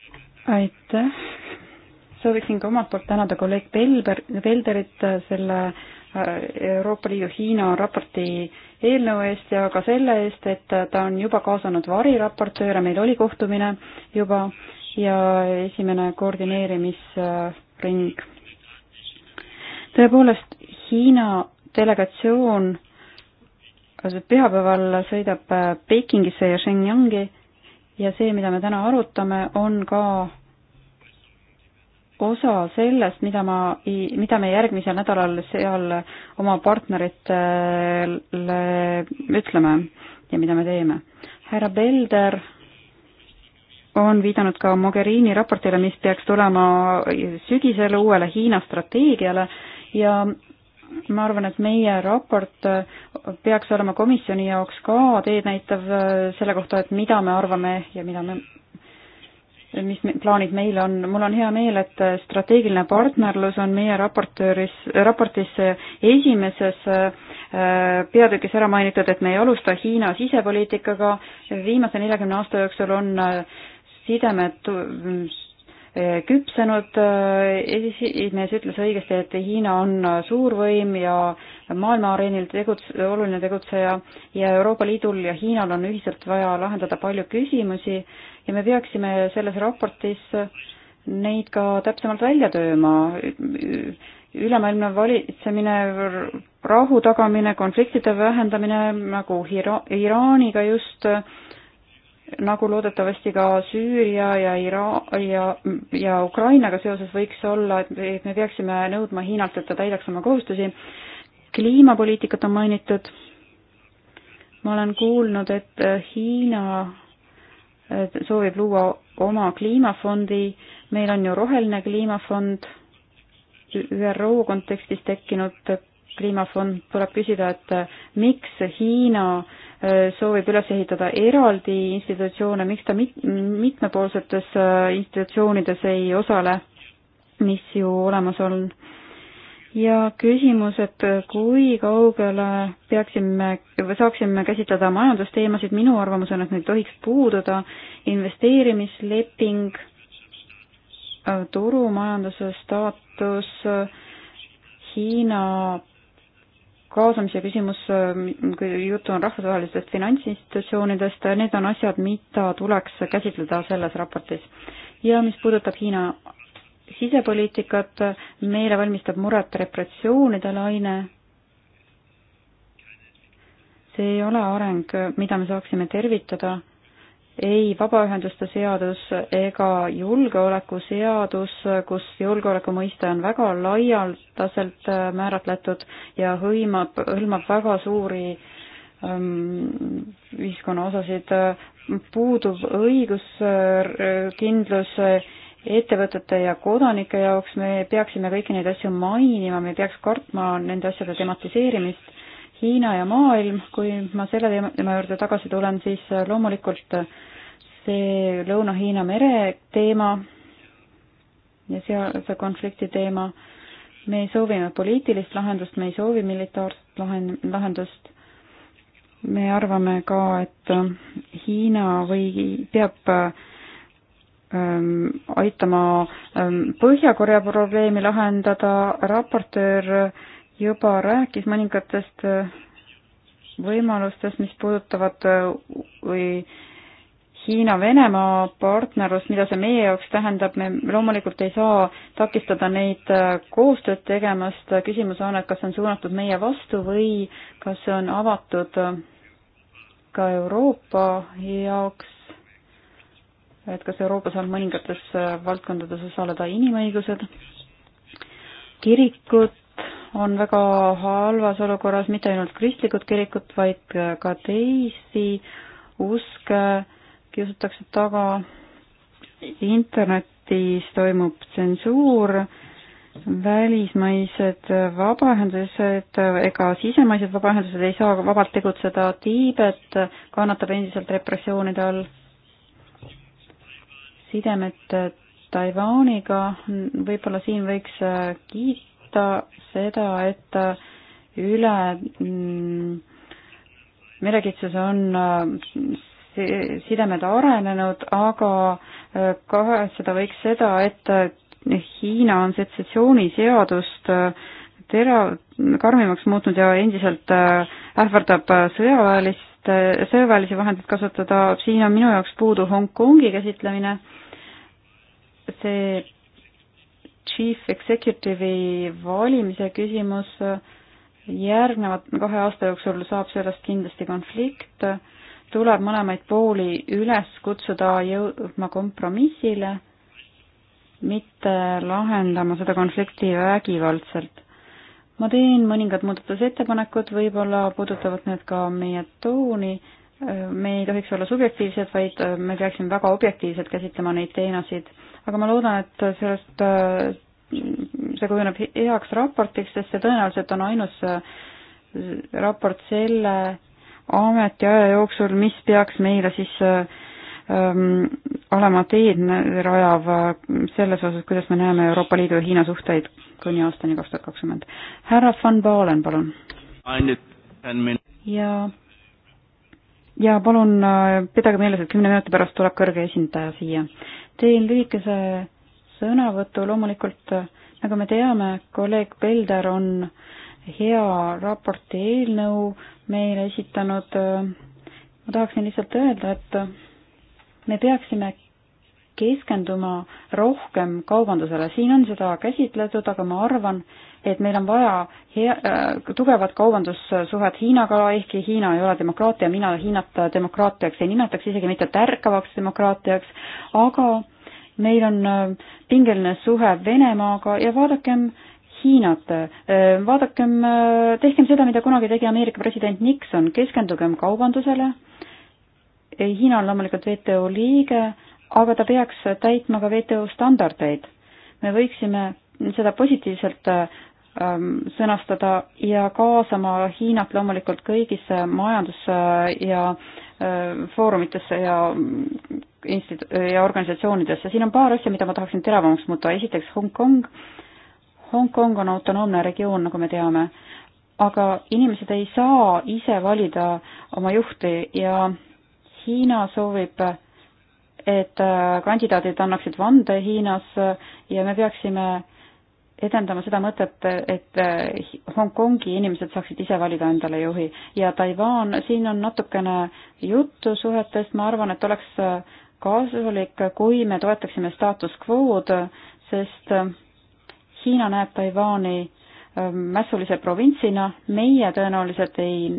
aitäh. sooviksin ka omalt poolt tänada kolleeg Pelber, Pelderit selle äh, Euroopa Liidu Hiina raporti eelnõu eest ja ka selle eest, et ta on juba kaasanud variraportööre, meil oli kohtumine juba ja esimene koordineerimisring. tõepoolest, Hiina delegatsioon pühapäeval sõidab äh, Pekingisse ja Shenyang'i ja see, mida me täna arutame, on ka osa sellest, mida ma, mida me järgmisel nädalal seal oma partneritele ütleme ja mida me teeme. härra Belder on viidanud ka Mogherini raportile, mis peaks tulema sügisel uuele Hiina strateegiale ja ma arvan, et meie raport äh, peaks olema komisjoni jaoks ka teednäitav äh, selle kohta, et mida me arvame ja mida me, mis me, plaanid meil on. mul on hea meel, et äh, strateegiline partnerlus on meie raportööris, raportis esimeses peatükis ära mainitud, et me ei alusta Hiina sisepoliitikaga. viimase neljakümne aasta jooksul on sidemed Eh, küpsenud, eh, esimees ütles õigesti, et Hiina on eh, suurvõim ja maailma areenil tegutse, oluline tegutseja ja Euroopa Liidul ja Hiinal on ühiselt vaja lahendada palju küsimusi ja me peaksime selles raportis neid ka täpsemalt välja tööma. ülemaailmne valitsemine, rahu tagamine, konfliktide vähendamine nagu Ira-, Iraaniga just äh, nagu loodetavasti ka Süüria ja Ira- ja, ja Ukrainaga seoses võiks olla, et, et me peaksime nõudma Hiinalt, et ta täidaks oma kohustusi. kliimapoliitikat on mainitud. ma olen kuulnud, et Hiina soovib luua oma kliimafondi, meil on ju roheline kliimafond, ÜRO kontekstis tekkinud kliimafond, tuleb küsida, et miks Hiina äh, soovib üles ehitada eraldi institutsioone, miks ta mit-, mitmepoolsetes äh, institutsioonides ei osale, mis ju olemas on. ja küsimus, et kui kaugele peaksime, saaksime käsitleda majandusteemasid, minu arvamus on, et neid tohiks puududa, investeerimisleping, äh, turumajanduse staatus, äh, Hiina kaasamise küsimus, kui juttu on rahvusvahelistest finantsinstitutsioonidest, need on asjad, mida tuleks käsitleda selles raportis. ja mis puudutab Hiina sisepoliitikat, meile valmistab muret repressioonide laine, see ei ole areng, mida me saaksime tervitada ei vabaühenduste seadus ega julgeolekuseadus, kus julgeoleku mõiste on väga laialdaselt äh, määratletud ja hõimab, hõlmab väga suuri ähm, ühiskonnaosasid, äh, puudub õiguskindlus äh, ettevõtete ja kodanike jaoks, me peaksime kõiki neid asju mainima, me peaks kartma nende asjade tematiseerimist Hiina ja maailm, kui ma selle teema juurde tagasi tulen, siis loomulikult see Lõuna-Hiina mere teema ja sealse konflikti teema, me soovime poliitilist lahendust, me ei soovi militaarset lahen-, lahendust, me arvame ka, et Hiina või peab ähm, aitama ähm, Põhja-Korea probleemi lahendada, raportöör äh, juba rääkis mõningatest äh, võimalustest, mis puudutavad äh, või Hiina-Venemaa partnerlust, mida see meie jaoks tähendab, me loomulikult ei saa takistada neid äh, koostööd tegemast, küsimus on, et kas see on suunatud meie vastu või kas see on avatud ka Euroopa jaoks, et kas Euroopa saab mõningates valdkondades osaleda inimõigused, kirikud, on väga halvas olukorras mitte ainult kristlikud kirikud, vaid ka teisi uske kiusatakse taga. internetis toimub tsensuur, välismaised vabaühendused ega sisemaised vabaühendused ei saa vabalt tegutseda, Tiibet kannatab endiselt repressioonide all. sidemed Taiwaniga, võib-olla siin võiks äh, kiita vältida seda, et äh, üle mm, merekitsus on äh, sidemed arenenud, aga äh, kahetseda võiks seda, et Hiina on setsessiooniseadust terav, karmimaks muutnud ja endiselt ähvardab sõjaväelist, sõjaväelisi vahendeid kasutada, siin on minu jaoks puudu Hongkongi käsitlemine, see chief executive'i valimise küsimus. järgnevat kahe aasta jooksul saab sellest kindlasti konflikt, tuleb mõlemaid pooli üles kutsuda jõudma kompromissile, mitte lahendama seda konflikti vägivaldselt. ma teen mõningad muudatusettepanekud, võib-olla puudutavad need ka meie tooni, me ei tohiks olla subjektiivsed, vaid me peaksime väga objektiivselt käsitlema neid teenuseid aga ma loodan, et sellest, äh, see kujuneb heaks raportiks, sest see tõenäoliselt on ainus äh, raport selle ametiaja jooksul, mis peaks meile siis äh, ähm, olema teed rajav selles osas, kuidas me näeme Euroopa Liidu ja Hiina suhteid kuni aastani kaks tuhat kakskümmend. härra Van Baalen, palun. ja, ja palun pidage meeles, et kümne minuti pärast tuleb kõrge esindaja siia teen lühikese sõnavõtu, loomulikult nagu me teame, kolleeg Pelder on hea raporti eelnõu meile esitanud. ma tahaksin lihtsalt öelda, et me peaksime keskenduma rohkem kaubandusele, siin on seda käsitletud, aga ma arvan, et meil on vaja hea äh,, tugevat kaubandussuhet Hiinaga, ehkki Hiina ei ole demokraatia, mina Hiinat demokraatiaks ei nimetaks, isegi mitte tärkavaks demokraatiaks, aga meil on äh, pingeline suhe Venemaaga ja vaadakem Hiinat, äh, vaadakem, äh, tehkem seda, mida kunagi tegi Ameerika president Nixon, keskendugem kaubandusele. Hiina on loomulikult WTO liige, aga ta peaks täitma ka WTO standardeid. me võiksime seda positiivselt ähm, sõnastada ja kaasama Hiinat loomulikult kõigisse majandus- ja foorumitesse ja mm, institu- ja organisatsioonidesse, siin on paar asja, mida ma tahaksin teravamaks muuta, esiteks Hongkong, Hongkong on autonoomne regioon, nagu me teame, aga inimesed ei saa ise valida oma juhti ja Hiina soovib, et äh, kandidaadid annaksid vande Hiinas ja me peaksime edendama seda mõtet, et äh, Hongkongi inimesed saaksid ise valida endale juhi ja Taiwan, siin on natukene juttu suhetest, ma arvan, et oleks äh, kasulik, kui me toetaksime status quo'd, sest äh, Hiina näeb Taiwan'i äh, mässulise provintsina, meie tõenäoliselt ei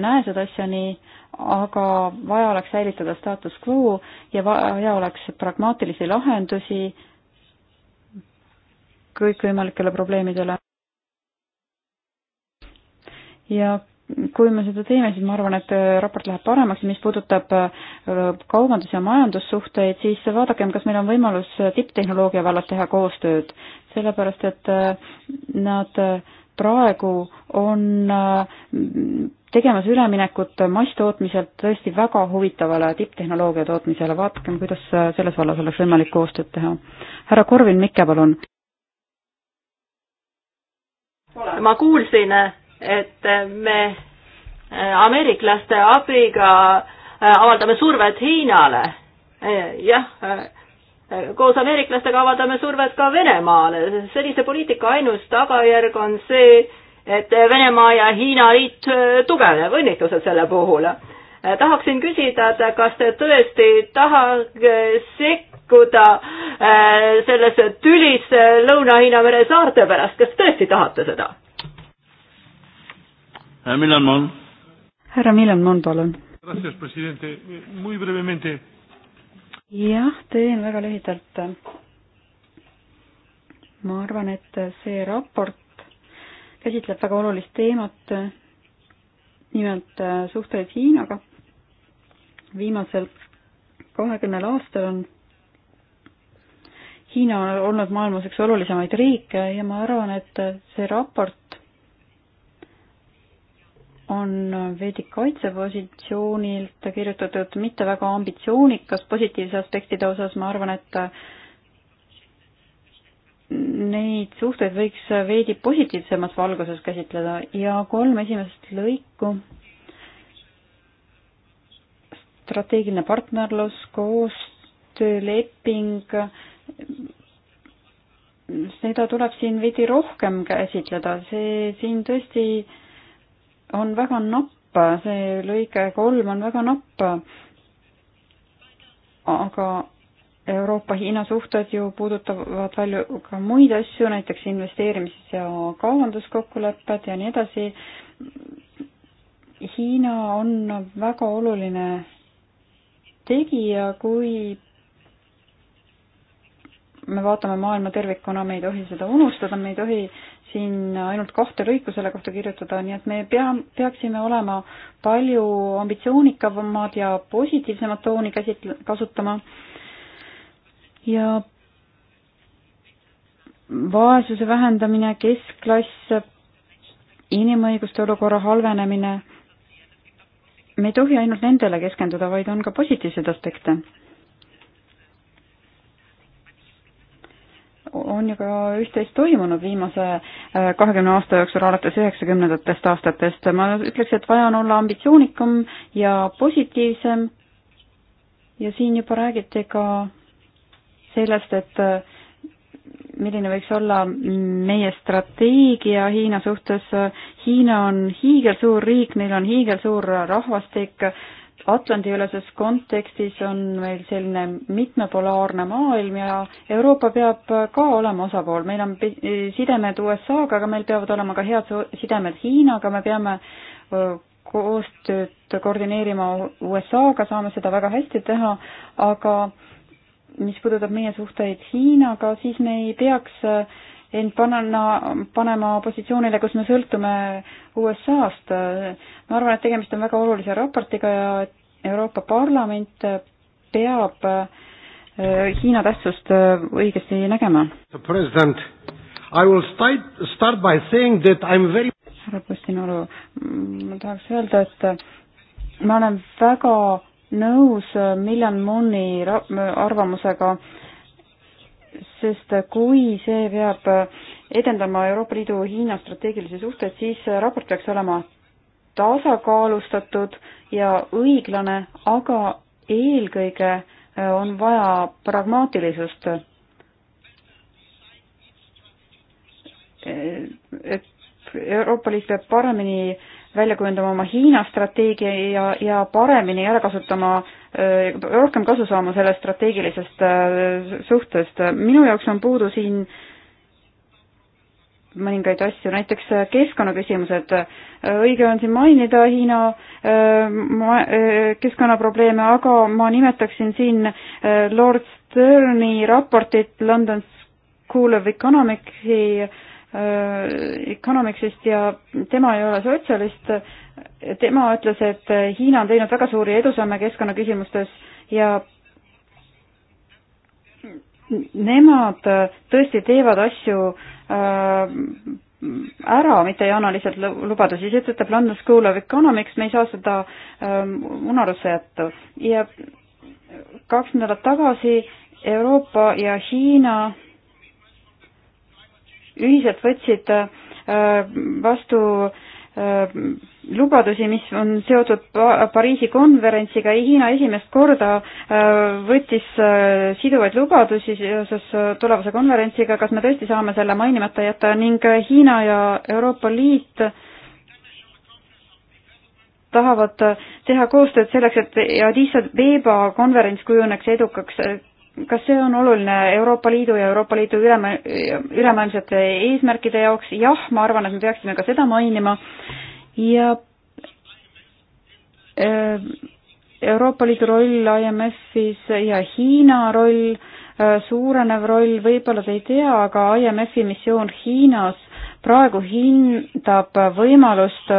näe seda asja nii, aga vaja oleks säilitada status quo ja vaja oleks pragmaatilisi lahendusi kõikvõimalikele probleemidele. ja kui me seda teeme, siis ma arvan, et äh, raport läheb paremaks ja mis puudutab äh, kaubandus- ja majandussuhteid, siis vaadakem, kas meil on võimalus äh, tipptehnoloogia vallas teha koostööd, sellepärast et nad praegu on tegemas üleminekut masstootmiselt tõesti väga huvitavale tipptehnoloogia tootmisele, vaadakem, kuidas selles vallas oleks võimalik koostööd teha. härra Korvin Mikke, palun. ma kuulsin et me äh, ameeriklaste abiga äh, avaldame survet Hiinale. Äh, jah, koos ameeriklastega avaldame survet ka Venemaale. sellise poliitika ainus tagajärg on see, et Venemaa ja Hiina liit tugevneb, õnnitlused selle puhul. tahaksin küsida, et kas te tõesti taha sekkuda sellesse tülisse Lõuna-Hiina mere saarte pärast, kas tõesti tahate seda? härra Milan Mon. härra Milan Mon, palun. jah, teen väga lühidalt. ma arvan, et see raport käsitleb väga olulist teemat, nimelt äh, suhteid Hiinaga. viimasel kahekümnel aastal on Hiina on olnud maailmas üks olulisemaid riike ja ma arvan, et see raport on veidi kaitsepositsioonilt kirjutatud, mitte väga ambitsioonikas positiivse aspektide osas, ma arvan, et neid suhteid võiks veidi positiivsemas valguses käsitleda ja kolm esimest lõiku, strateegiline partnerlus, koostööleping, seda tuleb siin veidi rohkem käsitleda, see siin tõesti äh, on väga napp, see lõige kolm on väga napp. aga Euroopa-Hiina suhted ju puudutavad palju ka muid asju, näiteks investeerimis- ja kaubanduskokkulepped ja nii edasi. Hiina on väga oluline tegija, kui me vaatame maailma tervikuna, me ei tohi seda unustada, me ei tohi siin ainult kahte lõiku selle kohta kirjutada, nii et me pea, peaksime olema palju ambitsioonikamad ja positiivsemat tooni käsit-, kasutama ja vaesuse vähendamine, keskklass, inimõiguste olukorra halvenemine, me ei tohi ainult nendele keskenduda, vaid on ka positiivseid aspekte on ju ka üht-teist toimunud viimase äh, kahekümne aasta jooksul alates üheksakümnendatest aastatest. ma ütleks, et vaja on olla ambitsioonikam ja positiivsem. ja siin juba räägiti ka sellest, et äh, milline võiks olla meie strateegia Hiina suhtes. Hiina on hiigelsuur riik, neil on hiigelsuur rahvastik, Atlandi-üleses kontekstis on meil selline mitmepolaarne maailm ja Euroopa peab ka olema osapool, meil on sidemed USA-ga, aga meil peavad olema ka head sidemed Hiinaga, me peame koostööd koordineerima USA-ga, saame seda väga hästi teha, aga mis puudutab meie suhteid Hiinaga, siis me ei peaks äh, end panna, panema positsioonile, kus me sõltume USA-st. ma arvan, et tegemist on väga olulise raportiga ja et Euroopa Parlament peab äh, Hiina tähtsust äh, õigesti nägema. president, I will start, start by saying that I am very härra Postinoru, mm, ma tahaks öelda, et äh, ma olen väga nõus Miljan Munni arvamusega äh, sest kui see peab edendama Euroopa Liidu Hiina strateegilisi suhteid, siis raport peaks olema tasakaalustatud ja õiglane, aga eelkõige äh, on vaja pragmaatilisust. Äh, et Euroopa Liit peab paremini välja kujundama oma Hiina strateegia ja, ja paremini ära kasutama äh, rohkem kasu saama sellest strateegilisest suhtest. minu jaoks on puudu siin mõningaid asju, näiteks keskkonnaküsimused. õige on siin mainida Hiina keskkonnaprobleeme, aga ma nimetaksin siin Lord Sterni raportit London School of Economicsi Äh, economicsist ja tema ei ole sotsialist, tema ütles, et Hiina on teinud väga suuri edusamme keskkonnaküsimustes ja nemad tõesti teevad asju äh, ära, mitte ei anna lihtsalt lubadusi, siis ütleb London School of Economics, me ei saa seda ähm, unarusse jätta ja kaks nädalat tagasi Euroopa ja Hiina ühiselt võtsid äh, vastu äh, lubadusi, mis on seotud Pariisi konverentsiga, Hiina esimest korda äh, võttis siduvaid lubadusi seoses tulevase konverentsiga, kas me tõesti saame selle mainimata jätta ning Hiina ja Euroopa Liit tahavad teha koostööd selleks, et Addis Abeba konverents kujuneks edukaks, kas see on oluline Euroopa Liidu ja Euroopa Liidu ülema-, ülemaailmsete eesmärkide jaoks? jah, ma arvan, et me peaksime ka seda mainima ja äh, Euroopa Liidu roll IMF-is ja Hiina roll, äh, suurenev roll, võib-olla te ei tea, aga IMF-i missioon Hiinas praegu hindab võimalust,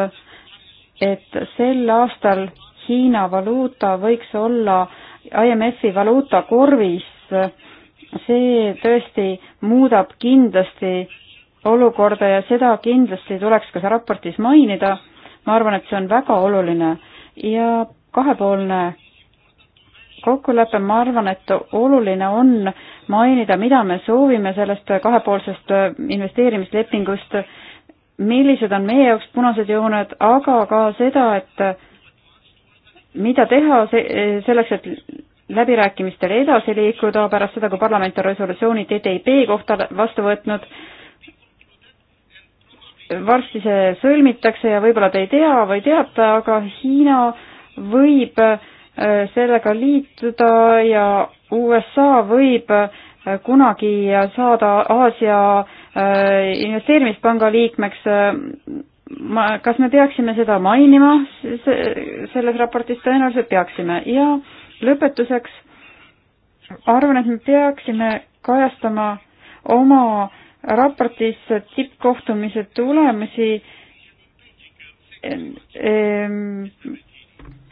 et sel aastal Hiina valuuta võiks olla äh, IMF-i valuutakorvis, see tõesti muudab kindlasti olukorda ja seda kindlasti tuleks ka raportis mainida. ma arvan, et see on väga oluline ja kahepoolne kokkulepe, ma arvan, et oluline on mainida, mida me soovime sellest kahepoolsest investeerimislepingust, millised on meie jaoks punased jooned, aga ka seda, et mida teha selleks, et läbirääkimistele edasi liikuda pärast seda, kui parlament on resolutsiooni TTIP kohta vastu võtnud. varsti see sõlmitakse ja võib-olla te ei tea või teate, aga Hiina võib äh, sellega liituda ja USA võib äh, kunagi saada Aasia äh, investeerimispanga liikmeks ma, kas me peaksime seda mainima selles raportis, tõenäoliselt peaksime ja lõpetuseks arvan, et me peaksime kajastama oma raportis tippkohtumise tulemusi. Ehm,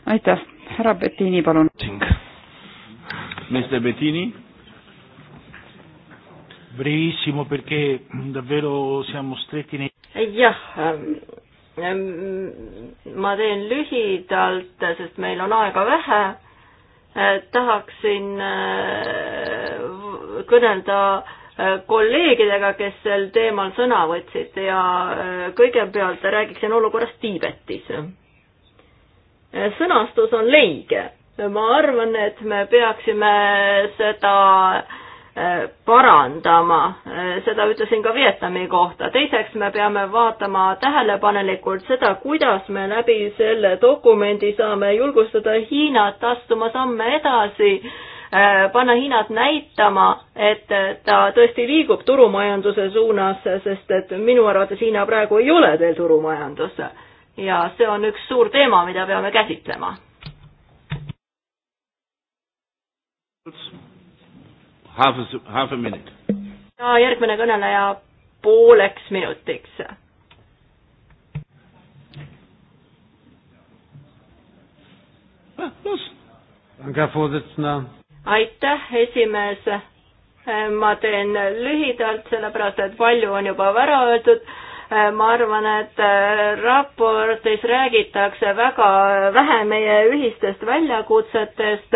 aitäh, härra Bettini, palun. Mr Bettini brevissimo perché mm, davvero siamo stretti nei... jah, ähm, mm, ma teen lühidalt, sest meil on aega vähe. Äh, tahaksin äh, kõnelda äh, kolleegidega, kes sel teemal sõna võtsid ja kõigepealt räägiksin olukorrast Tiibetis. sõnastus on leige. ma arvan, et me peaksime seda äh, Äh, parandama, äh, seda ütlesin ka Vietnami kohta. teiseks me peame vaatama tähelepanelikult seda, kuidas me läbi selle dokumendi saame julgustada Hiinat astuma samme edasi, äh, panna Hiinat näitama, et ta tõesti liigub turumajanduse suunas, sest et minu arvates Hiina praegu ei ole veel turumajandus. ja see on üks suur teema, mida peame käsitlema half a, half a minute. ja järgmine kõneleja pooleks minutiks. aitäh, esimees. ma teen lühidalt, sellepärast et palju on juba ära öeldud ma arvan, et raportis räägitakse väga vähe meie ühistest väljakutsetest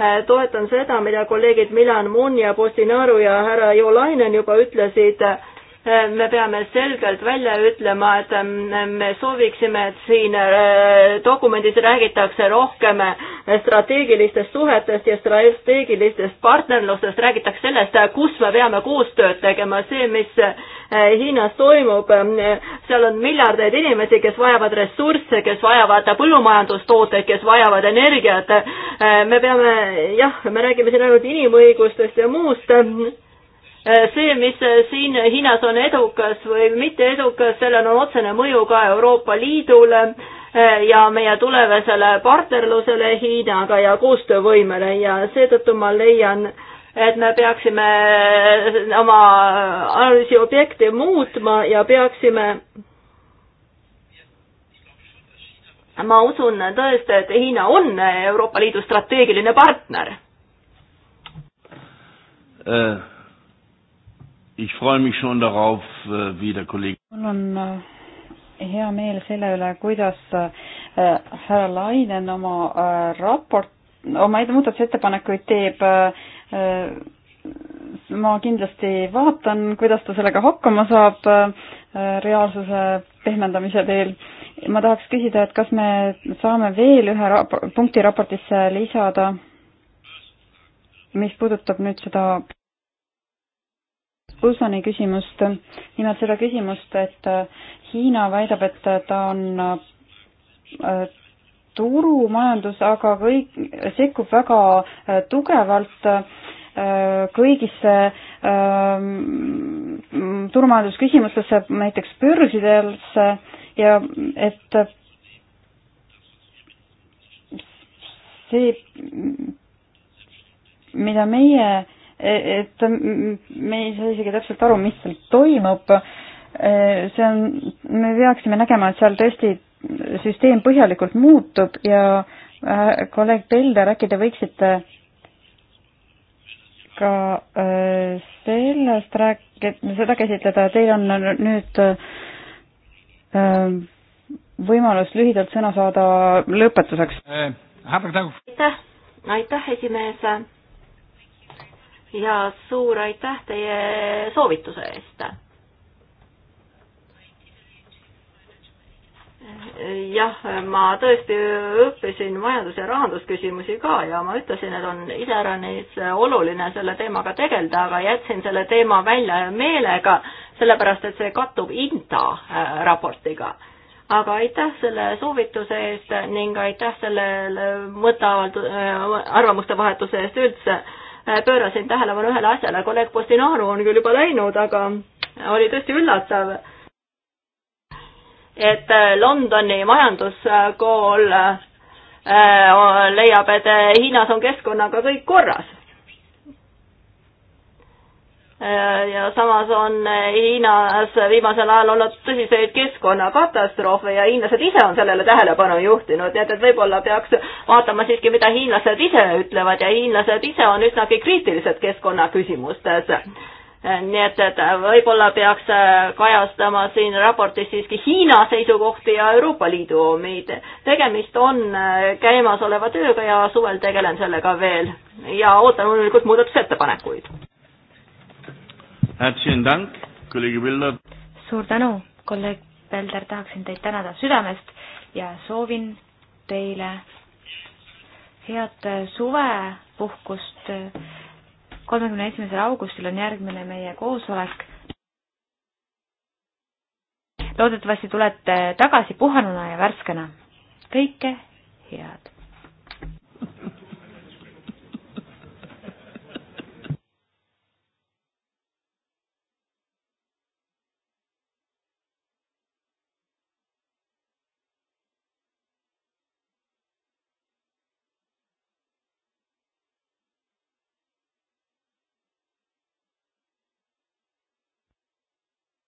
Äh, toetan seda, mida kolleegid Milan Mun ja Postinaru ja härra Jo Lainen juba ütlesid, äh, me peame selgelt välja ütlema, et ähm, me sooviksime, et siin äh, dokumendis räägitakse rohkem strateegilistest suhetest ja strateegilistest partnerlustest, räägitakse sellest, kus me peame koostööd tegema, see, mis eh, Hiinas toimub, eh, seal on miljardeid inimesi, kes vajavad ressursse, kes vajavad põllumajandustooteid, kes vajavad energiat. Eh, me peame, jah, me räägime siin ainult inimõigustest ja muust see, mis siin Hiinas on edukas või mitte edukas, sellel on otsene mõju ka Euroopa Liidule Eh, ja meie tulevasele partnerlusele Hiinaga ja koostöövõimele ja seetõttu ma leian, et me peaksime eh, oma eh, analüüsi objekti muutma ja peaksime ma usun tõesti, et Hiina on Euroopa Liidu strateegiline partner äh,. Ich freue mich schon darauf, äh, wie der Kollege mul on äh, hea meel selle üle, kuidas äh, härra Lainen oma äh, raport, oma muudatusettepanekuid teeb. Äh, ma kindlasti vaatan, kuidas ta sellega hakkama saab reaalsuse pehmendamise teel. ma tahaks küsida, et kas me saame veel ühe rap-, punkti raportisse lisada, mis puudutab nüüd seda Busoni küsimust, nimelt seda küsimust, et Hiina väidab, et ta on äh, turumajandus, aga kõik, sekkub väga äh, tugevalt äh, kõigisse ähm, turumajandusküsimustesse, näiteks börsidesse ja et see, mida meie et me ei saa isegi täpselt aru, mis seal toimub. see on, me peaksime nägema, et seal tõesti süsteem põhjalikult muutub ja äh, kolleeg Pelder, äkki te võiksite ka äh, sellest rääkida, seda käsitleda, teil on nüüd äh, võimalus lühidalt sõna saada lõpetuseks. aitäh, aitäh esimees ja suur aitäh teie soovituse eest. jah, ma tõesti õppisin majandus- ja rahandusküsimusi ka ja ma ütlesin, et on iseäranis oluline selle teemaga tegeleda, aga jätsin selle teema välja meelega, sellepärast et see kattub INTA äh, raportiga aga aitäh selle soovituse eest ning aitäh selle mõtteavaldu-, äh, arvamuste vahetuse eest üldse. Äh, pöörasin tähelepanu ühele asjale, kolleeg Postinaru on küll juba läinud, aga oli tõesti üllatav, et äh, Londoni majanduskool äh, leiab, et Hiinas on keskkonnaga kõik korras Äh, ja samas on äh, Hiinas viimasel ajal olnud tõsiseid keskkonnakatastroofe ja hiinlased ise on sellele tähelepanu juhtinud, nii et, et võib-olla peaks vaatama siiski, mida hiinlased ise ütlevad ja hiinlased ise on üsnagi kriitilised keskkonnaküsimustes. Äh, nii et, et võib-olla peaks kajastama siin raportis siiski Hiina seisukohti ja Euroopa Liidu omid. tegemist on käimasoleva tööga ja suvel tegelen sellega veel ja ootan loomulikult muudatusettepanekuid Äh, suur tänu, kolleeg Pelder, tahaksin teid tänada südamest ja soovin teile head suvepuhkust. kolmekümne esimesel augustil on järgmine meie koosolek. loodetavasti tulete tagasi puhanuna ja värskena. kõike head!